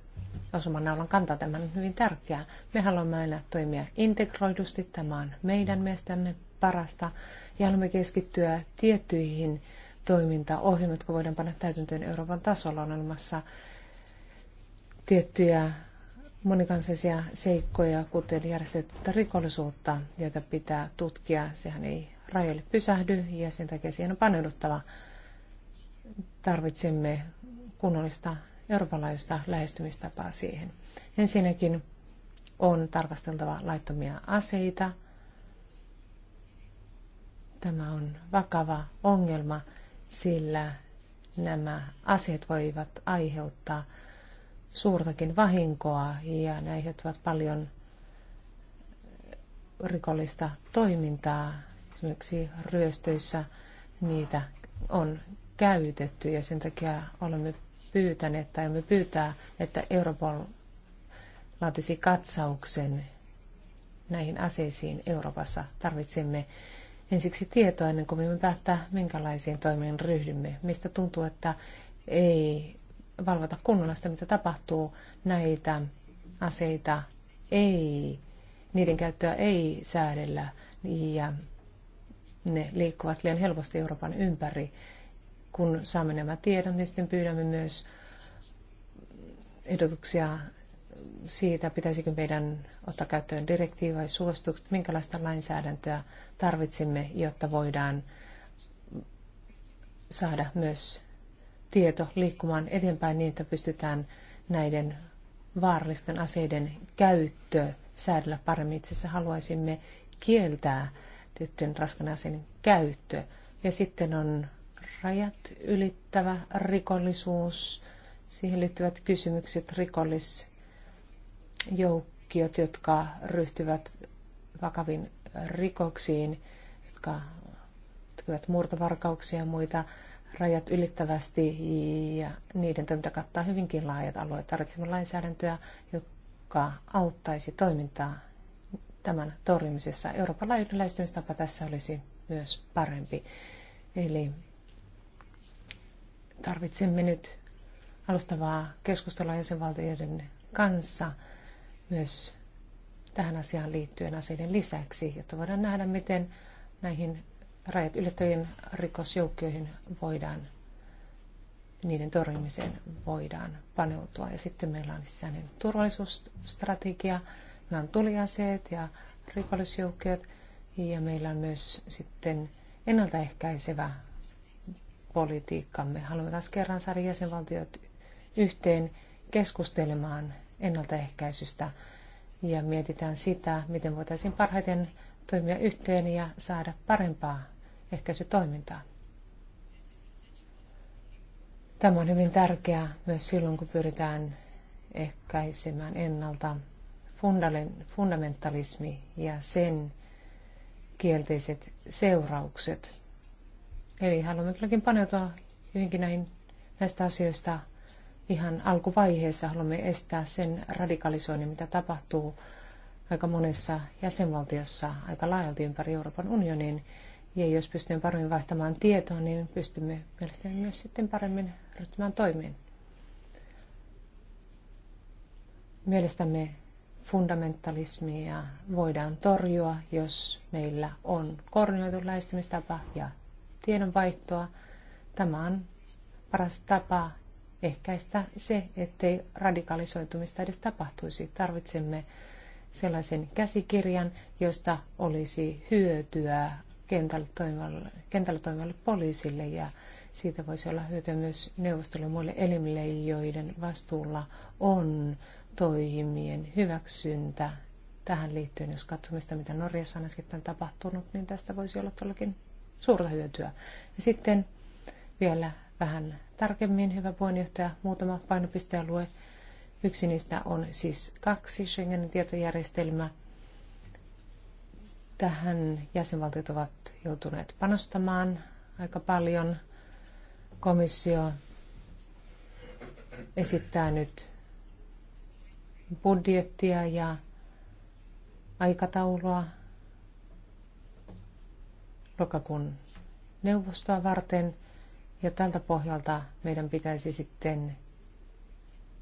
osumaan naulan kantaa. Tämä on hyvin tärkeää. Me haluamme aina toimia integroidusti. Tämä on meidän mielestämme parasta ja haluamme keskittyä tiettyihin toimintaohjelmiin, jotka voidaan panna täytäntöön Euroopan tasolla. On olemassa tiettyjä monikansallisia seikkoja, kuten järjestettyä rikollisuutta, joita pitää tutkia. Sehän ei rajoille pysähdy ja sen takia siihen on paneuduttava. Tarvitsemme kunnollista eurooppalaista lähestymistapaa siihen. Ensinnäkin on tarkasteltava laittomia aseita. Tämä on vakava ongelma, sillä nämä asiat voivat aiheuttaa suurtakin vahinkoa ja ne aiheuttavat paljon rikollista toimintaa esimerkiksi ryöstöissä niitä on käytetty ja sen takia olemme pyytäneet tai me pyytää, että Europol laatisi katsauksen näihin aseisiin Euroopassa. Tarvitsemme ensiksi tietoa ennen kuin me päättää, minkälaisiin toimiin ryhdymme. Mistä tuntuu, että ei valvota kunnolla sitä, mitä tapahtuu. Näitä aseita ei, niiden käyttöä ei säädellä ja ne liikkuvat liian helposti Euroopan ympäri. Kun saamme nämä tiedot, niin sitten pyydämme myös ehdotuksia siitä, pitäisikö meidän ottaa käyttöön direktiivi vai suositukset, minkälaista lainsäädäntöä tarvitsemme, jotta voidaan saada myös tieto liikkumaan eteenpäin niin, että pystytään näiden vaarallisten aseiden käyttö säädellä paremmin. Itse asiassa haluaisimme kieltää tyttön raskan käyttö. Ja sitten on rajat ylittävä rikollisuus, siihen liittyvät kysymykset, rikollisjoukkiot, jotka ryhtyvät vakaviin rikoksiin, jotka tekevät murtovarkauksia ja muita rajat ylittävästi ja niiden toiminta kattaa hyvinkin laajat alueet. Tarvitsemme lainsäädäntöä, joka auttaisi toimintaa tämän torjumisessa. Euroopan laajuinen lähestymistapa tässä olisi myös parempi. Eli tarvitsemme nyt alustavaa keskustelua jäsenvaltioiden kanssa myös tähän asiaan liittyen aseiden lisäksi, jotta voidaan nähdä, miten näihin rajat ylittäviin rikosjoukkoihin voidaan, niiden torjumiseen voidaan paneutua. Ja sitten meillä on sisäinen turvallisuusstrategia, Meillä on tuliaseet ja rikollisjoukkeet. ja meillä on myös sitten ennaltaehkäisevä politiikkamme. Haluamme taas kerran saada jäsenvaltiot yhteen keskustelemaan ennaltaehkäisystä ja mietitään sitä, miten voitaisiin parhaiten toimia yhteen ja saada parempaa ehkäisytoimintaa. Tämä on hyvin tärkeää myös silloin, kun pyritään ehkäisemään ennalta fundamentalismi ja sen kielteiset seuraukset. Eli haluamme kylläkin paneutua johonkin näihin, näistä asioista ihan alkuvaiheessa. Haluamme estää sen radikalisoinnin, mitä tapahtuu aika monessa jäsenvaltiossa aika laajalti ympäri Euroopan unionin. Ja jos pystymme paremmin vaihtamaan tietoa, niin pystymme mielestäni myös sitten paremmin ryhtymään toimiin. Mielestämme fundamentalismia voidaan torjua, jos meillä on koordinoitu lähestymistapa ja tiedonvaihtoa. Tämä on paras tapa ehkäistä se, ettei radikalisoitumista edes tapahtuisi. Tarvitsemme sellaisen käsikirjan, josta olisi hyötyä kentällä toimivalle, kentällä toimivalle poliisille ja siitä voisi olla hyötyä myös neuvostolle muille elimille, joiden vastuulla on toimien hyväksyntä tähän liittyen, jos katsomme sitä, mitä Norjassa on äsken tapahtunut, niin tästä voisi olla tuollakin suurta hyötyä. Ja sitten vielä vähän tarkemmin, hyvä puheenjohtaja, muutama painopistealue. Yksi niistä on siis kaksi Schengenin tietojärjestelmä. Tähän jäsenvaltiot ovat joutuneet panostamaan aika paljon. Komissio esittää nyt budjettia ja aikataulua lokakuun neuvostoa varten. Ja tältä pohjalta meidän pitäisi sitten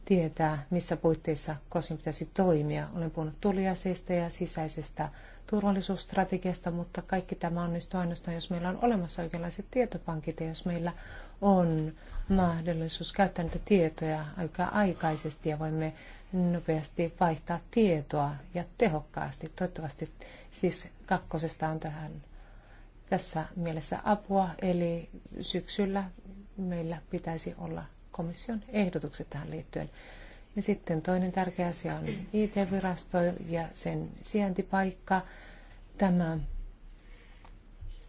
tietää, missä puitteissa kosin pitäisi toimia. Olen puhunut tuliasiasta ja sisäisestä turvallisuusstrategiasta, mutta kaikki tämä onnistuu ainoastaan, jos meillä on olemassa oikeanlaiset tietopankit ja jos meillä on mahdollisuus käyttää niitä tietoja aika aikaisesti ja voimme nopeasti vaihtaa tietoa ja tehokkaasti. Toivottavasti siis kakkosesta on tähän tässä mielessä apua, eli syksyllä meillä pitäisi olla komission ehdotukset tähän liittyen. Ja sitten toinen tärkeä asia on IT-virasto ja sen sijaintipaikka. Tämä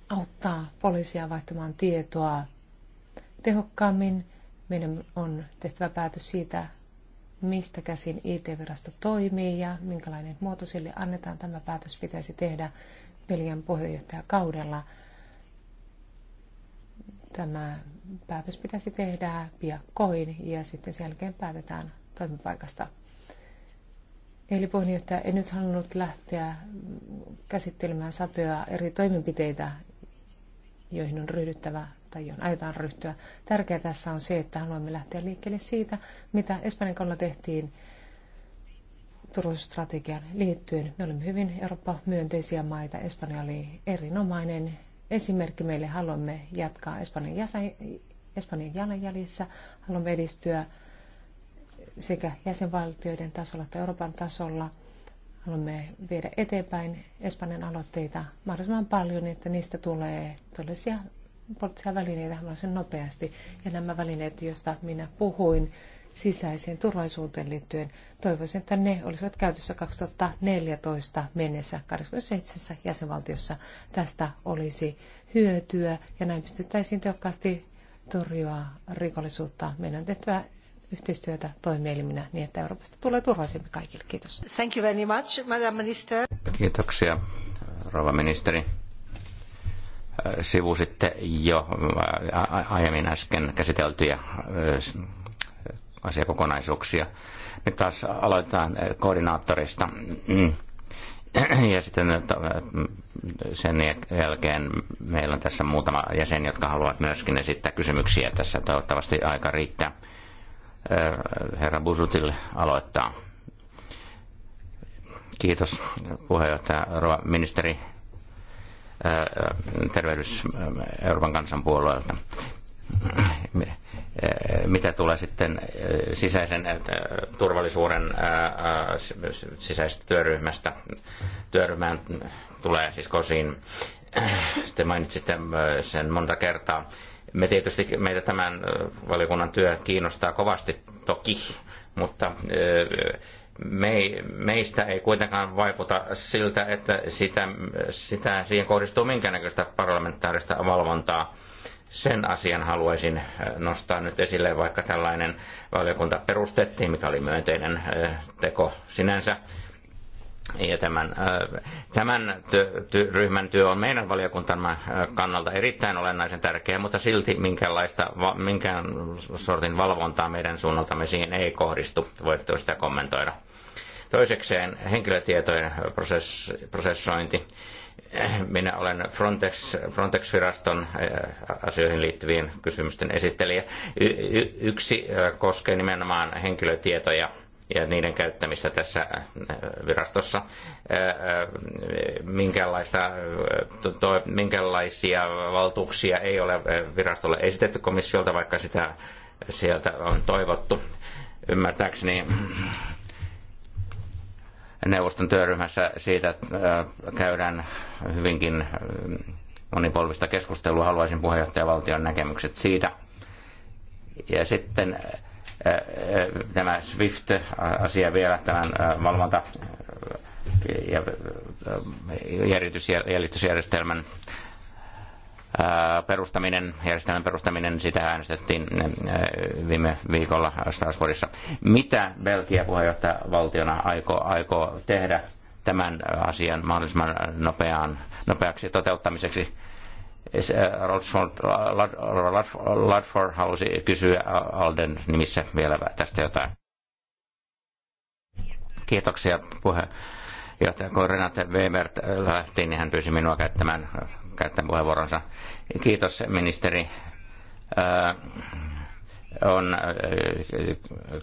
auttaa poliisia vaihtamaan tietoa tehokkaammin. Meidän on tehtävä päätös siitä, mistä käsin IT-virasto toimii ja minkälainen muoto sille annetaan. Tämä päätös pitäisi tehdä Belgian puheenjohtajakaudella. Tämä päätös pitäisi tehdä piakkoin ja sitten sen jälkeen päätetään toimipaikasta. Eli puheenjohtaja ei nyt halunnut lähteä käsittelemään satoja eri toimenpiteitä, joihin on ryhdyttävä tai johon aiotaan ryhtyä. Tärkeää tässä on se, että haluamme lähteä liikkeelle siitä, mitä Espanjan kolla tehtiin turvallisuusstrategian liittyen. Me olemme hyvin Eurooppa-myönteisiä maita. Espanja oli erinomainen esimerkki meille. Haluamme jatkaa Espanjan, jäsen, Espanjan jalanjäljissä. Haluamme edistyä sekä jäsenvaltioiden tasolla että Euroopan tasolla. Haluamme viedä eteenpäin Espanjan aloitteita mahdollisimman paljon, että niistä tulee todellisia poliittisia välineitä, haluaisin nopeasti. Ja nämä välineet, joista minä puhuin sisäiseen turvallisuuteen liittyen, toivoisin, että ne olisivat käytössä 2014 mennessä 27 jäsenvaltiossa. Tästä olisi hyötyä ja näin pystyttäisiin tehokkaasti torjua rikollisuutta. Meidän on tehtävä yhteistyötä toimieliminä niin, että Euroopasta tulee turvallisempi kaikille. Kiitos. Thank you very much, Madam Minister. Kiitoksia, rouva ministeri sivusitte jo aiemmin äsken käsiteltyjä asiakokonaisuuksia. Nyt taas aloitetaan koordinaattorista mm. ja sitten sen jälkeen meillä on tässä muutama jäsen, jotka haluavat myöskin esittää kysymyksiä tässä. Toivottavasti aika riittää. Herra Busutille aloittaa. Kiitos puheenjohtaja, ministeri tervehdys äh, Euroopan kansanpuolueelta. Äh, mitä tulee sitten äh, sisäisen turvallisuuden sisäisestä työryhmästä, työryhmään tulee siis kosiin, te mainitsitte sen monta kertaa. Me tietysti, meitä tämän valiokunnan työ kiinnostaa kovasti toki, mutta me, meistä ei kuitenkaan vaikuta siltä, että sitä, sitä, siihen kohdistuu minkäännäköistä parlamentaarista valvontaa. Sen asian haluaisin äh, nostaa nyt esille, vaikka tällainen valiokunta perustettiin, mikä oli myönteinen äh, teko sinänsä. Ja tämän, äh, tämän ty, ty, ryhmän työ on meidän valiokuntamme kannalta erittäin olennaisen tärkeä, mutta silti minkäänlaista, minkään sortin valvontaa meidän suunnaltamme siihen ei kohdistu. Voitteko sitä kommentoida? Toisekseen henkilötietojen prosess, prosessointi. Minä olen Frontex, Frontex-viraston eh, asioihin liittyvien kysymysten esittelijä. y- yksi eh, koskee nimenomaan henkilötietoja ja niiden käyttämistä tässä eh, virastossa. Minkälaista, to, minkälaisia valtuuksia ei ole virastolle esitetty komissiolta, vaikka sitä sieltä on toivottu. Ymmärtääkseni neuvoston työryhmässä siitä käydään hyvinkin monipolvista keskustelua. Haluaisin puheenjohtajavaltion näkemykset siitä. Ja sitten tämä SWIFT-asia vielä, tämän valvonta- ja jäljitysjärjestelmän perustaminen, järjestelmän perustaminen, sitä äänestettiin viime viikolla Strasbourgissa. Mitä Belgia valtiona aikoo, aikoo tehdä tämän asian mahdollisimman nopeaan, nopeaksi toteuttamiseksi? Ladford halusi kysyä Alden nimissä vielä tästä jotain. Kiitoksia puheenjohtaja. Kun Renate Weber lähti, niin hän pyysi minua käyttämään käyttää puheenvuoronsa. Kiitos ministeri. On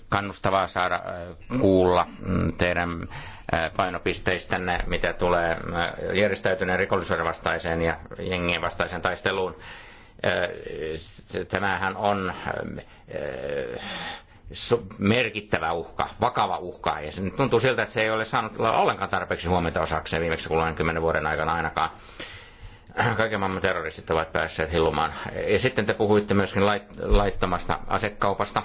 kannustavaa saada kuulla mm, teidän painopisteistänne, mitä tulee järjestäytyneen rikollisuuden vastaiseen ja jengien vastaiseen taisteluun. Tämähän on merkittävä uhka, vakava uhka. Ja se tuntuu siltä, että se ei ole saanut ollenkaan tarpeeksi huomiota osakseen viimeksi kuluneen kymmenen vuoden aikana ainakaan kaiken maailman terroristit ovat päässeet hillumaan. Ja sitten te puhuitte myöskin laittomasta asekaupasta,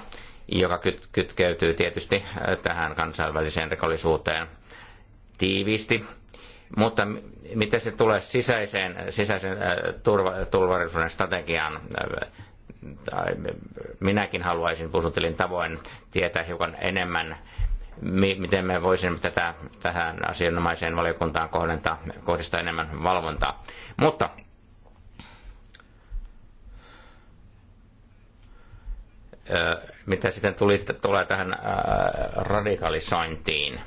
joka kytkeytyy tietysti äh, tähän kansainväliseen rikollisuuteen tiiviisti. Mutta miten se tulee sisäiseen, sisäiseen äh, turva, turvallisuuden strategiaan? Äh, minäkin haluaisin Pusutilin tavoin tietää hiukan enemmän miten me voisimme tätä, tähän asianomaiseen valiokuntaan kohdentaa, kohdistaa enemmän valvontaa. Mutta mitä sitten tuli, tulee tähän radikalisointiin.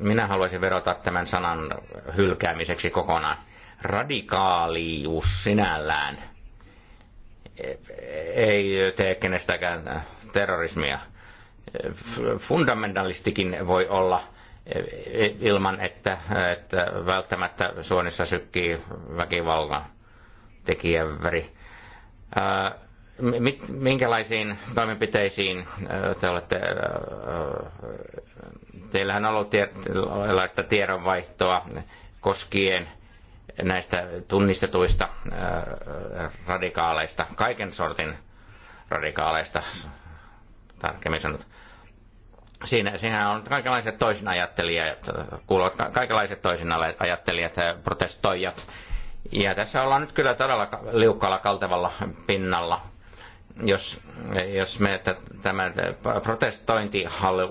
Minä haluaisin verota tämän sanan hylkäämiseksi kokonaan. Radikaalius sinällään e, e, ei tee kenestäkään terrorismia – fundamentalistikin voi olla e, e, ilman, että, että välttämättä suonissa sykkii väkivallan tekijän väri. Minkälaisiin toimenpiteisiin te olette, teillähän on ollut erilaista tiedonvaihtoa koskien näistä tunnistetuista radikaaleista, kaiken sortin radikaaleista tarkemmin sanottu. Siinä, siinä on kaikenlaiset ajattelijat, kuuluvat kaikenlaiset ajattelijat, protestoijat. Ja tässä ollaan nyt kyllä todella liukkaalla kaltevalla pinnalla jos, jos me tämä protestointi tämän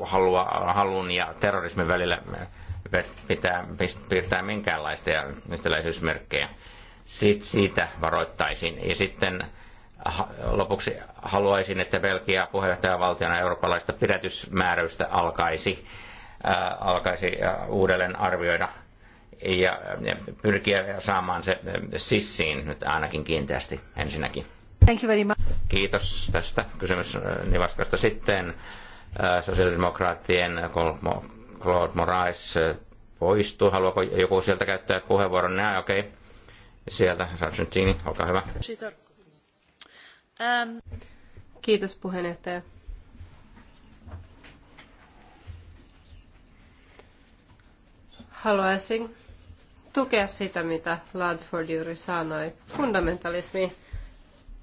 halun ja terrorismin välillä pitää, pitää minkäänlaista ja yhtäläisyysmerkkejä, siitä varoittaisin. Ja sitten lopuksi haluaisin, että Belgia puheenjohtajavaltiona eurooppalaista pidätysmääräystä alkaisi, äh, alkaisi äh, uudelleen arvioida ja, ja pyrkiä saamaan se äh, sissiin nyt ainakin kiinteästi ensinnäkin. Thank you very much. Kiitos tästä kysymys äh, Nivaskasta. Sitten sosiaalidemokraattien Claude Moraes poistuu. Haluaako joku sieltä käyttää puheenvuoron? Okei. Okay. Sieltä, Sargentini, olkaa hyvä. Ähm. Kiitos puheenjohtaja. Haluaisin tukea sitä, mitä Ladford juuri sanoi. Fundamentalismi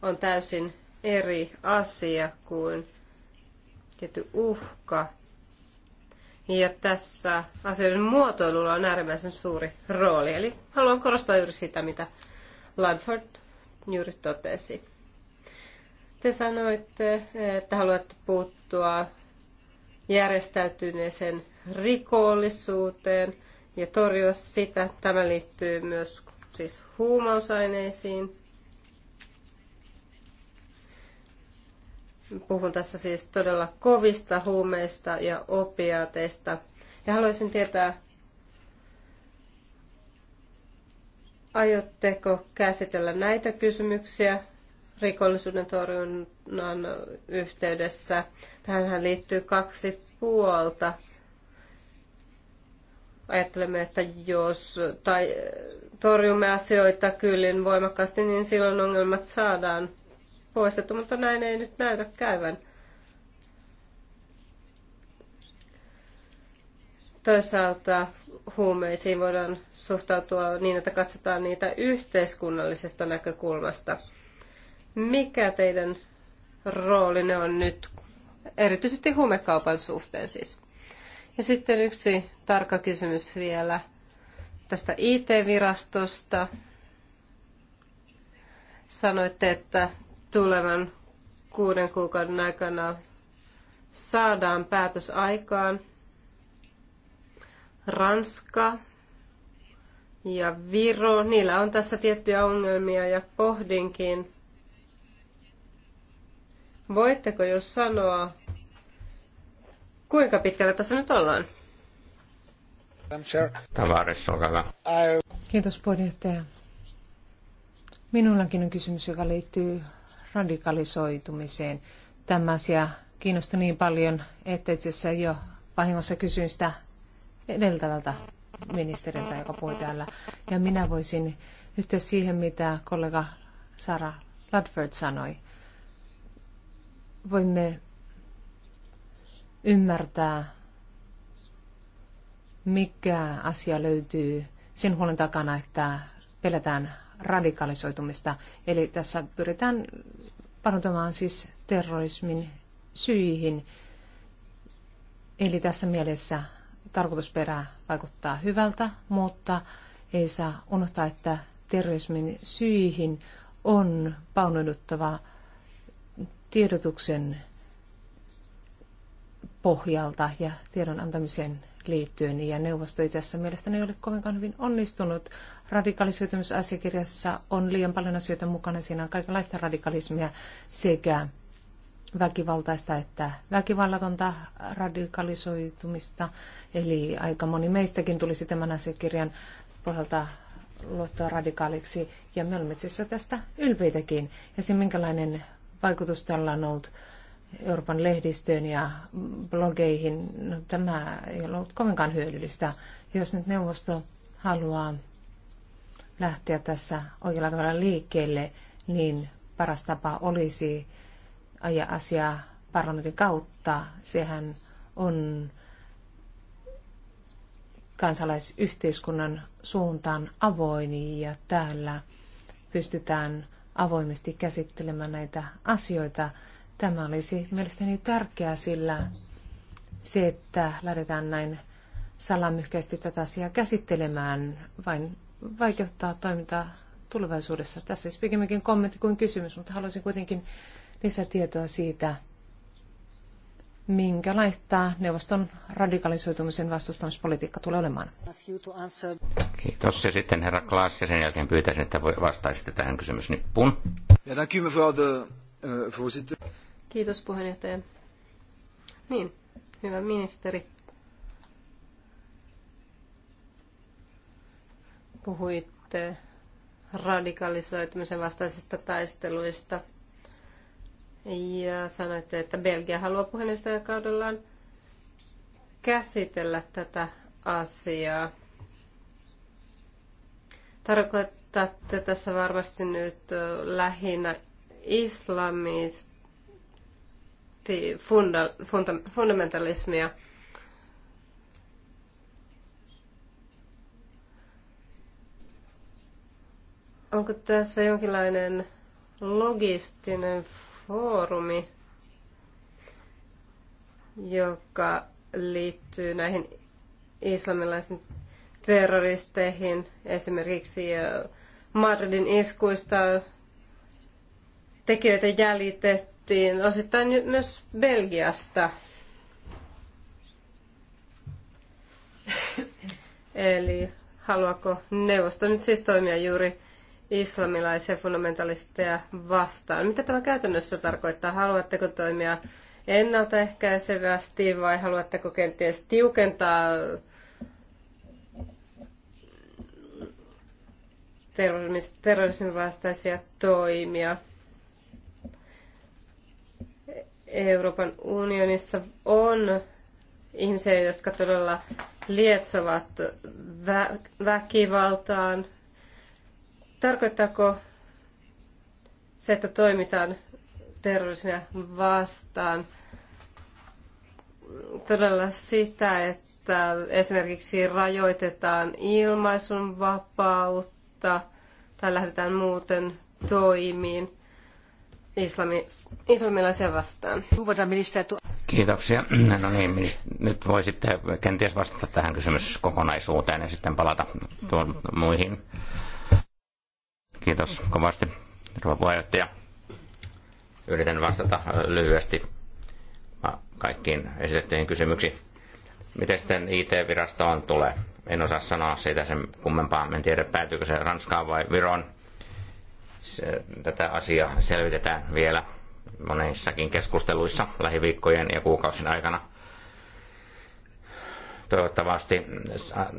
on täysin eri asia kuin tietty uhka. Ja tässä asioiden muotoilulla on äärimmäisen suuri rooli. Eli haluan korostaa juuri sitä, mitä Ladford juuri totesi. Te sanoitte, että haluatte puuttua järjestäytyneeseen rikollisuuteen ja torjua sitä. Tämä liittyy myös siis huumausaineisiin. Puhun tässä siis todella kovista huumeista ja opiaateista. Ja haluaisin tietää, aiotteko käsitellä näitä kysymyksiä rikollisuuden torjunnan yhteydessä. Tähän liittyy kaksi puolta. Ajattelemme, että jos tai torjumme asioita kyllin voimakkaasti, niin silloin ongelmat saadaan poistettu, mutta näin ei nyt näytä käyvän. Toisaalta huumeisiin voidaan suhtautua niin, että katsotaan niitä yhteiskunnallisesta näkökulmasta – mikä teidän rooli ne on nyt, erityisesti huumekaupan suhteen siis? Ja sitten yksi tarkka kysymys vielä tästä IT-virastosta. Sanoitte, että tulevan kuuden kuukauden aikana saadaan päätös aikaan. Ranska ja Viro, niillä on tässä tiettyjä ongelmia ja pohdinkin, Voitteko jos sanoa, kuinka pitkällä tässä nyt ollaan? Tavares, olkaa hyvä. Kiitos puheenjohtaja. Minullakin on kysymys, joka liittyy radikalisoitumiseen. Tämä asia kiinnosti niin paljon, että itse asiassa jo vahingossa kysyin sitä edeltävältä ministeriltä, joka puhui täällä. Ja minä voisin yhtyä siihen, mitä kollega Sara Ludford sanoi voimme ymmärtää, mikä asia löytyy sen huolen takana, että pelätään radikalisoitumista. Eli tässä pyritään parantamaan siis terrorismin syihin. Eli tässä mielessä tarkoitusperä vaikuttaa hyvältä, mutta ei saa unohtaa, että terrorismin syihin on paunuduttava tiedotuksen pohjalta ja tiedon antamiseen liittyen, ja neuvosto ei tässä mielestäni ole kovinkaan hyvin onnistunut. Radikalisoitumisasiakirjassa on liian paljon asioita mukana, siinä on kaikenlaista radikalismia sekä väkivaltaista että väkivallatonta radikalisoitumista. Eli aika moni meistäkin tulisi tämän asiakirjan pohjalta luottaa radikaaliksi, ja me olemme itse asiassa tästä ylpeitäkin. Ja se, minkälainen vaikutus tällä on ollut Euroopan lehdistöön ja blogeihin. No, tämä ei ole ollut kovinkaan hyödyllistä. Jos nyt neuvosto haluaa lähteä tässä oikealla tavalla liikkeelle, niin paras tapa olisi ajaa asiaa parlamentin kautta. Sehän on kansalaisyhteiskunnan suuntaan avoin ja täällä pystytään avoimesti käsittelemään näitä asioita. Tämä olisi mielestäni tärkeää, sillä se, että lähdetään näin salamyhkäisesti tätä asiaa käsittelemään, vain vaikeuttaa toimintaa tulevaisuudessa. Tässä siis pikemminkin kommentti kuin kysymys, mutta haluaisin kuitenkin lisätietoa siitä, minkälaista neuvoston radikalisoitumisen vastustamispolitiikka tulee olemaan. Kiitos. Ja sitten herra Klaas, ja sen jälkeen pyytäisin, että voi vastaisitte tähän kysymysnippuun. Eh, Kiitos puheenjohtaja. Niin, hyvä ministeri. Puhuitte radikalisoitumisen vastaisista taisteluista – ja sanoitte, että Belgia haluaa puheenjohtajakaudellaan käsitellä tätä asiaa. Tarkoitatte tässä varmasti nyt lähinnä islamisti funda, funda, fundamentalismia. Onko tässä jonkinlainen logistinen foorumi, joka liittyy näihin islamilaisiin terroristeihin, esimerkiksi Madridin iskuista tekijöitä jäljitettiin, osittain myös Belgiasta. Eli haluaako neuvosto nyt siis toimia juuri islamilaisia fundamentalisteja vastaan. Mitä tämä käytännössä tarkoittaa? Haluatteko toimia ennaltaehkäisevästi vai haluatteko kenties tiukentaa terrorismin vastaisia toimia? Euroopan unionissa on ihmisiä, jotka todella lietsovat vä- väkivaltaan, Tarkoittaako se, että toimitaan terrorismia vastaan todella sitä, että esimerkiksi rajoitetaan ilmaisun vapautta tai lähdetään muuten toimiin islami, islamilaisia vastaan. Kiitoksia. No niin, nyt sitten kenties vastata tähän kysymyskokonaisuuteen ja sitten palata tuon muihin Kiitos kovasti, rouva puheenjohtaja. Yritän vastata äh, lyhyesti kaikkiin esitettyihin kysymyksiin. Miten sitten IT-virastoon tulee? En osaa sanoa siitä sen kummempaa. En tiedä, päätyykö se Ranskaan vai Viron. Se, tätä asiaa selvitetään vielä monissakin keskusteluissa lähiviikkojen ja kuukausien aikana – toivottavasti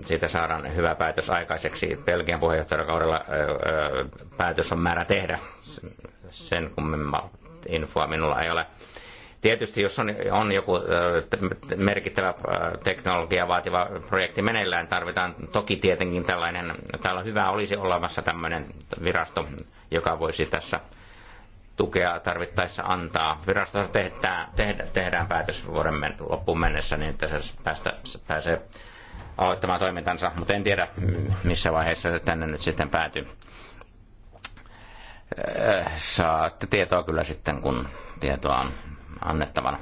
siitä saadaan hyvä päätös aikaiseksi. Belgian puheenjohtajakaudella päätös on määrä tehdä. Sen kummemmin infoa minulla ei ole. Tietysti jos on, on joku merkittävä teknologia vaativa projekti meneillään, tarvitaan toki tietenkin tällainen, täällä hyvä olisi olemassa tämmöinen virasto, joka voisi tässä tukea tarvittaessa antaa. Virastossa tehdään, tehdään, tehdään päätös vuoden men, loppuun mennessä, niin että se päästä, pääsee aloittamaan toimintansa, mutta en tiedä missä vaiheessa se tänne nyt sitten päätyy. Äh, saatte tietoa kyllä sitten, kun tietoa on annettavana.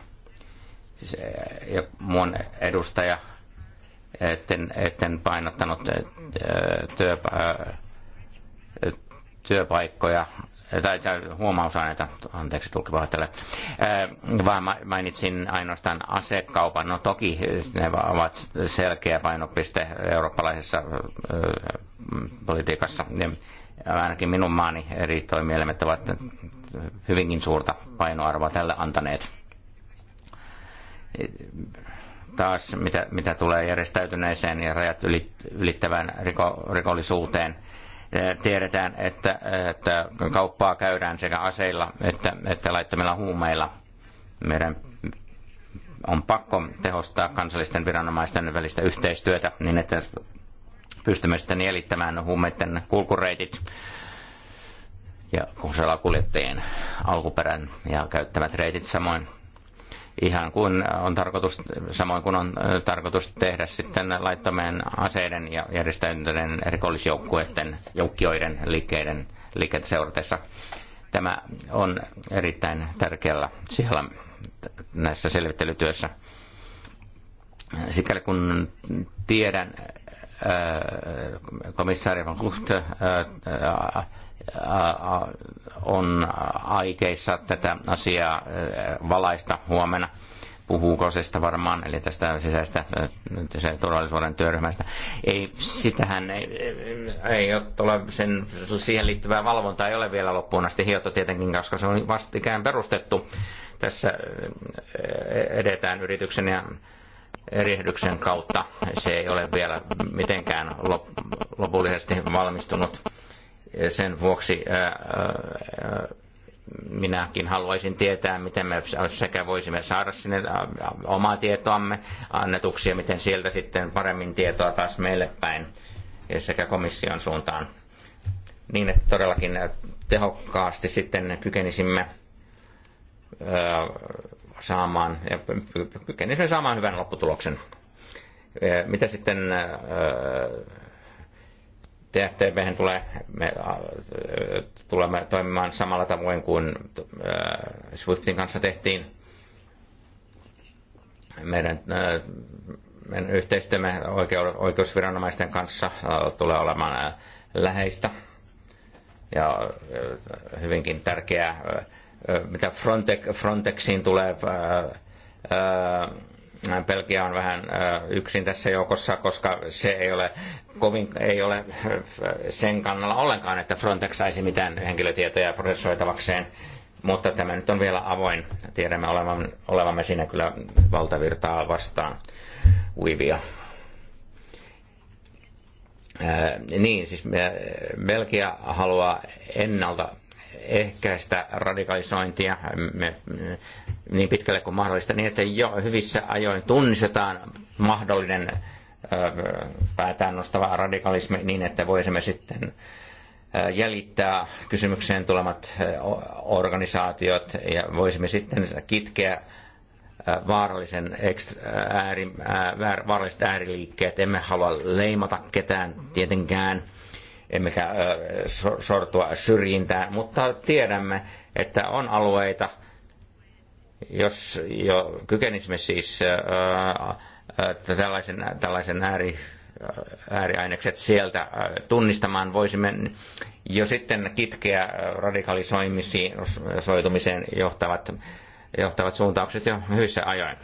Siis, äh, mun edustaja, etten, etten painottanut äh, työpaikkoja tai, tai huomausaineita, anteeksi tulkipahoittele, vaan mainitsin ainoastaan asekaupan. No toki ne ovat selkeä painopiste eurooppalaisessa politiikassa. Ainakin minun maani eri toimielimet ovat hyvinkin suurta painoarvoa tälle antaneet. Taas mitä, mitä tulee järjestäytyneeseen ja rajat ylittävään rikollisuuteen – Tiedetään, että, että kauppaa käydään sekä aseilla että, että laittamilla huumeilla. Meidän on pakko tehostaa kansallisten viranomaisten välistä yhteistyötä niin, että pystymme sitten jäljittämään huumeiden kulkureitit ja kuljettajien alkuperän ja käyttämät reitit samoin ihan kuin on tarkoitus, samoin kuin on tarkoitus tehdä sitten laittomien aseiden ja järjestäytyneiden rikollisjoukkueiden, joukkioiden liikkeiden liikkeet seuratessa. Tämä on erittäin tärkeällä siellä näissä selvittelytyössä. Sikäli kun tiedän, komissaari von Klucht Äh, on aikeissa tätä asiaa äh, valaista huomenna. Puhuu varmaan, eli tästä sisäistä äh, turvallisuuden työryhmästä. Ei, sitähän ei, ei ole, sen, siihen liittyvää valvontaa ei ole vielä loppuun asti hiotto tietenkin, koska se on vastikään perustettu. Tässä edetään yrityksen ja erehdyksen kautta. Se ei ole vielä mitenkään lop, lopullisesti valmistunut sen vuoksi minäkin haluaisin tietää, miten me sekä voisimme saada sinne omaa tietoamme annetuksia, miten sieltä sitten paremmin tietoa taas meille päin sekä komission suuntaan. Niin, että todellakin tehokkaasti sitten kykenisimme saamaan, kykenisimme saamaan hyvän lopputuloksen. Mitä sitten TFTV tulee, me tulemme toimimaan samalla tavoin kuin Swiftin kanssa tehtiin. Meidän, meidän yhteistyömme oikeusviranomaisten kanssa tulee olemaan läheistä ja hyvinkin tärkeää. Mitä Frontex, Frontexiin tulee, Belgia on vähän yksin tässä joukossa, koska se ei ole, kovin, ei ole sen kannalla ollenkaan, että Frontex saisi mitään henkilötietoja prosessoitavakseen. Mutta tämä nyt on vielä avoin. Tiedämme olevamme, olevamme siinä kyllä valtavirtaa vastaan uivia. Ää, niin, siis Belgia haluaa ennalta ehkäistä radikalisointia niin pitkälle kuin mahdollista, niin että jo hyvissä ajoin tunnistetaan mahdollinen päätään nostava radikalismi niin, että voisimme sitten jäljittää kysymykseen tulemat organisaatiot ja voisimme sitten kitkeä vaarallisen ekstra, ääri, ää, vaaralliset ääriliikkeet. Emme halua leimata ketään tietenkään – emmekä sortua syrjintään, mutta tiedämme, että on alueita, jos jo kykenisimme siis tällaisen, tällaisen ääri, ääriainekset sieltä tunnistamaan, voisimme jo sitten kitkeä radikalisoitumiseen johtavat, johtavat suuntaukset jo hyvissä ajoin.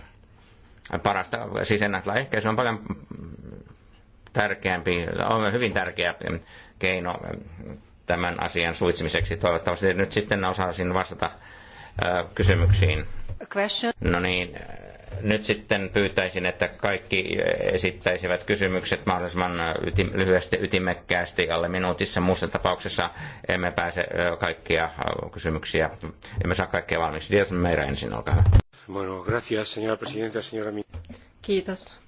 Parasta siis ennakkoehkäisy on paljon tärkeämpi, on hyvin tärkeä keino tämän asian suitsimiseksi. Toivottavasti nyt sitten osaisin vastata kysymyksiin. No niin, nyt sitten pyytäisin, että kaikki esittäisivät kysymykset mahdollisimman ytim- lyhyesti, ytimekkäästi, alle minuutissa. Muussa tapauksessa emme pääse kaikkia kysymyksiä, emme saa kaikkea valmiiksi. Dias Meira ensin, olkaa hyvä. Bueno, gracias, señora presidenta, señora... Kiitos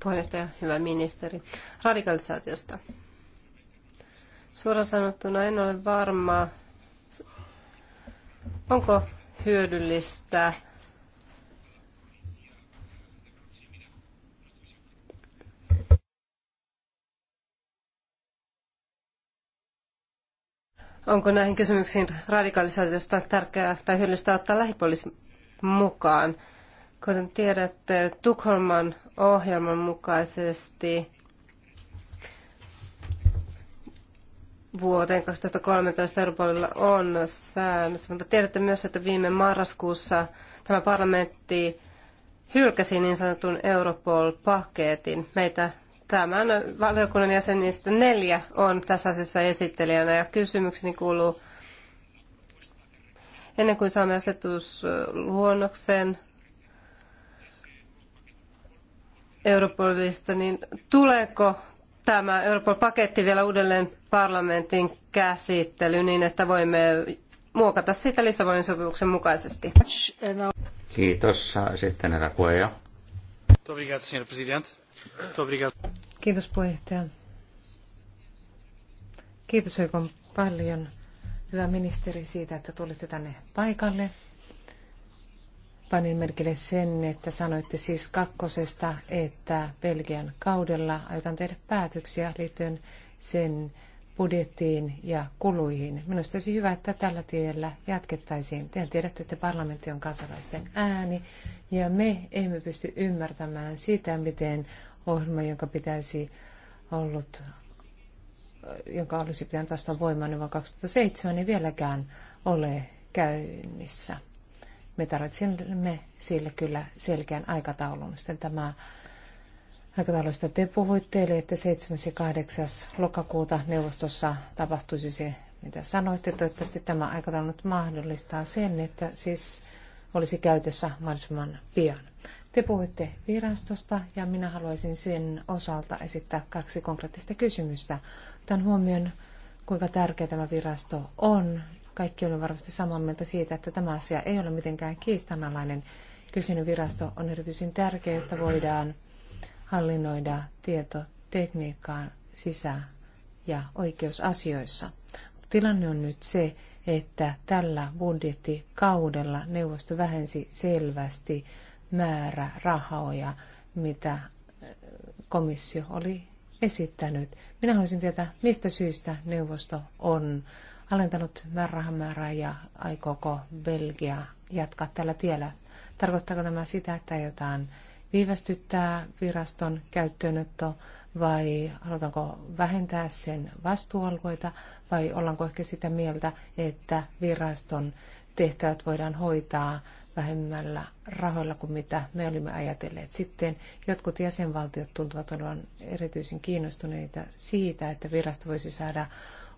puheenjohtaja, hyvä ministeri. Radikalisaatiosta. Suoraan sanottuna en ole varma, onko hyödyllistä onko näihin kysymyksiin radikalisaatiosta tärkeää tai hyödyllistä ottaa lähipoliisi mukaan. Kuten tiedätte, Tukholman ohjelman mukaisesti vuoteen 2013 unionilla on säännös, mutta tiedätte myös, että viime marraskuussa tämä parlamentti hylkäsi niin sanotun Europol-paketin. Meitä tämän valiokunnan jäsenistä neljä on tässä asiassa esittelijänä ja kysymykseni kuuluu, ennen kuin saamme asetusluonnoksen, Europolista, niin tuleeko tämä Europol-paketti vielä uudelleen parlamentin käsittelyyn niin, että voimme muokata sitä Lissabonin sopimuksen mukaisesti? Kiitos. Sitten herra puheenjohtaja. Kiitos puheenjohtaja. Kiitos oikein paljon, hyvä ministeri, siitä, että tulitte tänne paikalle Panin merkille sen, että sanoitte siis kakkosesta, että Belgian kaudella aiotaan tehdä päätöksiä liittyen sen budjettiin ja kuluihin. Minusta olisi hyvä, että tällä tiellä jatkettaisiin. Te tiedätte, että parlamentti on kansalaisten ääni, ja me emme pysty ymmärtämään sitä, miten ohjelma, jonka pitäisi ollut, jonka olisi pitänyt astua voimaan vuonna 2007, ei niin vieläkään ole käynnissä me tarvitsemme sille kyllä selkeän aikataulun. Sitten tämä aikataulusta te puhuitte, eli että 7. ja 8. lokakuuta neuvostossa tapahtuisi se, mitä sanoitte. Toivottavasti tämä aikataulu nyt mahdollistaa sen, että siis olisi käytössä mahdollisimman pian. Te puhuitte virastosta ja minä haluaisin sen osalta esittää kaksi konkreettista kysymystä. Otan huomioon, kuinka tärkeä tämä virasto on kaikki olemme varmasti samaa mieltä siitä, että tämä asia ei ole mitenkään kiistanalainen. Kyseinen virasto on erityisen tärkeä, jotta voidaan hallinnoida tietotekniikkaan sisä- ja oikeusasioissa. Tilanne on nyt se, että tällä budjettikaudella neuvosto vähensi selvästi määrä rahoja, mitä äh, komissio oli esittänyt. Minä haluaisin tietää, mistä syystä neuvosto on alentanut määrärahamäärää ja aikooko Belgia jatkaa tällä tiellä? Tarkoittaako tämä sitä, että jotain viivästyttää viraston käyttöönotto vai halutaanko vähentää sen vastuualueita vai ollaanko ehkä sitä mieltä, että viraston tehtävät voidaan hoitaa vähemmällä rahoilla kuin mitä me olimme ajatelleet. Sitten jotkut jäsenvaltiot tuntuvat olevan erityisen kiinnostuneita siitä, että virasto voisi saada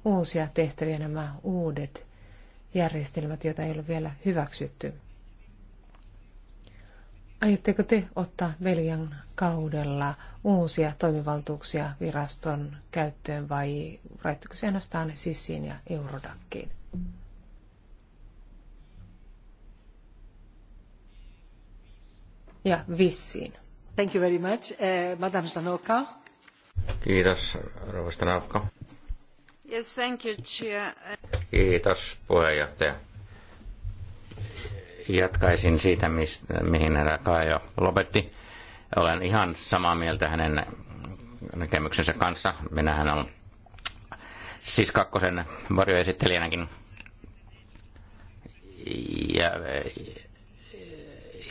uusia tehtäviä nämä uudet järjestelmät, joita ei ole vielä hyväksytty. Aiotteko te ottaa veljan kaudella uusia toimivaltuuksia viraston käyttöön vai rajoittuuko se ainoastaan Sissiin ja Eurodakkiin? Ja vissiin. Thank you very much, uh, Madame Stanoka. Kiitos, rouva Stanoka. Yes, thank you, Chair. Kiitos puheenjohtaja. Jatkaisin siitä, mihin herra Kaajo lopetti. Olen ihan samaa mieltä hänen näkemyksensä kanssa. Minähän olen siis kakkosen varjoesittelijänäkin. Ja,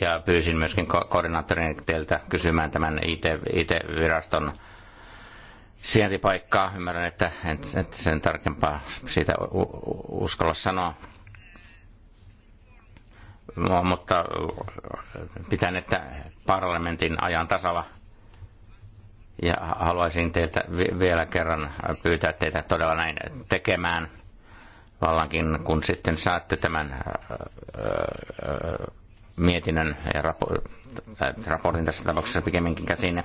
ja pyysin myöskin ko- koordinaattorin teiltä kysymään tämän IT, IT-viraston sijaintipaikkaa. Ymmärrän, että en, sen tarkempaa siitä uskalla sanoa. No, mutta pitän, että parlamentin ajan tasalla. Ja haluaisin teiltä vielä kerran pyytää teitä todella näin tekemään – vallankin, kun sitten saatte tämän äh, äh, mietinnön ja äh, raportin tässä tapauksessa pikemminkin käsinne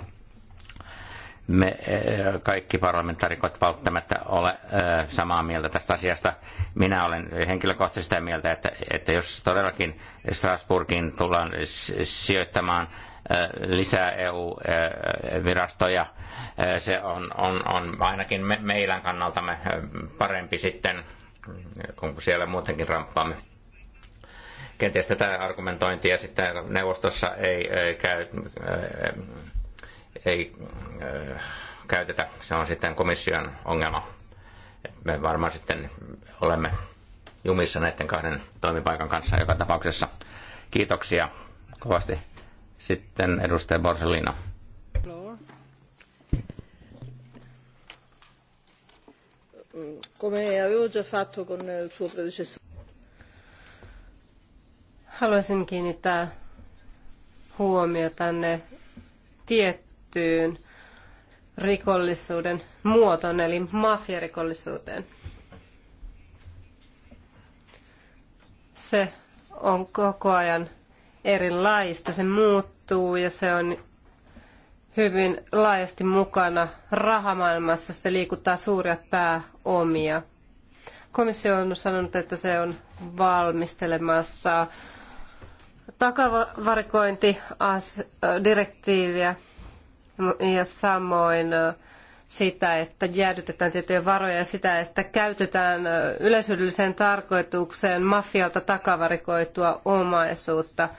me eh, kaikki parlamentaarikot välttämättä ole eh, samaa mieltä tästä asiasta. Minä olen henkilökohtaisesti sitä mieltä, että, että jos todellakin Strasbourgiin tullaan sijoittamaan eh, lisää EU-virastoja, se on, on, on ainakin me, meidän kannaltamme parempi sitten, kun siellä muutenkin ramppaamme kenties tätä argumentointia sitten neuvostossa ei, ei käy ei käytetä. Se on sitten komission ongelma. Me varmaan sitten olemme jumissa näiden kahden toimipaikan kanssa joka tapauksessa. Kiitoksia kovasti. Sitten edustaja Borsellino. Come avevo già fatto con il suo predecessore. Haluaisin kiinnittää tänne tiettyyn tiettyyn rikollisuuden muotoon, eli mafiarikollisuuteen. Se on koko ajan erilaista, se muuttuu ja se on hyvin laajasti mukana rahamaailmassa, se liikuttaa suuria pääomia. Komissio on sanonut, että se on valmistelemassa takavarikointidirektiiviä ja samoin sitä, että jäädytetään tiettyjä varoja ja sitä, että käytetään yleishyödylliseen tarkoitukseen mafialta takavarikoitua omaisuutta,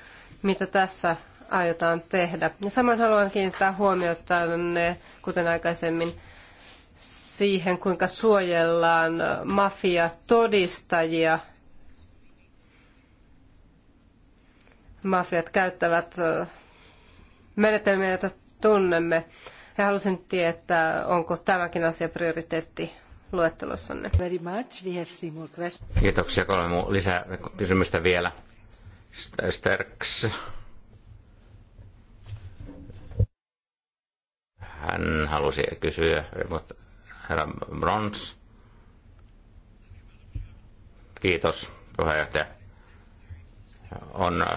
mitä tässä aiotaan tehdä. Ja samoin haluan kiinnittää huomiota, kuten aikaisemmin, siihen, kuinka suojellaan mafiatodistajia. Mafiat käyttävät menetelmiä, joita tunnemme. Ja halusin tietää, onko tämäkin asia prioriteetti luettelossanne. Very much. We have seen more Kiitoksia. Kolme lisää kysymystä vielä. Sterks. Hän halusi kysyä, mutta herra Brons. Kiitos, puheenjohtaja. On äh,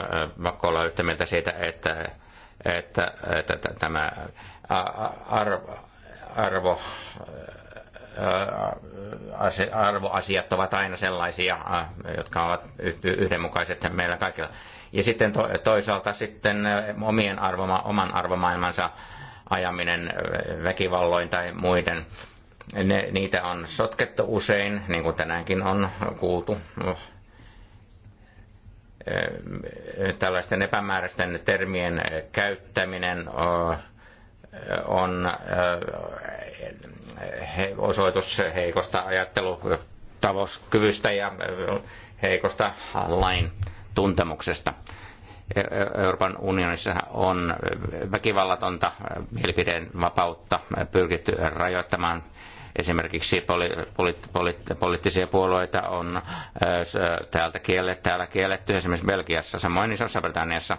pakko olla yhtä mieltä siitä, että että, että tämä arvo, arvo arvoasiat ovat aina sellaisia, jotka ovat yhdenmukaiset meillä kaikilla. Ja sitten toisaalta sitten omien arvoma, oman arvomaailmansa ajaminen väkivalloin tai muiden, ne, niitä on sotkettu usein, niin kuin tänäänkin on kuultu tällaisten epämääräisten termien käyttäminen on osoitus heikosta ajattelutavoskyvystä ja heikosta lain tuntemuksesta. E-, e-, Euroopan unionissa on väkivallatonta mielipiteen vapautta pyrkitty rajoittamaan Esimerkiksi poli- poli- poli- poliittisia puolueita on äh, täältä kielletty, täällä kielletty esimerkiksi Belgiassa, samoin Isossa-Britanniassa.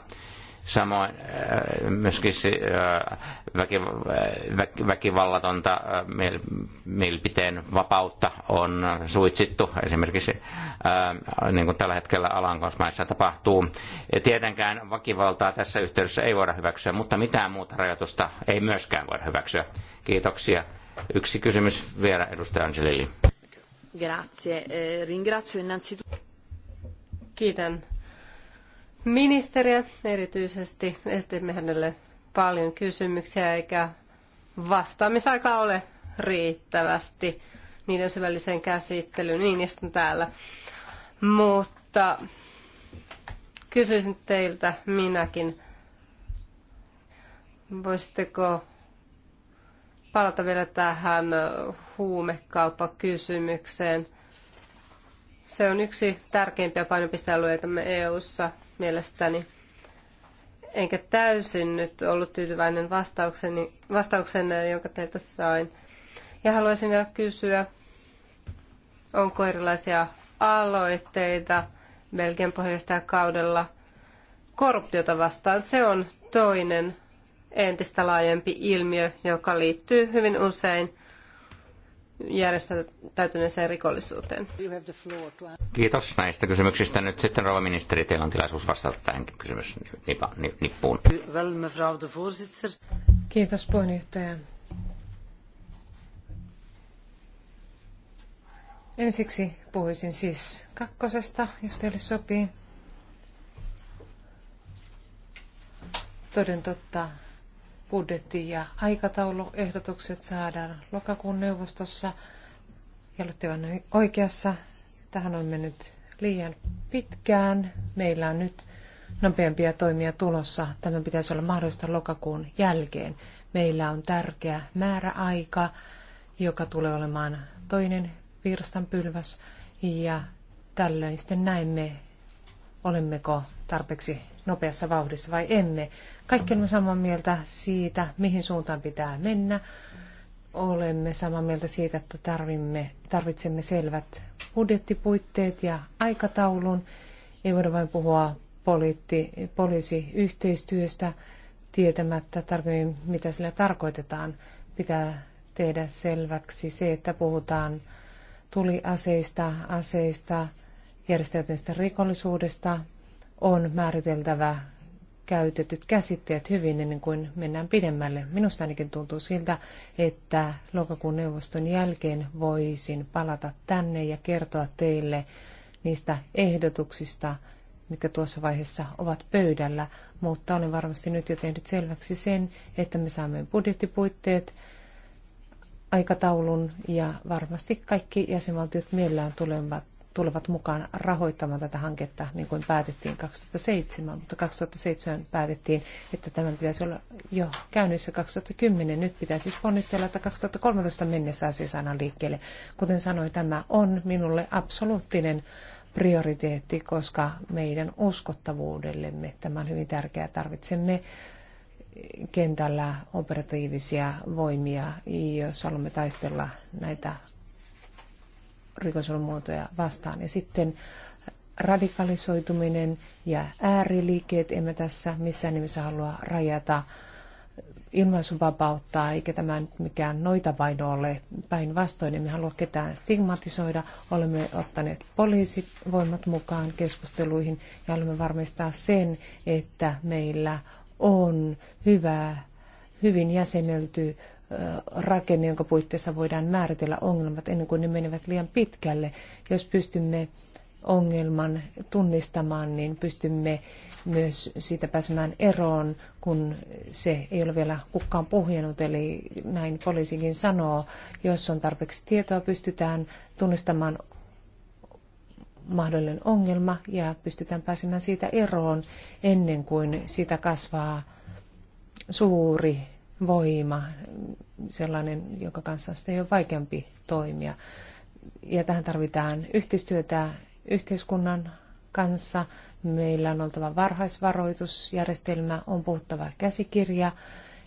Samoin äh, myöskin äh, väkivallatonta mielipiteen vapautta on suitsittu, esimerkiksi niin kuin tällä hetkellä Alankosmaissa tapahtuu. Tietenkään väkivaltaa tässä yhteydessä ei voida hyväksyä, mutta mitään muuta rajoitusta ei myöskään voida hyväksyä. Kiitoksia. Yksi kysymys vielä edustaja Angelilli. Grazie. Eh, ringrazio innanzitutto. Kiitän ministeriä erityisesti. Esitimme hänelle paljon kysymyksiä eikä vastaamisaikaa ole riittävästi niiden syvälliseen käsittelyyn, niin sitten täällä. Mutta kysyisin teiltä minäkin, voisitteko palata vielä tähän huumekauppakysymykseen. Se on yksi tärkeimpiä me EU-ssa mielestäni. Enkä täysin nyt ollut tyytyväinen vastaukseni, vastauksenne, jonka teiltä sain. Ja haluaisin vielä kysyä, onko erilaisia aloitteita Belgian puheenjohtajakaudella korruptiota vastaan. Se on toinen entistä laajempi ilmiö, joka liittyy hyvin usein järjestäytyneeseen rikollisuuteen. Kiitos näistä kysymyksistä. Nyt sitten rouva ministeri, teillä on tilaisuus vastata tähän kysymys nippuun. Kiitos puheenjohtaja. Ensiksi puhuisin siis kakkosesta, jos teille sopii. Toden totta, budjetti- ja aikatauluehdotukset saadaan lokakuun neuvostossa. Ja olette oikeassa. Tähän on mennyt liian pitkään. Meillä on nyt nopeampia toimia tulossa. Tämä pitäisi olla mahdollista lokakuun jälkeen. Meillä on tärkeä määräaika, joka tulee olemaan toinen virstanpylväs. Ja tällöin sitten näemme, olemmeko tarpeeksi nopeassa vauhdissa vai emme. Kaikki olemme samaa mieltä siitä, mihin suuntaan pitää mennä. Olemme samaa mieltä siitä, että tarvimme, tarvitsemme selvät budjettipuitteet ja aikataulun. Ei voida vain puhua poliitti, poliisiyhteistyöstä tietämättä tarkemmin, mitä sillä tarkoitetaan. Pitää tehdä selväksi se, että puhutaan tuliaseista, aseista, järjestäytyneestä rikollisuudesta, on määriteltävä käytetyt käsitteet hyvin ennen kuin mennään pidemmälle. Minusta ainakin tuntuu siltä, että lokakuun neuvoston jälkeen voisin palata tänne ja kertoa teille niistä ehdotuksista, mikä tuossa vaiheessa ovat pöydällä, mutta olen varmasti nyt jo tehnyt selväksi sen, että me saamme budjettipuitteet, aikataulun ja varmasti kaikki jäsenvaltiot mielellään tulevat tulevat mukaan rahoittamaan tätä hanketta, niin kuin päätettiin 2007, mutta 2007 päätettiin, että tämän pitäisi olla jo käynnissä 2010. Nyt pitää siis ponnistella, että 2013 mennessä asia saadaan liikkeelle. Kuten sanoin, tämä on minulle absoluuttinen prioriteetti, koska meidän uskottavuudellemme tämä on hyvin tärkeää. Tarvitsemme kentällä operatiivisia voimia, jos haluamme taistella näitä rikollisuuden muotoja vastaan. Ja sitten radikalisoituminen ja ääriliikkeet, emme tässä missään nimessä halua rajata ilmaisuvapautta, eikä tämä nyt mikään noita vaino ole. Päinvastoin emme halua ketään stigmatisoida. Olemme ottaneet poliisivoimat mukaan keskusteluihin ja haluamme varmistaa sen, että meillä on hyvä, hyvin jäsenelty rakenne, jonka puitteissa voidaan määritellä ongelmat ennen kuin ne menevät liian pitkälle. Jos pystymme ongelman tunnistamaan, niin pystymme myös siitä pääsemään eroon, kun se ei ole vielä kukkaan puhjennut, eli näin poliisikin sanoo. Jos on tarpeeksi tietoa, pystytään tunnistamaan mahdollinen ongelma ja pystytään pääsemään siitä eroon ennen kuin siitä kasvaa suuri voima, sellainen, jonka kanssa sitten ei ole vaikeampi toimia. Ja tähän tarvitaan yhteistyötä yhteiskunnan kanssa. Meillä on oltava varhaisvaroitusjärjestelmä, on puhuttava käsikirja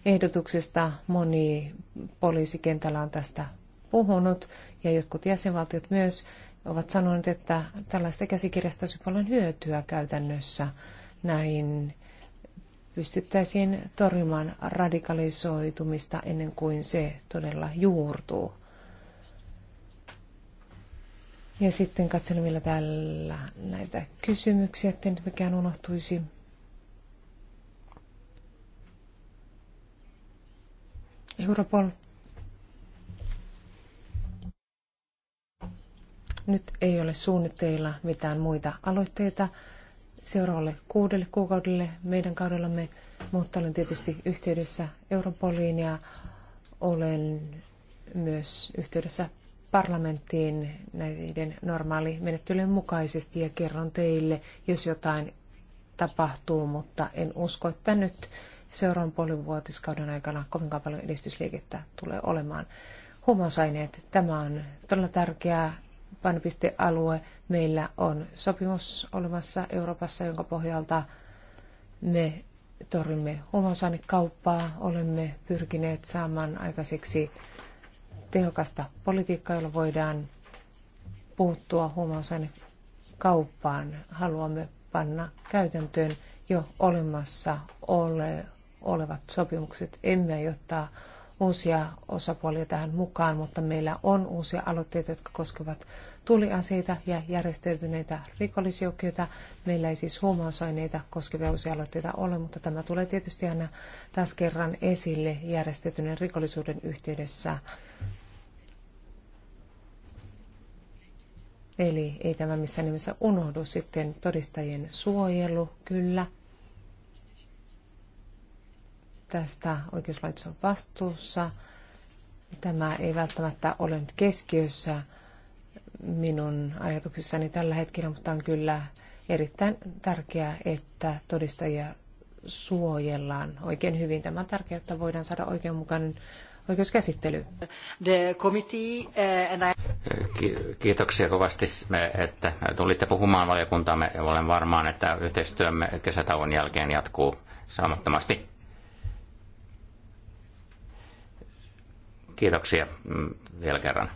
ehdotuksesta. Moni poliisikentällä on tästä puhunut ja jotkut jäsenvaltiot myös ovat sanoneet, että tällaista käsikirjasta olisi paljon hyötyä käytännössä näihin pystyttäisiin torjumaan radikalisoitumista ennen kuin se todella juurtuu. Ja sitten katselen vielä täällä näitä kysymyksiä, ettei nyt mikään unohtuisi. Europol. Nyt ei ole suunnitteilla mitään muita aloitteita seuraavalle kuudelle kuukaudelle meidän kaudellamme, mutta olen tietysti yhteydessä Europoliin ja olen myös yhteydessä parlamenttiin näiden normaalimenettelyjen mukaisesti ja kerron teille, jos jotain tapahtuu, mutta en usko, että nyt seuraavan puolivuotiskauden aikana kovinkaan paljon edistysliikettä tulee olemaan. Huumausaineet, tämä on todella tärkeää painopistealue. Meillä on sopimus olemassa Euroopassa, jonka pohjalta me torjumme huumausainekauppaa, olemme pyrkineet saamaan aikaiseksi tehokasta politiikkaa, jolla voidaan puuttua huumausainekauppaan. Haluamme panna käytäntöön jo olemassa ole, olevat sopimukset. Emme ottaa uusia osapuolia tähän mukaan, mutta meillä on uusia aloitteita, jotka koskevat tuliaseita ja järjestäytyneitä rikollisjoukkoja. Meillä ei siis huumausaineita koskevia uusia aloitteita ole, mutta tämä tulee tietysti aina taas kerran esille järjestäytyneen rikollisuuden yhteydessä. Eli ei tämä missään nimessä unohdu sitten todistajien suojelu, kyllä. Tästä oikeuslaitos on vastuussa. Tämä ei välttämättä ole nyt keskiössä minun ajatuksissani tällä hetkellä, mutta on kyllä erittäin tärkeää, että todistajia suojellaan oikein hyvin. Tämä on tärkeää, että voidaan saada oikeanmukainen oikeuskäsittely. The committee, eh, and I... Kiitoksia kovasti, että tulitte puhumaan valiokuntamme. Olen varmaan, että yhteistyömme kesätauon jälkeen jatkuu saamattomasti. Kiitoksia mm, vielä kerran.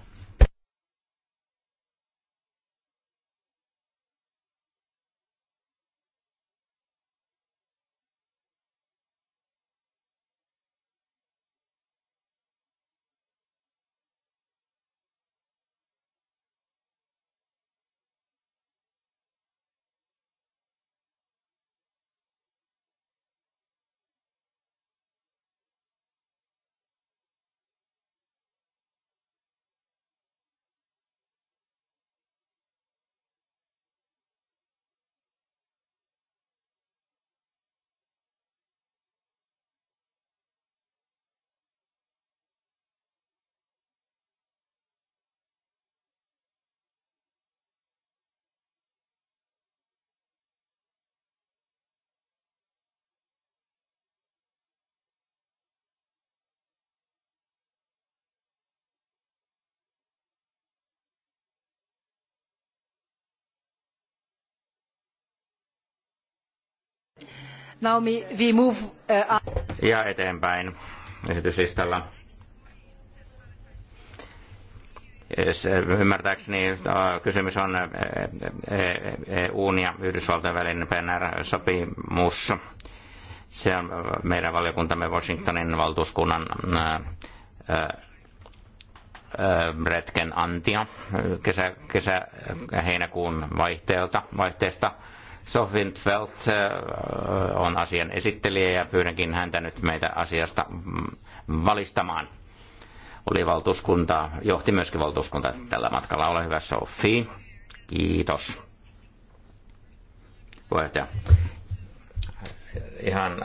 Now we move, uh, ja eteenpäin esityslistalla. Yes, eh, ymmärtääkseni eh, kysymys on EUn eh, e ja Yhdysvaltojen välinen PNR-sopimus. Se on meidän valiokuntamme Washingtonin valtuuskunnan retken antia kesä, kesä heinäkuun vaihteelta, vaihteesta – Sofintveld äh, on asian esittelijä ja pyydänkin häntä nyt meitä asiasta mm, valistamaan. Oli valtuuskunta, johti myöskin valtuuskunta tällä matkalla. Ole hyvä Sofi. Kiitos. Puheenjohtaja. Ihan äh,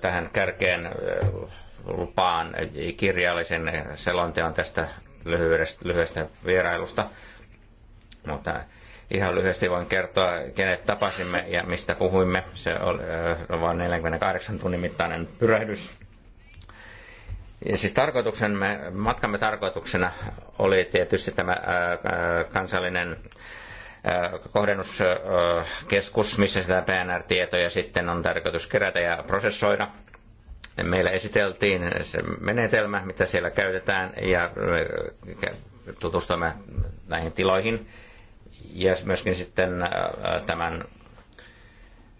tähän kärkeen äh, lupaan kirjallisen selonteon tästä lyhyestä, lyhyestä vierailusta. Mutta Ihan lyhyesti voin kertoa, kenet tapasimme ja mistä puhuimme. Se oli vain 48 tunnin mittainen pyrähdys. Ja siis tarkoituksemme, matkamme tarkoituksena oli tietysti tämä kansallinen kohdennuskeskus, missä sitä PNR-tietoja sitten on tarkoitus kerätä ja prosessoida. Meillä esiteltiin se menetelmä, mitä siellä käytetään, ja tutustumme näihin tiloihin ja myöskin sitten äh, tämän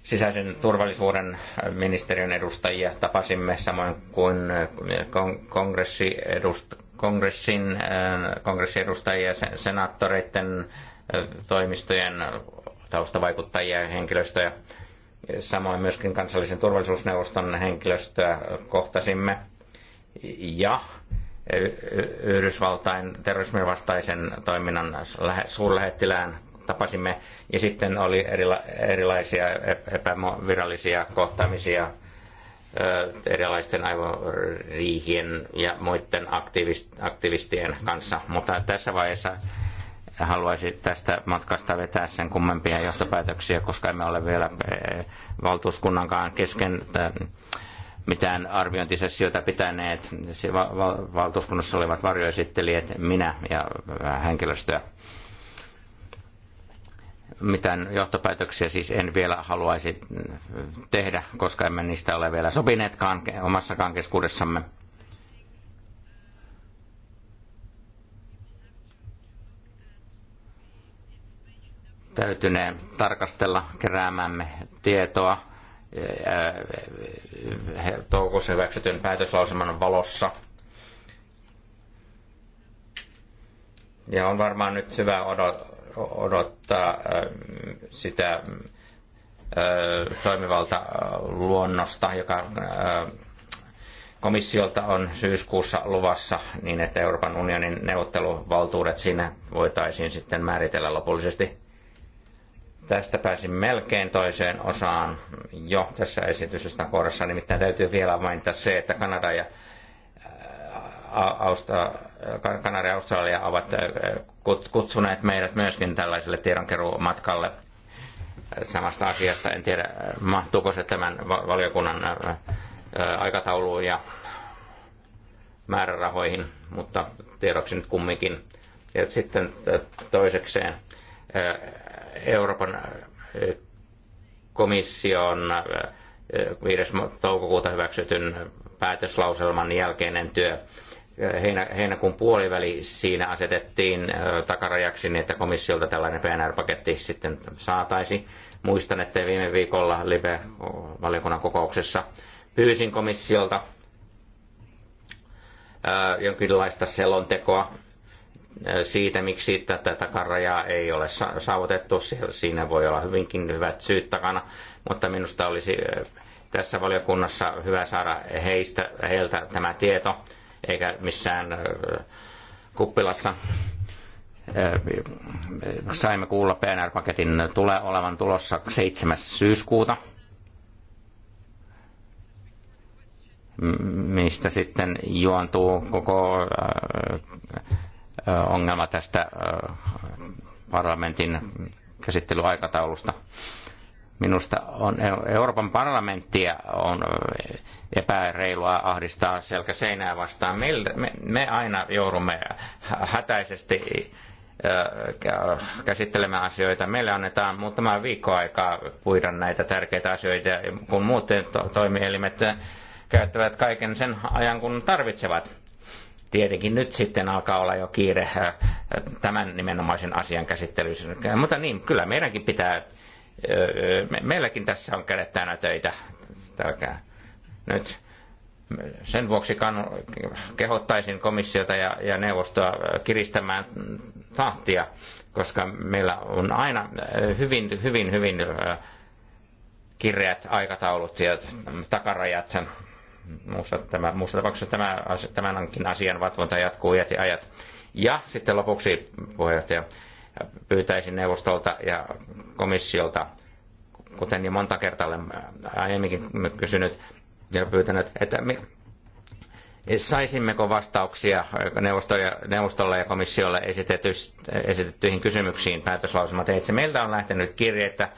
sisäisen turvallisuuden ministeriön edustajia tapasimme, samoin kuin äh, kongressi edust, kongressin, äh, edustajia, senaattoreiden toimistojen taustavaikuttajia ja henkilöstöjä. Samoin myöskin kansallisen turvallisuusneuvoston henkilöstöä kohtasimme. Ja Yhdysvaltain terrorismin vastaisen toiminnan suurlähettilään tapasimme. Ja sitten oli erilaisia epävirallisia kohtaamisia erilaisten aivoriihien ja muiden aktivistien kanssa. Mutta tässä vaiheessa haluaisin tästä matkasta vetää sen kummempia johtopäätöksiä, koska emme ole vielä e-, valtuuskunnankaan kesken mitään arviointisessioita pitäneet. Valtuuskunnassa olivat varjoesittelijät, minä ja henkilöstöä. Mitään johtopäätöksiä siis en vielä haluaisi mm, tehdä, koska emme niistä ole vielä sopineetkaan omassakaan keskuudessamme. Täytynee tarkastella keräämämme tietoa toukokuussa hyväksytyn päätöslauselman valossa. Ja on varmaan nyt hyvä odottaa sitä toimivalta luonnosta, joka komissiolta on syyskuussa luvassa niin, että Euroopan unionin neuvotteluvaltuudet siinä voitaisiin sitten määritellä lopullisesti Tästä pääsin melkein toiseen osaan jo tässä esityslistan kohdassa. Nimittäin täytyy vielä mainita se, että Kanada ja äh, Austra, Kanada ja Australia ovat äh, kutsuneet meidät myöskin tällaiselle tiedonkeruumatkalle samasta asiasta. En tiedä, mahtuuko se tämän valiokunnan äh, aikatauluun ja määrärahoihin, mutta tiedoksi nyt kumminkin. Ja sitten toisekseen Euroopan eh, komission 5. Eh, toukokuuta hyväksytyn päätöslauselman jälkeinen työ. Eh, heinä, heinäkuun puoliväli siinä asetettiin takarajaksi niin, että komissiolta tällainen PNR-paketti sitten saataisi. Muistan, että viime viikolla Libe-valiokunnan kokouksessa pyysin komissiolta jonkinlaista selontekoa siitä, miksi tätä takarajaa ei ole saavutettu. Siinä voi olla hyvinkin hyvät syyt takana, mutta minusta olisi äh, tässä valiokunnassa hyvä saada heistä, heiltä tämä tieto, eikä missään äh, kuppilassa. Äh, saimme kuulla PNR-paketin tulee olevan tulossa 7. syyskuuta. mistä sitten juontuu koko ongelma tästä parlamentin käsittelyaikataulusta. Minusta on Euroopan parlamenttia on epäreilua ahdistaa selkä seinää vastaan. Me, me, me aina joudumme hätäisesti käsittelemään asioita. Meille annetaan muutama viikko aikaa puida näitä tärkeitä asioita, kun muut toimielimet käyttävät kaiken sen ajan, kun tarvitsevat tietenkin nyt sitten alkaa olla jo kiire äh, tämän nimenomaisen asian käsittelyssä. Mutta niin, kyllä meidänkin pitää, äh, meilläkin tässä on kädet täynnä töitä. Nyt sen vuoksi kehottaisin komissiota ja, ja neuvostoa äh, kiristämään tahtia, koska meillä on aina hyvin, hyvin, hyvin kirjat, aikataulut ja takarajat Muussa, tämä, muussa tapauksessa tämä, tämänkin asian vatvonta jatkuu iät ja ajat. Ja sitten lopuksi puheenjohtaja pyytäisin neuvostolta ja komissiolta, kuten niin monta kertaa olen aiemminkin kysynyt ja pyytänyt, että me saisimmeko vastauksia neuvostolle, ja komissiolle esitettyihin kysymyksiin päätöslausumat. Meiltä on lähtenyt kirjeitä,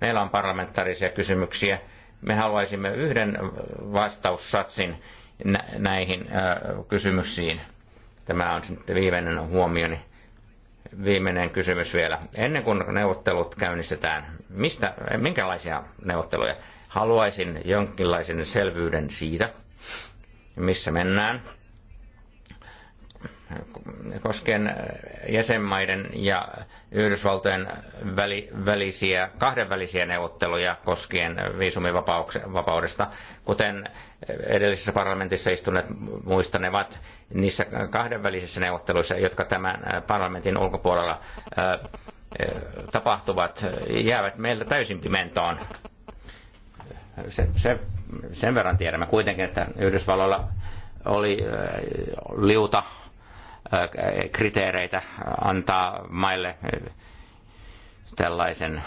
meillä on parlamentaarisia kysymyksiä, me haluaisimme yhden vastaussatsin näihin kysymyksiin. Tämä on sitten viimeinen huomioni. Viimeinen kysymys vielä. Ennen kuin neuvottelut käynnistetään, mistä, minkälaisia neuvotteluja? Haluaisin jonkinlaisen selvyyden siitä, missä mennään koskien äh, jäsenmaiden ja Yhdysvaltojen välisiä, kahdenvälisiä neuvotteluja koskien äh, viisumivapaudesta. Kuten äh, edellisessä parlamentissa istuneet muistanevat, niissä kahdenvälisissä neuvotteluissa, jotka tämän parlamentin ulkopuolella tapahtuvat, jäävät meiltä täysin pimentoon. Se, se, sen verran tiedämme kuitenkin, että Yhdysvalloilla oli liuta kriteereitä antaa maille tällaisen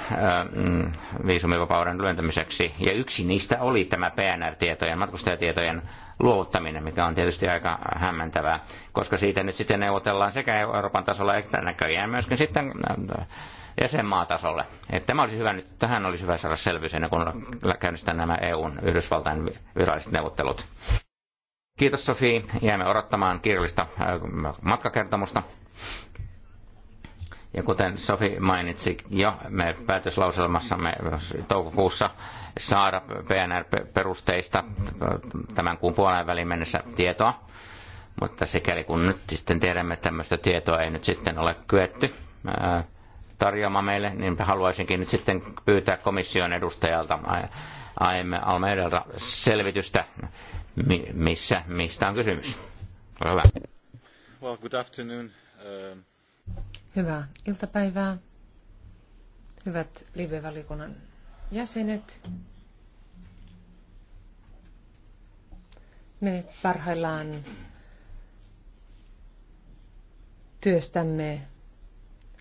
mm, viisumivapauden lyöntämiseksi. Ja yksi niistä oli tämä PNR-tietojen, matkustajatietojen luovuttaminen, mikä on tietysti aika hämmentävää, koska siitä nyt sitten neuvotellaan sekä Euroopan tasolla että näköjään myöskin sitten jäsenmaatasolle. Että tämä olisi hyvä nyt, tähän olisi hyvä saada selvyys ennen kuin käynnistetään nämä EUn Yhdysvaltain viralliset neuvottelut. Kiitos Sofi, jäämme odottamaan kirjallista äh, matkakertomusta. Ja kuten Sofi mainitsi jo, me päätöslauselmassamme toukokuussa saada PNR-perusteista tämän kuun puolen välin mennessä tietoa. Mutta sikäli kun nyt sitten tiedämme, että tämmöistä tietoa ei nyt sitten ole kyetty äh, tarjoamaan meille, niin haluaisinkin nyt sitten pyytää komission edustajalta äh, Almeidelta selvitystä mi, missä, mistä on kysymys. Ole hyvä. Well, good afternoon. Uh... Hyvää iltapäivää, hyvät live-valikunnan jäsenet. Me parhaillaan työstämme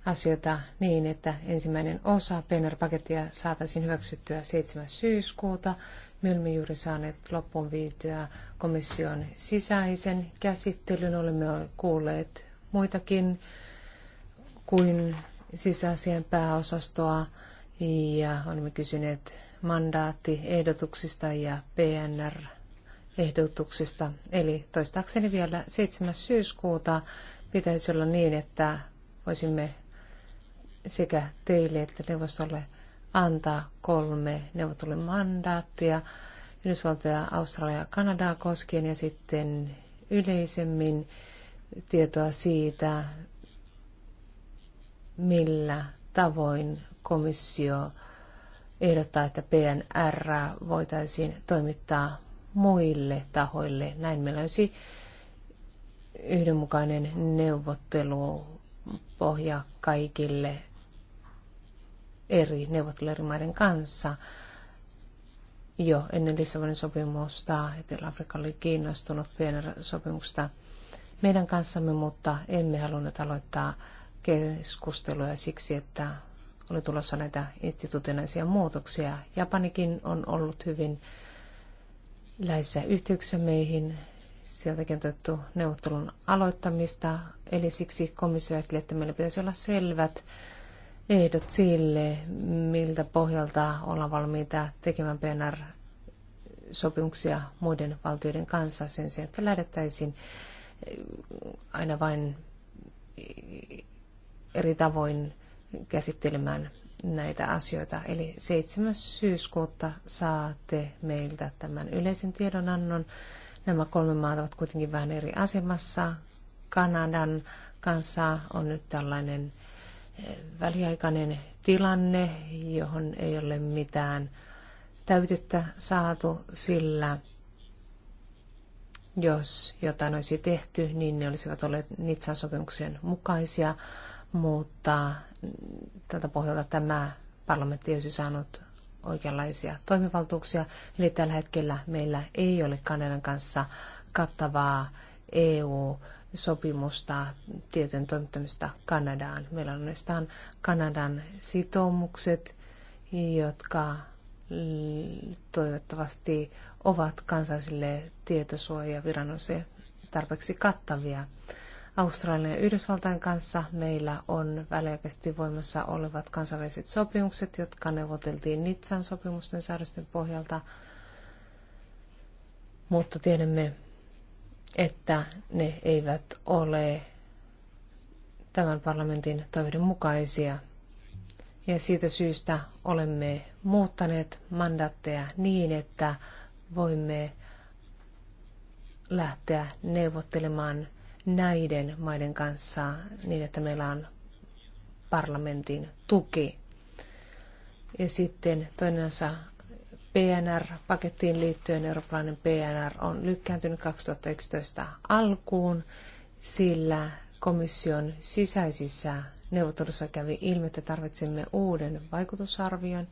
asioita niin, että ensimmäinen osa PNR-pakettia saataisiin hyväksyttyä 7. syyskuuta. Me olemme juuri saaneet loppuun viityä komission sisäisen käsittelyn. Olemme kuulleet muitakin kuin sisäisien pääosastoa ja olemme kysyneet mandaattiehdotuksista ja PNR-ehdotuksista. Eli toistaakseni vielä 7. syyskuuta pitäisi olla niin, että voisimme sekä teille että neuvostolle – antaa kolme neuvottelun mandaattia Yhdysvaltoja, Australia ja Kanadaa koskien ja sitten yleisemmin tietoa siitä, millä tavoin komissio ehdottaa, että PNR voitaisiin toimittaa muille tahoille. Näin meillä olisi yhdenmukainen neuvottelupohja kaikille eri neuvottelijamaiden kanssa jo ennen Lissabonin sopimusta. Etelä-Afrikka oli kiinnostunut pienen sopimuksesta meidän kanssamme, mutta emme halunneet aloittaa keskusteluja siksi, että oli tulossa näitä institutionaalisia muutoksia. Japanikin on ollut hyvin läheisissä yhteyksissä meihin. Sieltäkin on otettu neuvottelun aloittamista, eli siksi komissio ajatteli, että meillä pitäisi olla selvät ehdot sille, miltä pohjalta ollaan valmiita tekemään PNR-sopimuksia muiden valtioiden kanssa sen sijaan, että lähdettäisiin eh, aina vain eri tavoin käsittelemään näitä asioita. Eli 7. syyskuuta saatte meiltä tämän yleisen tiedonannon. Nämä kolme maata ovat kuitenkin vähän eri asemassa. Kanadan kanssa on nyt tällainen väliaikainen tilanne, johon ei ole mitään täytettä saatu, sillä jos jotain olisi tehty, niin ne olisivat olleet Nitsan sopimuksen mukaisia, mutta tältä pohjalta tämä parlamentti olisi saanut oikeanlaisia toimivaltuuksia. Eli tällä hetkellä meillä ei ole Kanadan kanssa kattavaa EU- sopimusta tietojen toimittamista Kanadaan. Meillä on oikeastaan Kanadan sitoumukset, jotka toivottavasti ovat kansallisille tietosuojaviranomaisille tarpeeksi kattavia. Australian ja Yhdysvaltain kanssa meillä on väliaikaisesti voimassa olevat kansainväliset sopimukset, jotka neuvoteltiin Nitsan sopimusten säädösten pohjalta, mutta tiedämme, että ne eivät ole tämän parlamentin toiveiden mukaisia. Ja siitä syystä olemme muuttaneet mandaatteja niin, että voimme lähteä neuvottelemaan näiden maiden kanssa niin, että meillä on parlamentin tuki. Ja sitten toinen osa PNR-pakettiin liittyen eurooppalainen PNR on lykkääntynyt 2011 alkuun, sillä komission sisäisissä neuvottelussa kävi ilmi, että tarvitsemme uuden vaikutusarvion,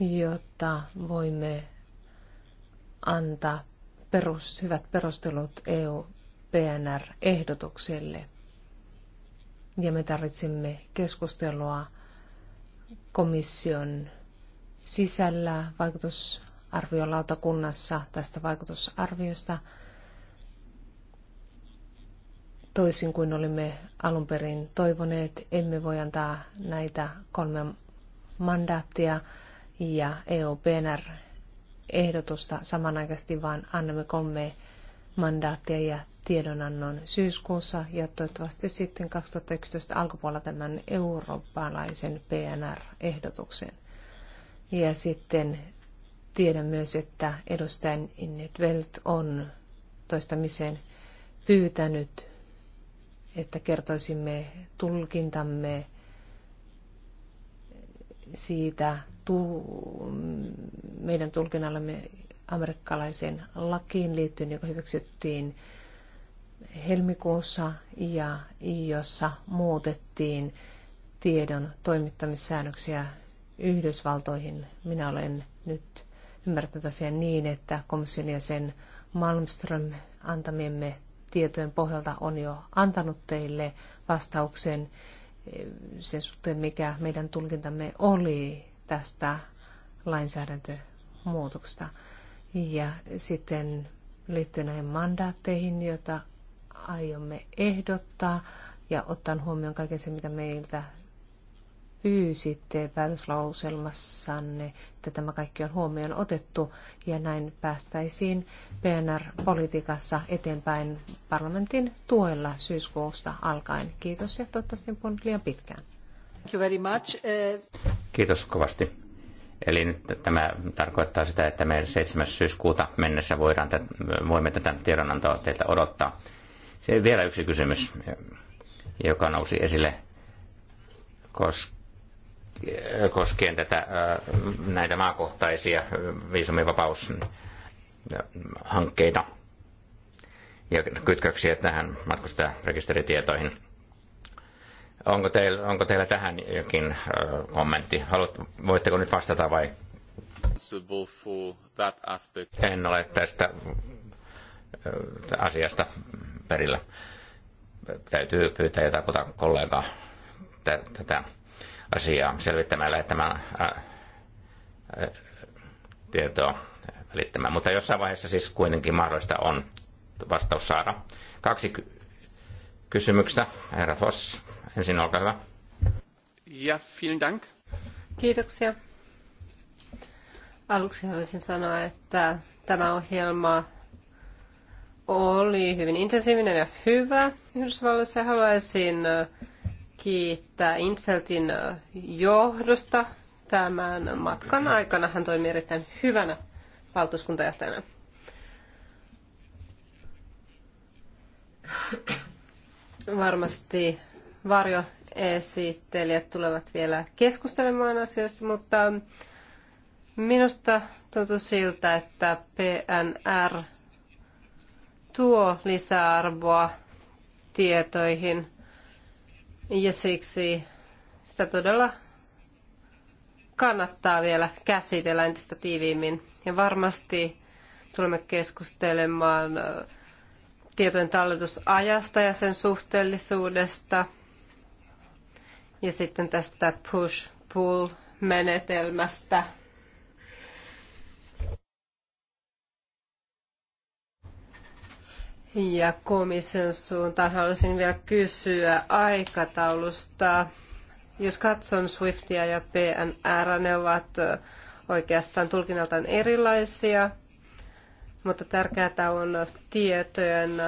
jotta voimme antaa perus, hyvät perustelut EU-PNR-ehdotukselle. Ja me tarvitsemme keskustelua komission sisällä vaikutusarviolautakunnassa tästä vaikutusarviosta toisin kuin olimme alun perin toivoneet, emme voi antaa näitä kolme mandaattia ja EU-PNR-ehdotusta samanaikaisesti, vaan annamme kolme mandaattia ja tiedonannon syyskuussa ja toivottavasti sitten 2011 alkupuolella tämän eurooppalaisen PNR-ehdotuksen. Ja sitten tiedän myös, että edustajan innetveld on toistamiseen pyytänyt, että kertoisimme tulkintamme siitä tu- meidän tulkinnallamme amerikkalaiseen lakiin liittyen, joka hyväksyttiin helmikuussa ja jossa muutettiin tiedon toimittamissäännöksiä Yhdysvaltoihin. Minä olen nyt ymmärtänyt asian niin, että komission jäsen Malmström antamiemme tietojen pohjalta on jo antanut teille vastauksen eh, sen suhteen, mikä meidän tulkintamme oli tästä lainsäädäntömuutoksesta. Ja sitten liittyen näihin mandaatteihin, joita aiomme ehdottaa ja ottaen huomioon kaiken sen, mitä meiltä pyysitte päätöslauselmassanne, että tämä kaikki on huomioon otettu ja näin päästäisiin PNR-politiikassa eteenpäin parlamentin tuella syyskuusta alkaen. Kiitos ja toivottavasti en puhunut liian pitkään. Thank you very much. Eh, Kiitos kovasti. Eli nyt tämä tarkoittaa sitä, että me 7. syyskuuta mennessä voidaan, voimme tätä tiedonantoa teiltä odottaa. Se vielä yksi kysymys, joka nousi esille, koska koskien tätä, näitä maakohtaisia viisumivapaushankkeita ja kytköksiä tähän matkustajarekisteritietoihin. Onko teillä, onko teillä tähän jokin kommentti? Haluat, voitteko nyt vastata vai? En ole tästä asiasta perillä. Täytyy pyytää jotain kollegaa tätä asiaa selvittämällä tämän äh, äh, tietoa välittämään. Mutta jossain vaiheessa siis kuitenkin mahdollista on vastaus saada. Kaksi ky- kysymystä. Herra Foss, ensin olkaa hyvä. Ja, vielen dank. Kiitoksia. Aluksi haluaisin sanoa, että tämä ohjelma oli hyvin intensiivinen ja hyvä Yhdysvalloissa. Haluaisin äh, kiittää Infeltin johdosta tämän matkan aikana. Hän toimi erittäin hyvänä valtuuskuntajohtajana. Varmasti esittelijät tulevat vielä keskustelemaan asioista, mutta minusta tuntuu siltä, että PNR tuo lisäarvoa tietoihin – ja siksi sitä todella kannattaa vielä käsitellä entistä tiiviimmin. Ja varmasti tulemme keskustelemaan tietojen talletusajasta ja sen suhteellisuudesta. Ja sitten tästä push-pull menetelmästä. Ja komission suuntaan haluaisin vielä kysyä aikataulusta. Jos katson Swiftia ja PNR, ne ovat oikeastaan tulkinnaltaan erilaisia, mutta tärkeää on tietojen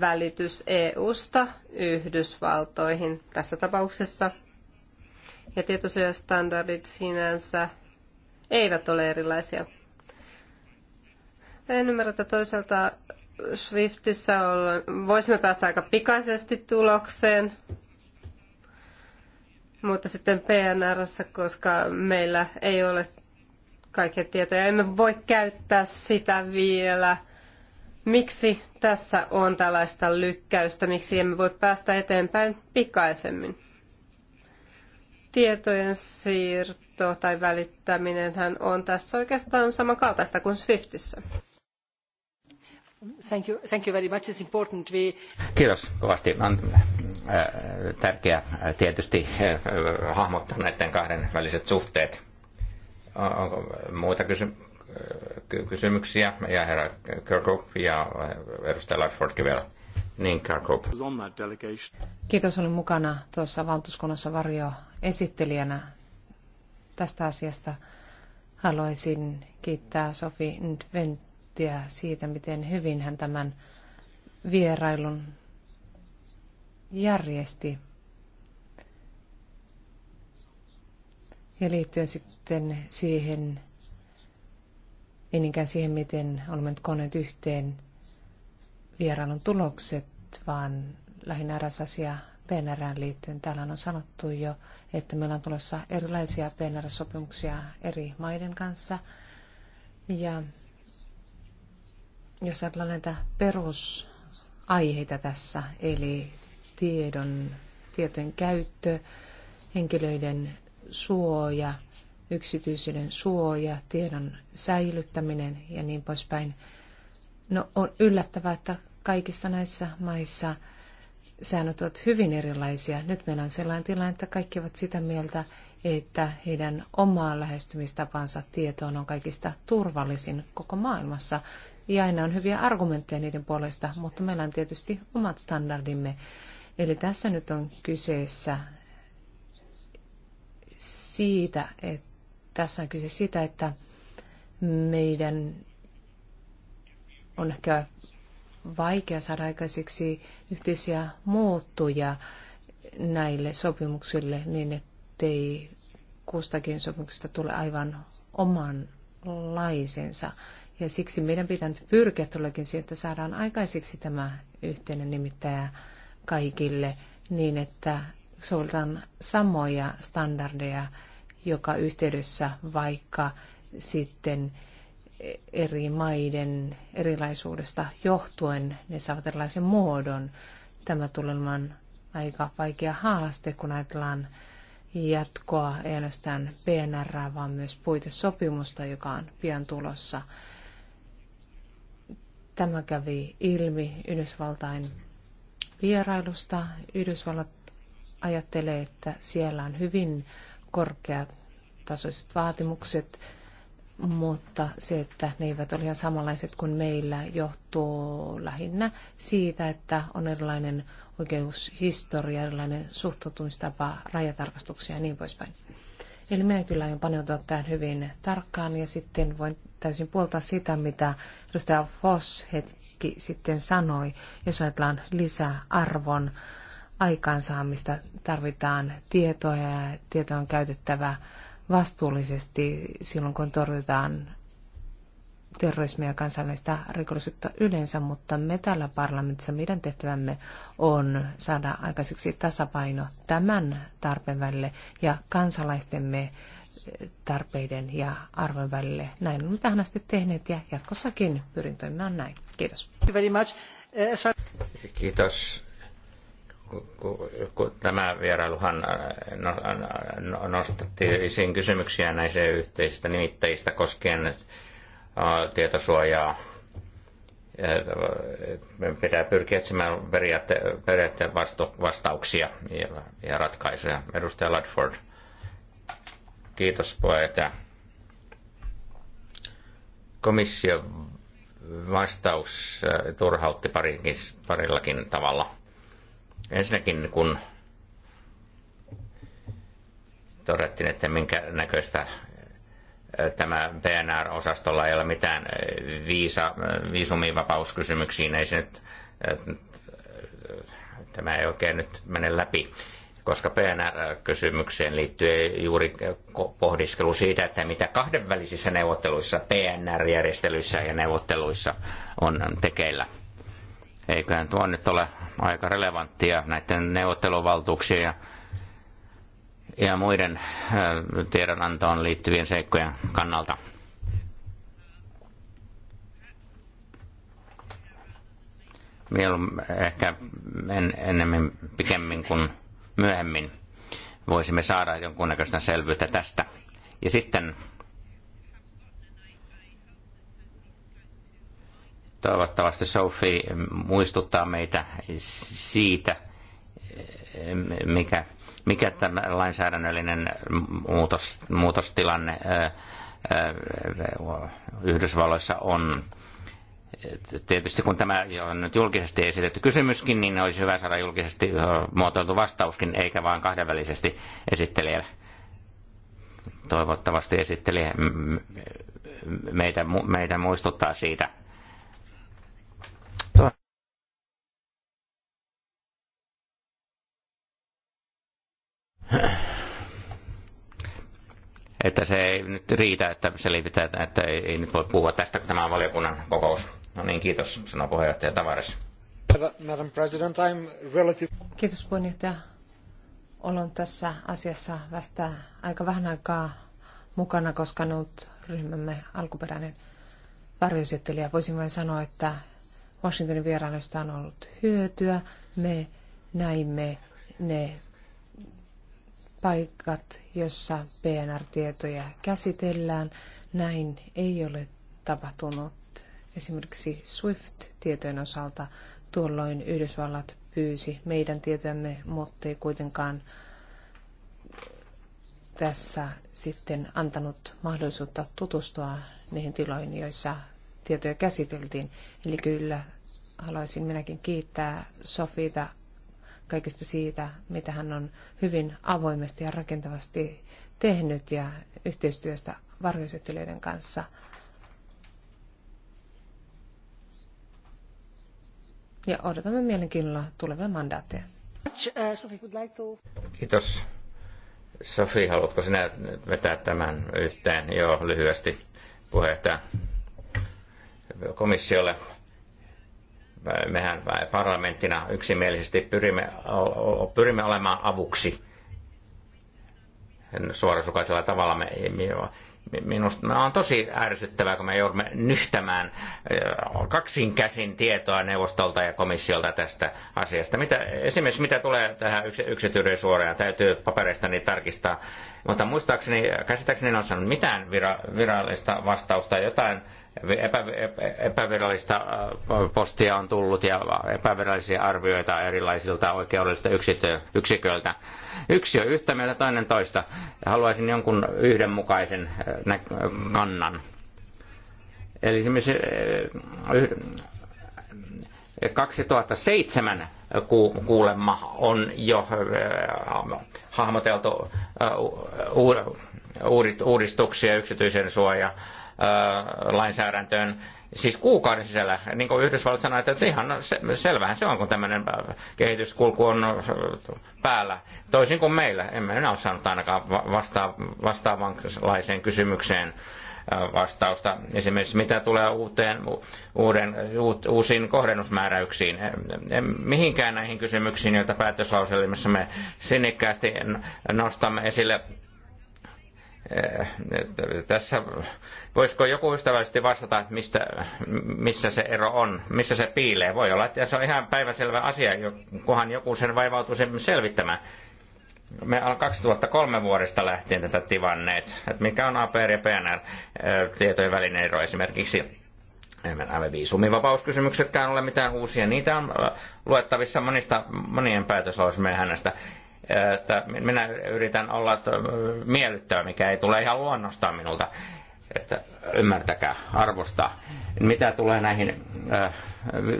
välitys EU-sta Yhdysvaltoihin tässä tapauksessa. Ja tietosuojastandardit sinänsä eivät ole erilaisia. En ymmärrä, että toisaalta Swiftissä voisimme päästä aika pikaisesti tulokseen, mutta sitten PNRssä, koska meillä ei ole kaikkia tietoja, emme voi käyttää sitä vielä. Miksi tässä on tällaista lykkäystä? Miksi emme voi päästä eteenpäin pikaisemmin? Tietojen siirto tai välittäminen on tässä oikeastaan samankaltaista kuin Swiftissä. Thank you, thank you very much. It's important we... Kiitos kovasti. On äh, tärkeää äh, tietysti äh, hahmottaa näiden kahden väliset suhteet. Onko muita kysymyksiä? kysymyksiä ja herra Kirkhope ja edustaja Lightfordkin vielä. Niin, Kirkhope. Kiitos, olin mukana tuossa valtuuskunnassa varjo esittelijänä tästä asiasta. Haluaisin kiittää Sofi Ndvent nauttia siitä, miten hyvin hän tämän vierailun järjesti. Ja liittyen sitten siihen, ennenkään siihen, miten olemme nyt koneet yhteen vierailun tulokset, vaan lähinnä eräs asia PNRään liittyen. Täällä on sanottu jo, että meillä on tulossa erilaisia PNR-sopimuksia eri maiden kanssa. Ja jos ajatellaan näitä perusaiheita tässä, eli tiedon, tietojen käyttö, henkilöiden suoja, yksityisyyden suoja, tiedon säilyttäminen ja niin poispäin. No on yllättävää, että kaikissa näissä maissa säännöt ovat hyvin erilaisia. Nyt meillä on sellainen tilanne, että kaikki ovat sitä mieltä, että heidän omaa lähestymistapansa tietoon on kaikista turvallisin koko maailmassa ja aina on hyviä argumentteja niiden puolesta, mutta meillä on tietysti omat standardimme. Eli tässä nyt on kyseessä siitä, että tässä on kyse siitä, että meidän on ehkä vaikea saada aikaiseksi yhteisiä muuttuja näille sopimuksille niin, ettei kustakin sopimuksesta tule aivan omanlaisensa. Ja siksi meidän pitää nyt pyrkiä tuollakin siihen, että saadaan aikaiseksi tämä yhteinen nimittäjä kaikille niin, että sovelletaan samoja standardeja joka yhteydessä, vaikka sitten eri maiden erilaisuudesta johtuen ne saavat erilaisen muodon. Tämä tulee olemaan aika vaikea haaste, kun ajatellaan jatkoa ei ainoastaan PNR, vaan myös puitesopimusta, joka on pian tulossa. Tämä kävi ilmi Yhdysvaltain vierailusta. Yhdysvallat ajattelee, että siellä on hyvin korkeatasoiset vaatimukset, mutta se, että ne eivät ole ihan samanlaiset kuin meillä, johtuu lähinnä siitä, että on erilainen oikeushistoria, erilainen suhtautumistapa, rajatarkastuksia ja niin poispäin. Eli minä kyllä aion paneutua tähän hyvin tarkkaan ja sitten voin täysin puoltaa sitä, mitä edustaja Foss hetki sitten sanoi. Jos ajatellaan lisäarvon aikaansaamista, tarvitaan tietoa ja tietoa on käytettävä vastuullisesti silloin, kun torjutaan terrorismia ja kansainvälistä rikollisuutta yleensä, mutta me täällä parlamentissa, meidän tehtävämme on saada aikaiseksi tasapaino tämän tarpeen välille ja kansalaistemme eh, tarpeiden ja arvojen välille. Näin olemme tähän asti tehneet ja jatkossakin pyrin toimimaan näin. Kiitos. Eh, Kiitos. Tämä vierailuhan eh, no, no, nostatti isin kysymyksiä näistä yhteisistä nimittäjistä koskien tietosuojaa pitää pyrkiä etsimään periaatteen vastauksia ja, ja ratkaisuja. Edustaja Ladford, kiitos puheenjohtaja. Komission vastaus turhautti parikin, parillakin tavalla. Ensinnäkin kun todettiin, että minkä näköistä tämä PNR-osastolla ei ole mitään viisa, viisumivapauskysymyksiin, ei se nyt, tämä ei oikein nyt mene läpi, koska PNR-kysymykseen liittyy juuri pohdiskelu siitä, että mitä kahdenvälisissä neuvotteluissa, PNR-järjestelyissä ja neuvotteluissa on tekeillä. Eiköhän tuo nyt ole aika relevanttia näiden neuvotteluvaltuuksien ja ja muiden äh, tiedonantoon liittyvien seikkojen kannalta. Mieluummin ehkä en, ennemmin pikemmin kuin myöhemmin voisimme saada jonkunnäköistä selvyyttä tästä. Ja sitten toivottavasti Sophie muistuttaa meitä siitä, mikä mikä tämä lainsäädännöllinen muutos, muutostilanne Yhdysvalloissa on. Tietysti kun tämä on nyt julkisesti esitetty kysymyskin, niin olisi hyvä saada julkisesti muotoiltu vastauskin, eikä vain kahdenvälisesti esittelijä. Toivottavasti esittelijä meitä, meitä muistuttaa siitä – että se ei nyt riitä, että selitetään, että ei, ei nyt voi puhua tästä, kun tämä on valiokunnan kokous. No niin, kiitos, sanoo puheenjohtaja Tavares. Madam President, I'm relative... Kiitos puheenjohtaja. Olen tässä asiassa vasta aika vähän aikaa mukana, koska nyt ryhmämme alkuperäinen varjoesittelijä. Voisin vain sanoa, että Washingtonin vierailusta on ollut hyötyä. Me näimme ne paikat, jossa PNR-tietoja käsitellään. Näin ei ole tapahtunut esimerkiksi SWIFT-tietojen osalta. Tuolloin Yhdysvallat pyysi meidän tietojamme, mutta ei kuitenkaan tässä sitten antanut mahdollisuutta tutustua niihin tiloihin, joissa tietoja käsiteltiin. Eli kyllä haluaisin minäkin kiittää Sofita kaikesta siitä, mitä hän on hyvin avoimesti ja rakentavasti tehnyt ja yhteistyöstä varjoisettelijöiden kanssa. Ja odotamme mielenkiinnolla tulevia mandaatteja. Kiitos. Sofi, haluatko sinä vetää tämän yhteen? jo lyhyesti puheenjohtaja komissiolle mehän parlamenttina yksimielisesti pyrimme, pyrimme olemaan avuksi suorasukaisella tavalla. Me, minusta me on tosi ärsyttävää, kun me joudumme nyhtämään äh, kaksinkäsin tietoa neuvostolta ja komissiolta tästä asiasta. Mitä, esimerkiksi mitä tulee tähän yksityisyyden suoraan, täytyy paperistani tarkistaa. Mutta muistaakseni, käsittääkseni en ole saanut mitään vira, virallista vastausta, jotain epä, epävirallista äh, postia on tullut ja epävirallisia arvioita erilaisilta oikeudellisilta yksiköiltä. Yksi on yhtä mieltä, toinen toista. Haluaisin jonkun yhdenmukaisen äh, kannan. Eli esimerkiksi 2007 äh, kuulemma on jo hahmoteltu uudistuksia yksityisen suojaan lainsäädäntöön siis kuukauden sisällä. Niin kuin Yhdysvallat sanoi, että ihan se, selvähän se on, kun tämmöinen kehityskulku on päällä. Toisin kuin meillä. Emme enää ole saanut ainakaan vasta- vastaavanlaiseen kysymykseen vastausta. Esimerkiksi mitä tulee uuteen, uuden, uusiin kohdennusmääräyksiin. Mihinkään näihin kysymyksiin, joita päätöslauselimessa me sinnikkäästi nostamme esille Eh, tässä voisiko joku ystävällisesti vastata, että mistä, missä se ero on, missä se piilee. Voi olla, että se on ihan päiväselvä asia, kunhan joku sen vaivautuu sen selvittämään. Me 2003 vuodesta lähtien tätä tivanneet, että mikä on APR ja PNR eh, tietojen välinen ero esimerkiksi. Nämä viisumivapauskysymyksetkään ole mitään uusia. Niitä on eh, luettavissa monista, monien päätöslausumien hänestä että minä yritän olla miellyttävä, mikä ei tule ihan luonnostaan minulta että ymmärtäkää, arvostaa. Mitä tulee näihin äh,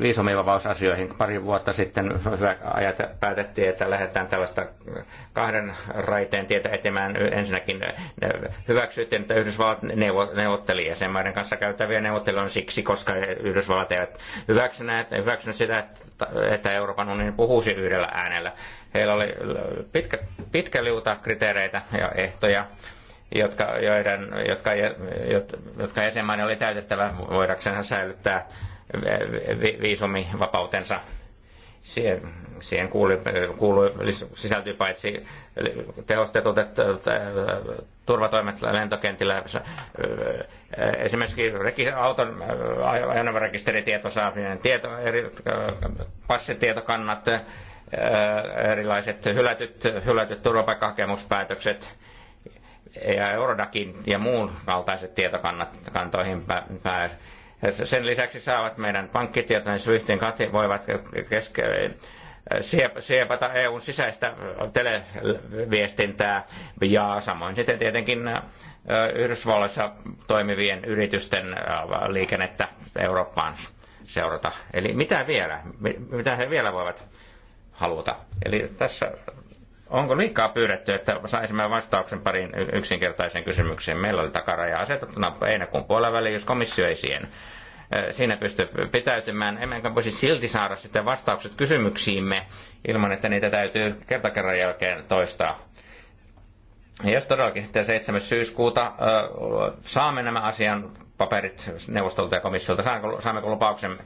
viisumivapausasioihin, pari vuotta sitten ajat päätettiin, että lähdetään tällaista kahden raiteen tietä etemään. Ensinnäkin äh, hyväksyttiin, että Yhdysvallat neuvotteli jäsenmaiden kanssa käytäviä neuvotteluja siksi, koska Yhdysvallat eivät hyväksyneet, hyväksyneet sitä, että Euroopan unioni puhuisi yhdellä äänellä. Heillä oli äh, pitkä, pitkä liuta kriteereitä ja ehtoja jotka, joiden, jotka, jotka jäsenmaiden oli täytettävä voidakseen säilyttää viisumivapautensa. Siihen, siihen kuului, kuului, sisältyy paitsi tehostetut turvatoimet lentokentillä. Esimerkiksi auton ajoneuvorekisteritieto saaminen, tieto, eri, passitietokannat, erilaiset hylätyt, hylätyt turvapaikkahakemuspäätökset, ja Eurodakin ja muun kaltaiset tietokantoihin pääsy. Sen lisäksi saavat meidän pankkitietojen Swiftin kati voivat keske, siepata EUn sisäistä televiestintää ja samoin sitten tietenkin Yhdysvalloissa toimivien yritysten liikennettä Eurooppaan seurata. Eli mitä vielä? Mitä he vielä voivat haluta? Eli tässä Onko liikaa pyydetty, että saisimme vastauksen pariin yksinkertaisen kysymykseen? Meillä oli takaraja asetettuna heinäkuun puoliväliin, jos komissio ei siihen siinä pystyy pitäytymään. Emmekä voisi silti saada sitten vastaukset kysymyksiimme ilman, että niitä täytyy kerta kerran jälkeen toistaa. Ja jos todellakin sitten 7. syyskuuta saamme nämä asian paperit neuvostolta ja komissiolta, saammeko lupauksen,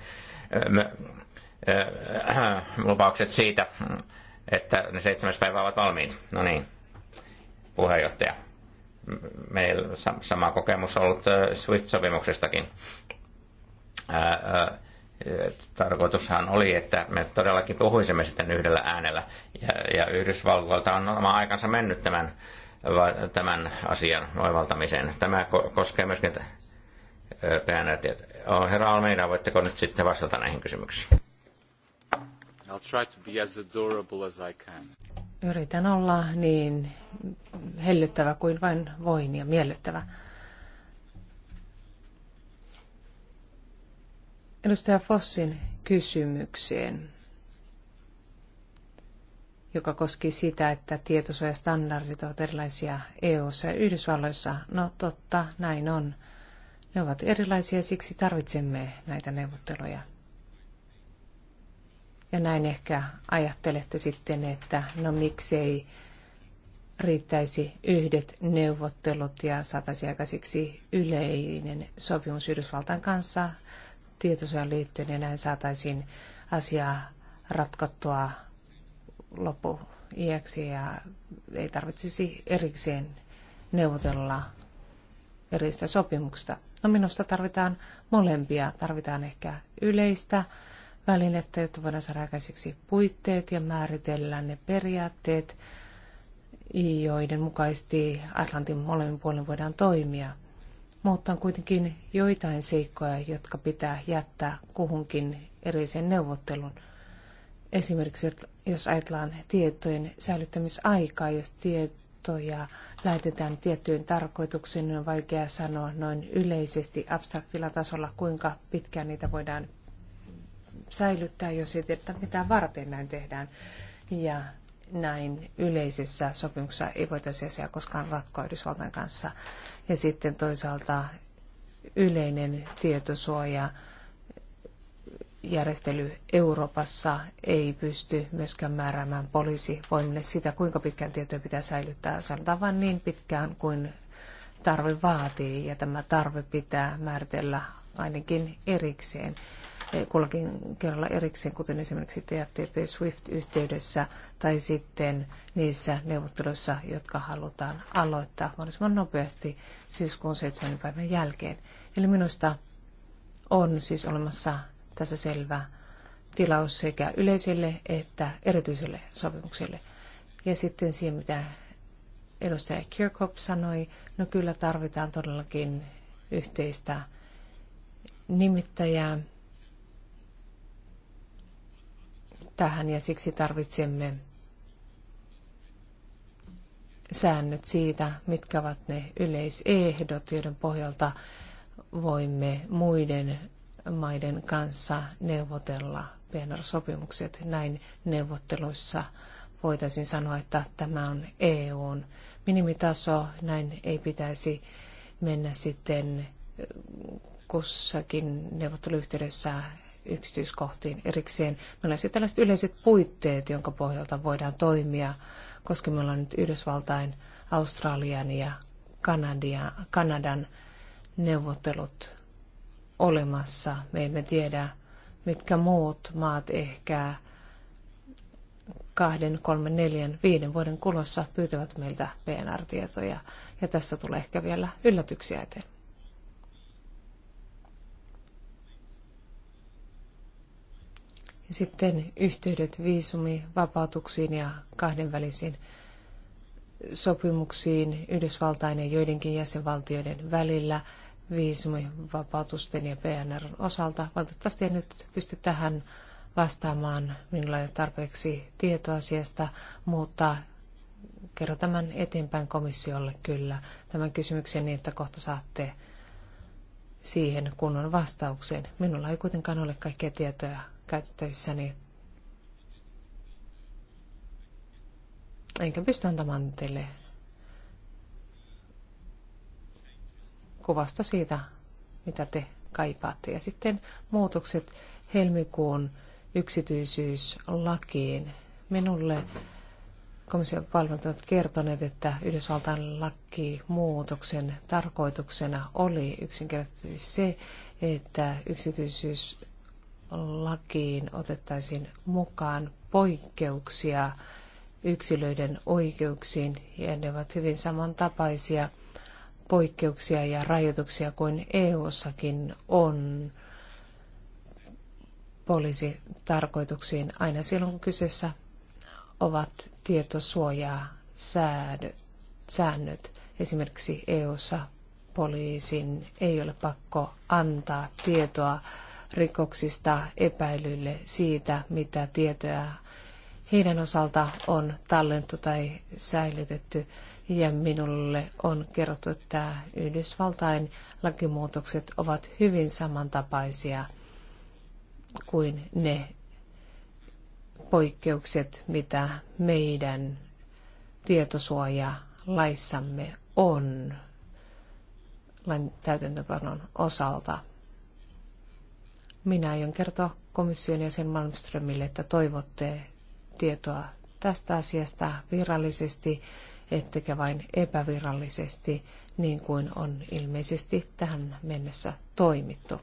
lupaukset siitä, että ne seitsemäs päivä ovat valmiit. No niin, puheenjohtaja. Meillä sama kokemus ollut äh, SWIFT-sopimuksestakin. Äh, äh, tarkoitushan oli, että me todellakin puhuisimme sitten yhdellä äänellä. Ja, ja Yhdysvalloilta on oma aikansa mennyt tämän, tämän asian oivaltamiseen. Tämä koskee myöskin päänäytiä. Oh, herra Almeida, voitteko nyt sitten vastata näihin kysymyksiin? I'll try to be as adorable as I can. Yritän olla niin hellyttävä kuin vain voin ja miellyttävä. Edustaja Fossin kysymykseen, joka koski sitä, että tietosuojastandardit ovat erilaisia EU:ssa ja Yhdysvalloissa. No totta, näin on. Ne ovat erilaisia, siksi tarvitsemme näitä neuvotteluja. Ja näin ehkä ajattelette sitten, että no miksei riittäisi yhdet neuvottelut ja saataisiin aikaisiksi yleinen sopimus Yhdysvaltain kanssa tietosuojan liittyen ja näin saataisiin asiaa ratkottua loppu iäksi ja ei tarvitsisi erikseen neuvotella eristä sopimuksesta. No minusta tarvitaan molempia. Tarvitaan ehkä yleistä välinettä, jotta voidaan saada aikaiseksi puitteet ja määritellä ne periaatteet, joiden mukaisesti Atlantin molemmin puolin voidaan toimia. Mutta on kuitenkin joitain seikkoja, jotka pitää jättää kuhunkin erilliseen neuvottelun. Esimerkiksi jos ajatellaan tietojen säilyttämisaikaa, jos tietoja lähetetään tiettyyn tarkoituksiin, niin on vaikea sanoa noin yleisesti abstraktilla tasolla, kuinka pitkään niitä voidaan säilyttää, jos ei tiedetä mitä varten näin tehdään. Ja näin yleisessä sopimuksessa ei voitaisi asiaa koskaan ratkoa Yhdysvaltain kanssa. Ja sitten toisaalta yleinen tietosuoja järjestely Euroopassa ei pysty myöskään määräämään poliisivoimille sitä, kuinka pitkään tietoja pitää säilyttää. Sanotaan vain niin pitkään kuin tarve vaatii ja tämä tarve pitää määritellä ainakin erikseen kullakin kerralla erikseen, kuten esimerkiksi TFTP SWIFT-yhteydessä tai sitten niissä neuvotteluissa, jotka halutaan aloittaa mahdollisimman nopeasti syyskuun 7. päivän jälkeen. Eli minusta on siis olemassa tässä selvä tilaus sekä yleisille että erityisille sopimuksille. Ja sitten siihen, mitä edustaja Kirkhoff sanoi, no kyllä tarvitaan todellakin yhteistä nimittäjää tähän ja siksi tarvitsemme säännöt siitä, mitkä ovat ne yleisehdot, joiden pohjalta voimme muiden maiden kanssa neuvotella PNR-sopimukset. Näin neuvotteluissa voitaisiin sanoa, että tämä on EUn minimitaso, näin ei pitäisi mennä sitten kussakin neuvotteluyhteydessä yksityiskohtiin erikseen. Meillä on siis tällaiset yleiset puitteet, jonka pohjalta voidaan toimia, koska meillä on nyt Yhdysvaltain, Australian ja Kanadia, Kanadan neuvottelut olemassa. Me emme tiedä, mitkä muut maat ehkä kahden, kolmen, neljän, viiden vuoden kulossa pyytävät meiltä PNR-tietoja. Ja tässä tulee ehkä vielä yllätyksiä eteen. Ja sitten yhteydet viisumivapautuksiin ja kahdenvälisiin sopimuksiin Yhdysvaltain ja joidenkin jäsenvaltioiden välillä viisumivapautusten ja PNRn osalta. Valitettavasti en nyt pysty tähän vastaamaan, minulla ei ole tarpeeksi tietoa asiasta, mutta kerro tämän eteenpäin komissiolle kyllä tämän kysymyksen niin, että kohta saatte siihen kunnon vastauksen. Minulla ei kuitenkaan ole kaikkia tietoja käytettävissäni. Enkä pysty antamaan teille kuvasta siitä, mitä te kaipaatte. Ja sitten muutokset helmikuun yksityisyyslakiin. Minulle komission palvelut ovat kertoneet, että Yhdysvaltain lakimuutoksen tarkoituksena oli yksinkertaisesti se, että yksityisyys lakiin otettaisiin mukaan poikkeuksia yksilöiden oikeuksiin ja ne ovat hyvin samantapaisia poikkeuksia ja rajoituksia kuin EU-sakin on poliisitarkoituksiin aina silloin, kun kyseessä ovat tietosuojaa säännöt. Esimerkiksi EU-ssa poliisin ei ole pakko antaa tietoa rikoksista epäilylle siitä, mitä tietoja heidän osalta on tallennettu tai säilytetty. Ja minulle on kerrottu, että Yhdysvaltain lakimuutokset ovat hyvin samantapaisia kuin ne poikkeukset, mitä meidän tietosuoja on lain täytäntöpanon osalta. Minä aion kertoa komission jäsen Malmströmille, että toivotte tietoa tästä asiasta virallisesti, ettekä vain epävirallisesti, niin kuin on ilmeisesti tähän mennessä toimittu.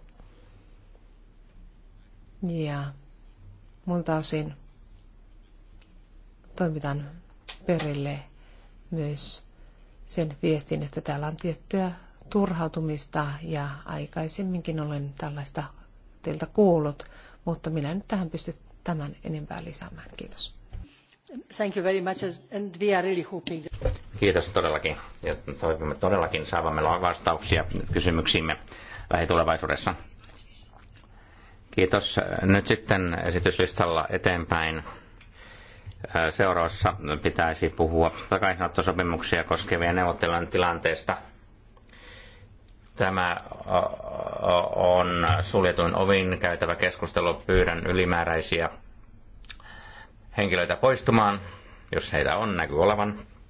Ja multa osin toimitan perille myös sen viestin, että täällä on tiettyä turhautumista ja aikaisemminkin olen tällaista teiltä kuullut, mutta minä en nyt tähän pysty tämän enempää lisäämään. Kiitos. Thank you very much and we are really hoping. Kiitos todellakin ja toivomme todellakin saavamme vastauksia kysymyksiimme lähitulevaisuudessa. Kiitos. Nyt sitten esityslistalla eteenpäin. Seuraavassa pitäisi puhua takaisinottosopimuksia koskevien neuvottelujen tilanteesta – Tämä on suljetun ovin käytävä keskustelu. Pyydän ylimääräisiä henkilöitä poistumaan, jos heitä on, näkyy olevan.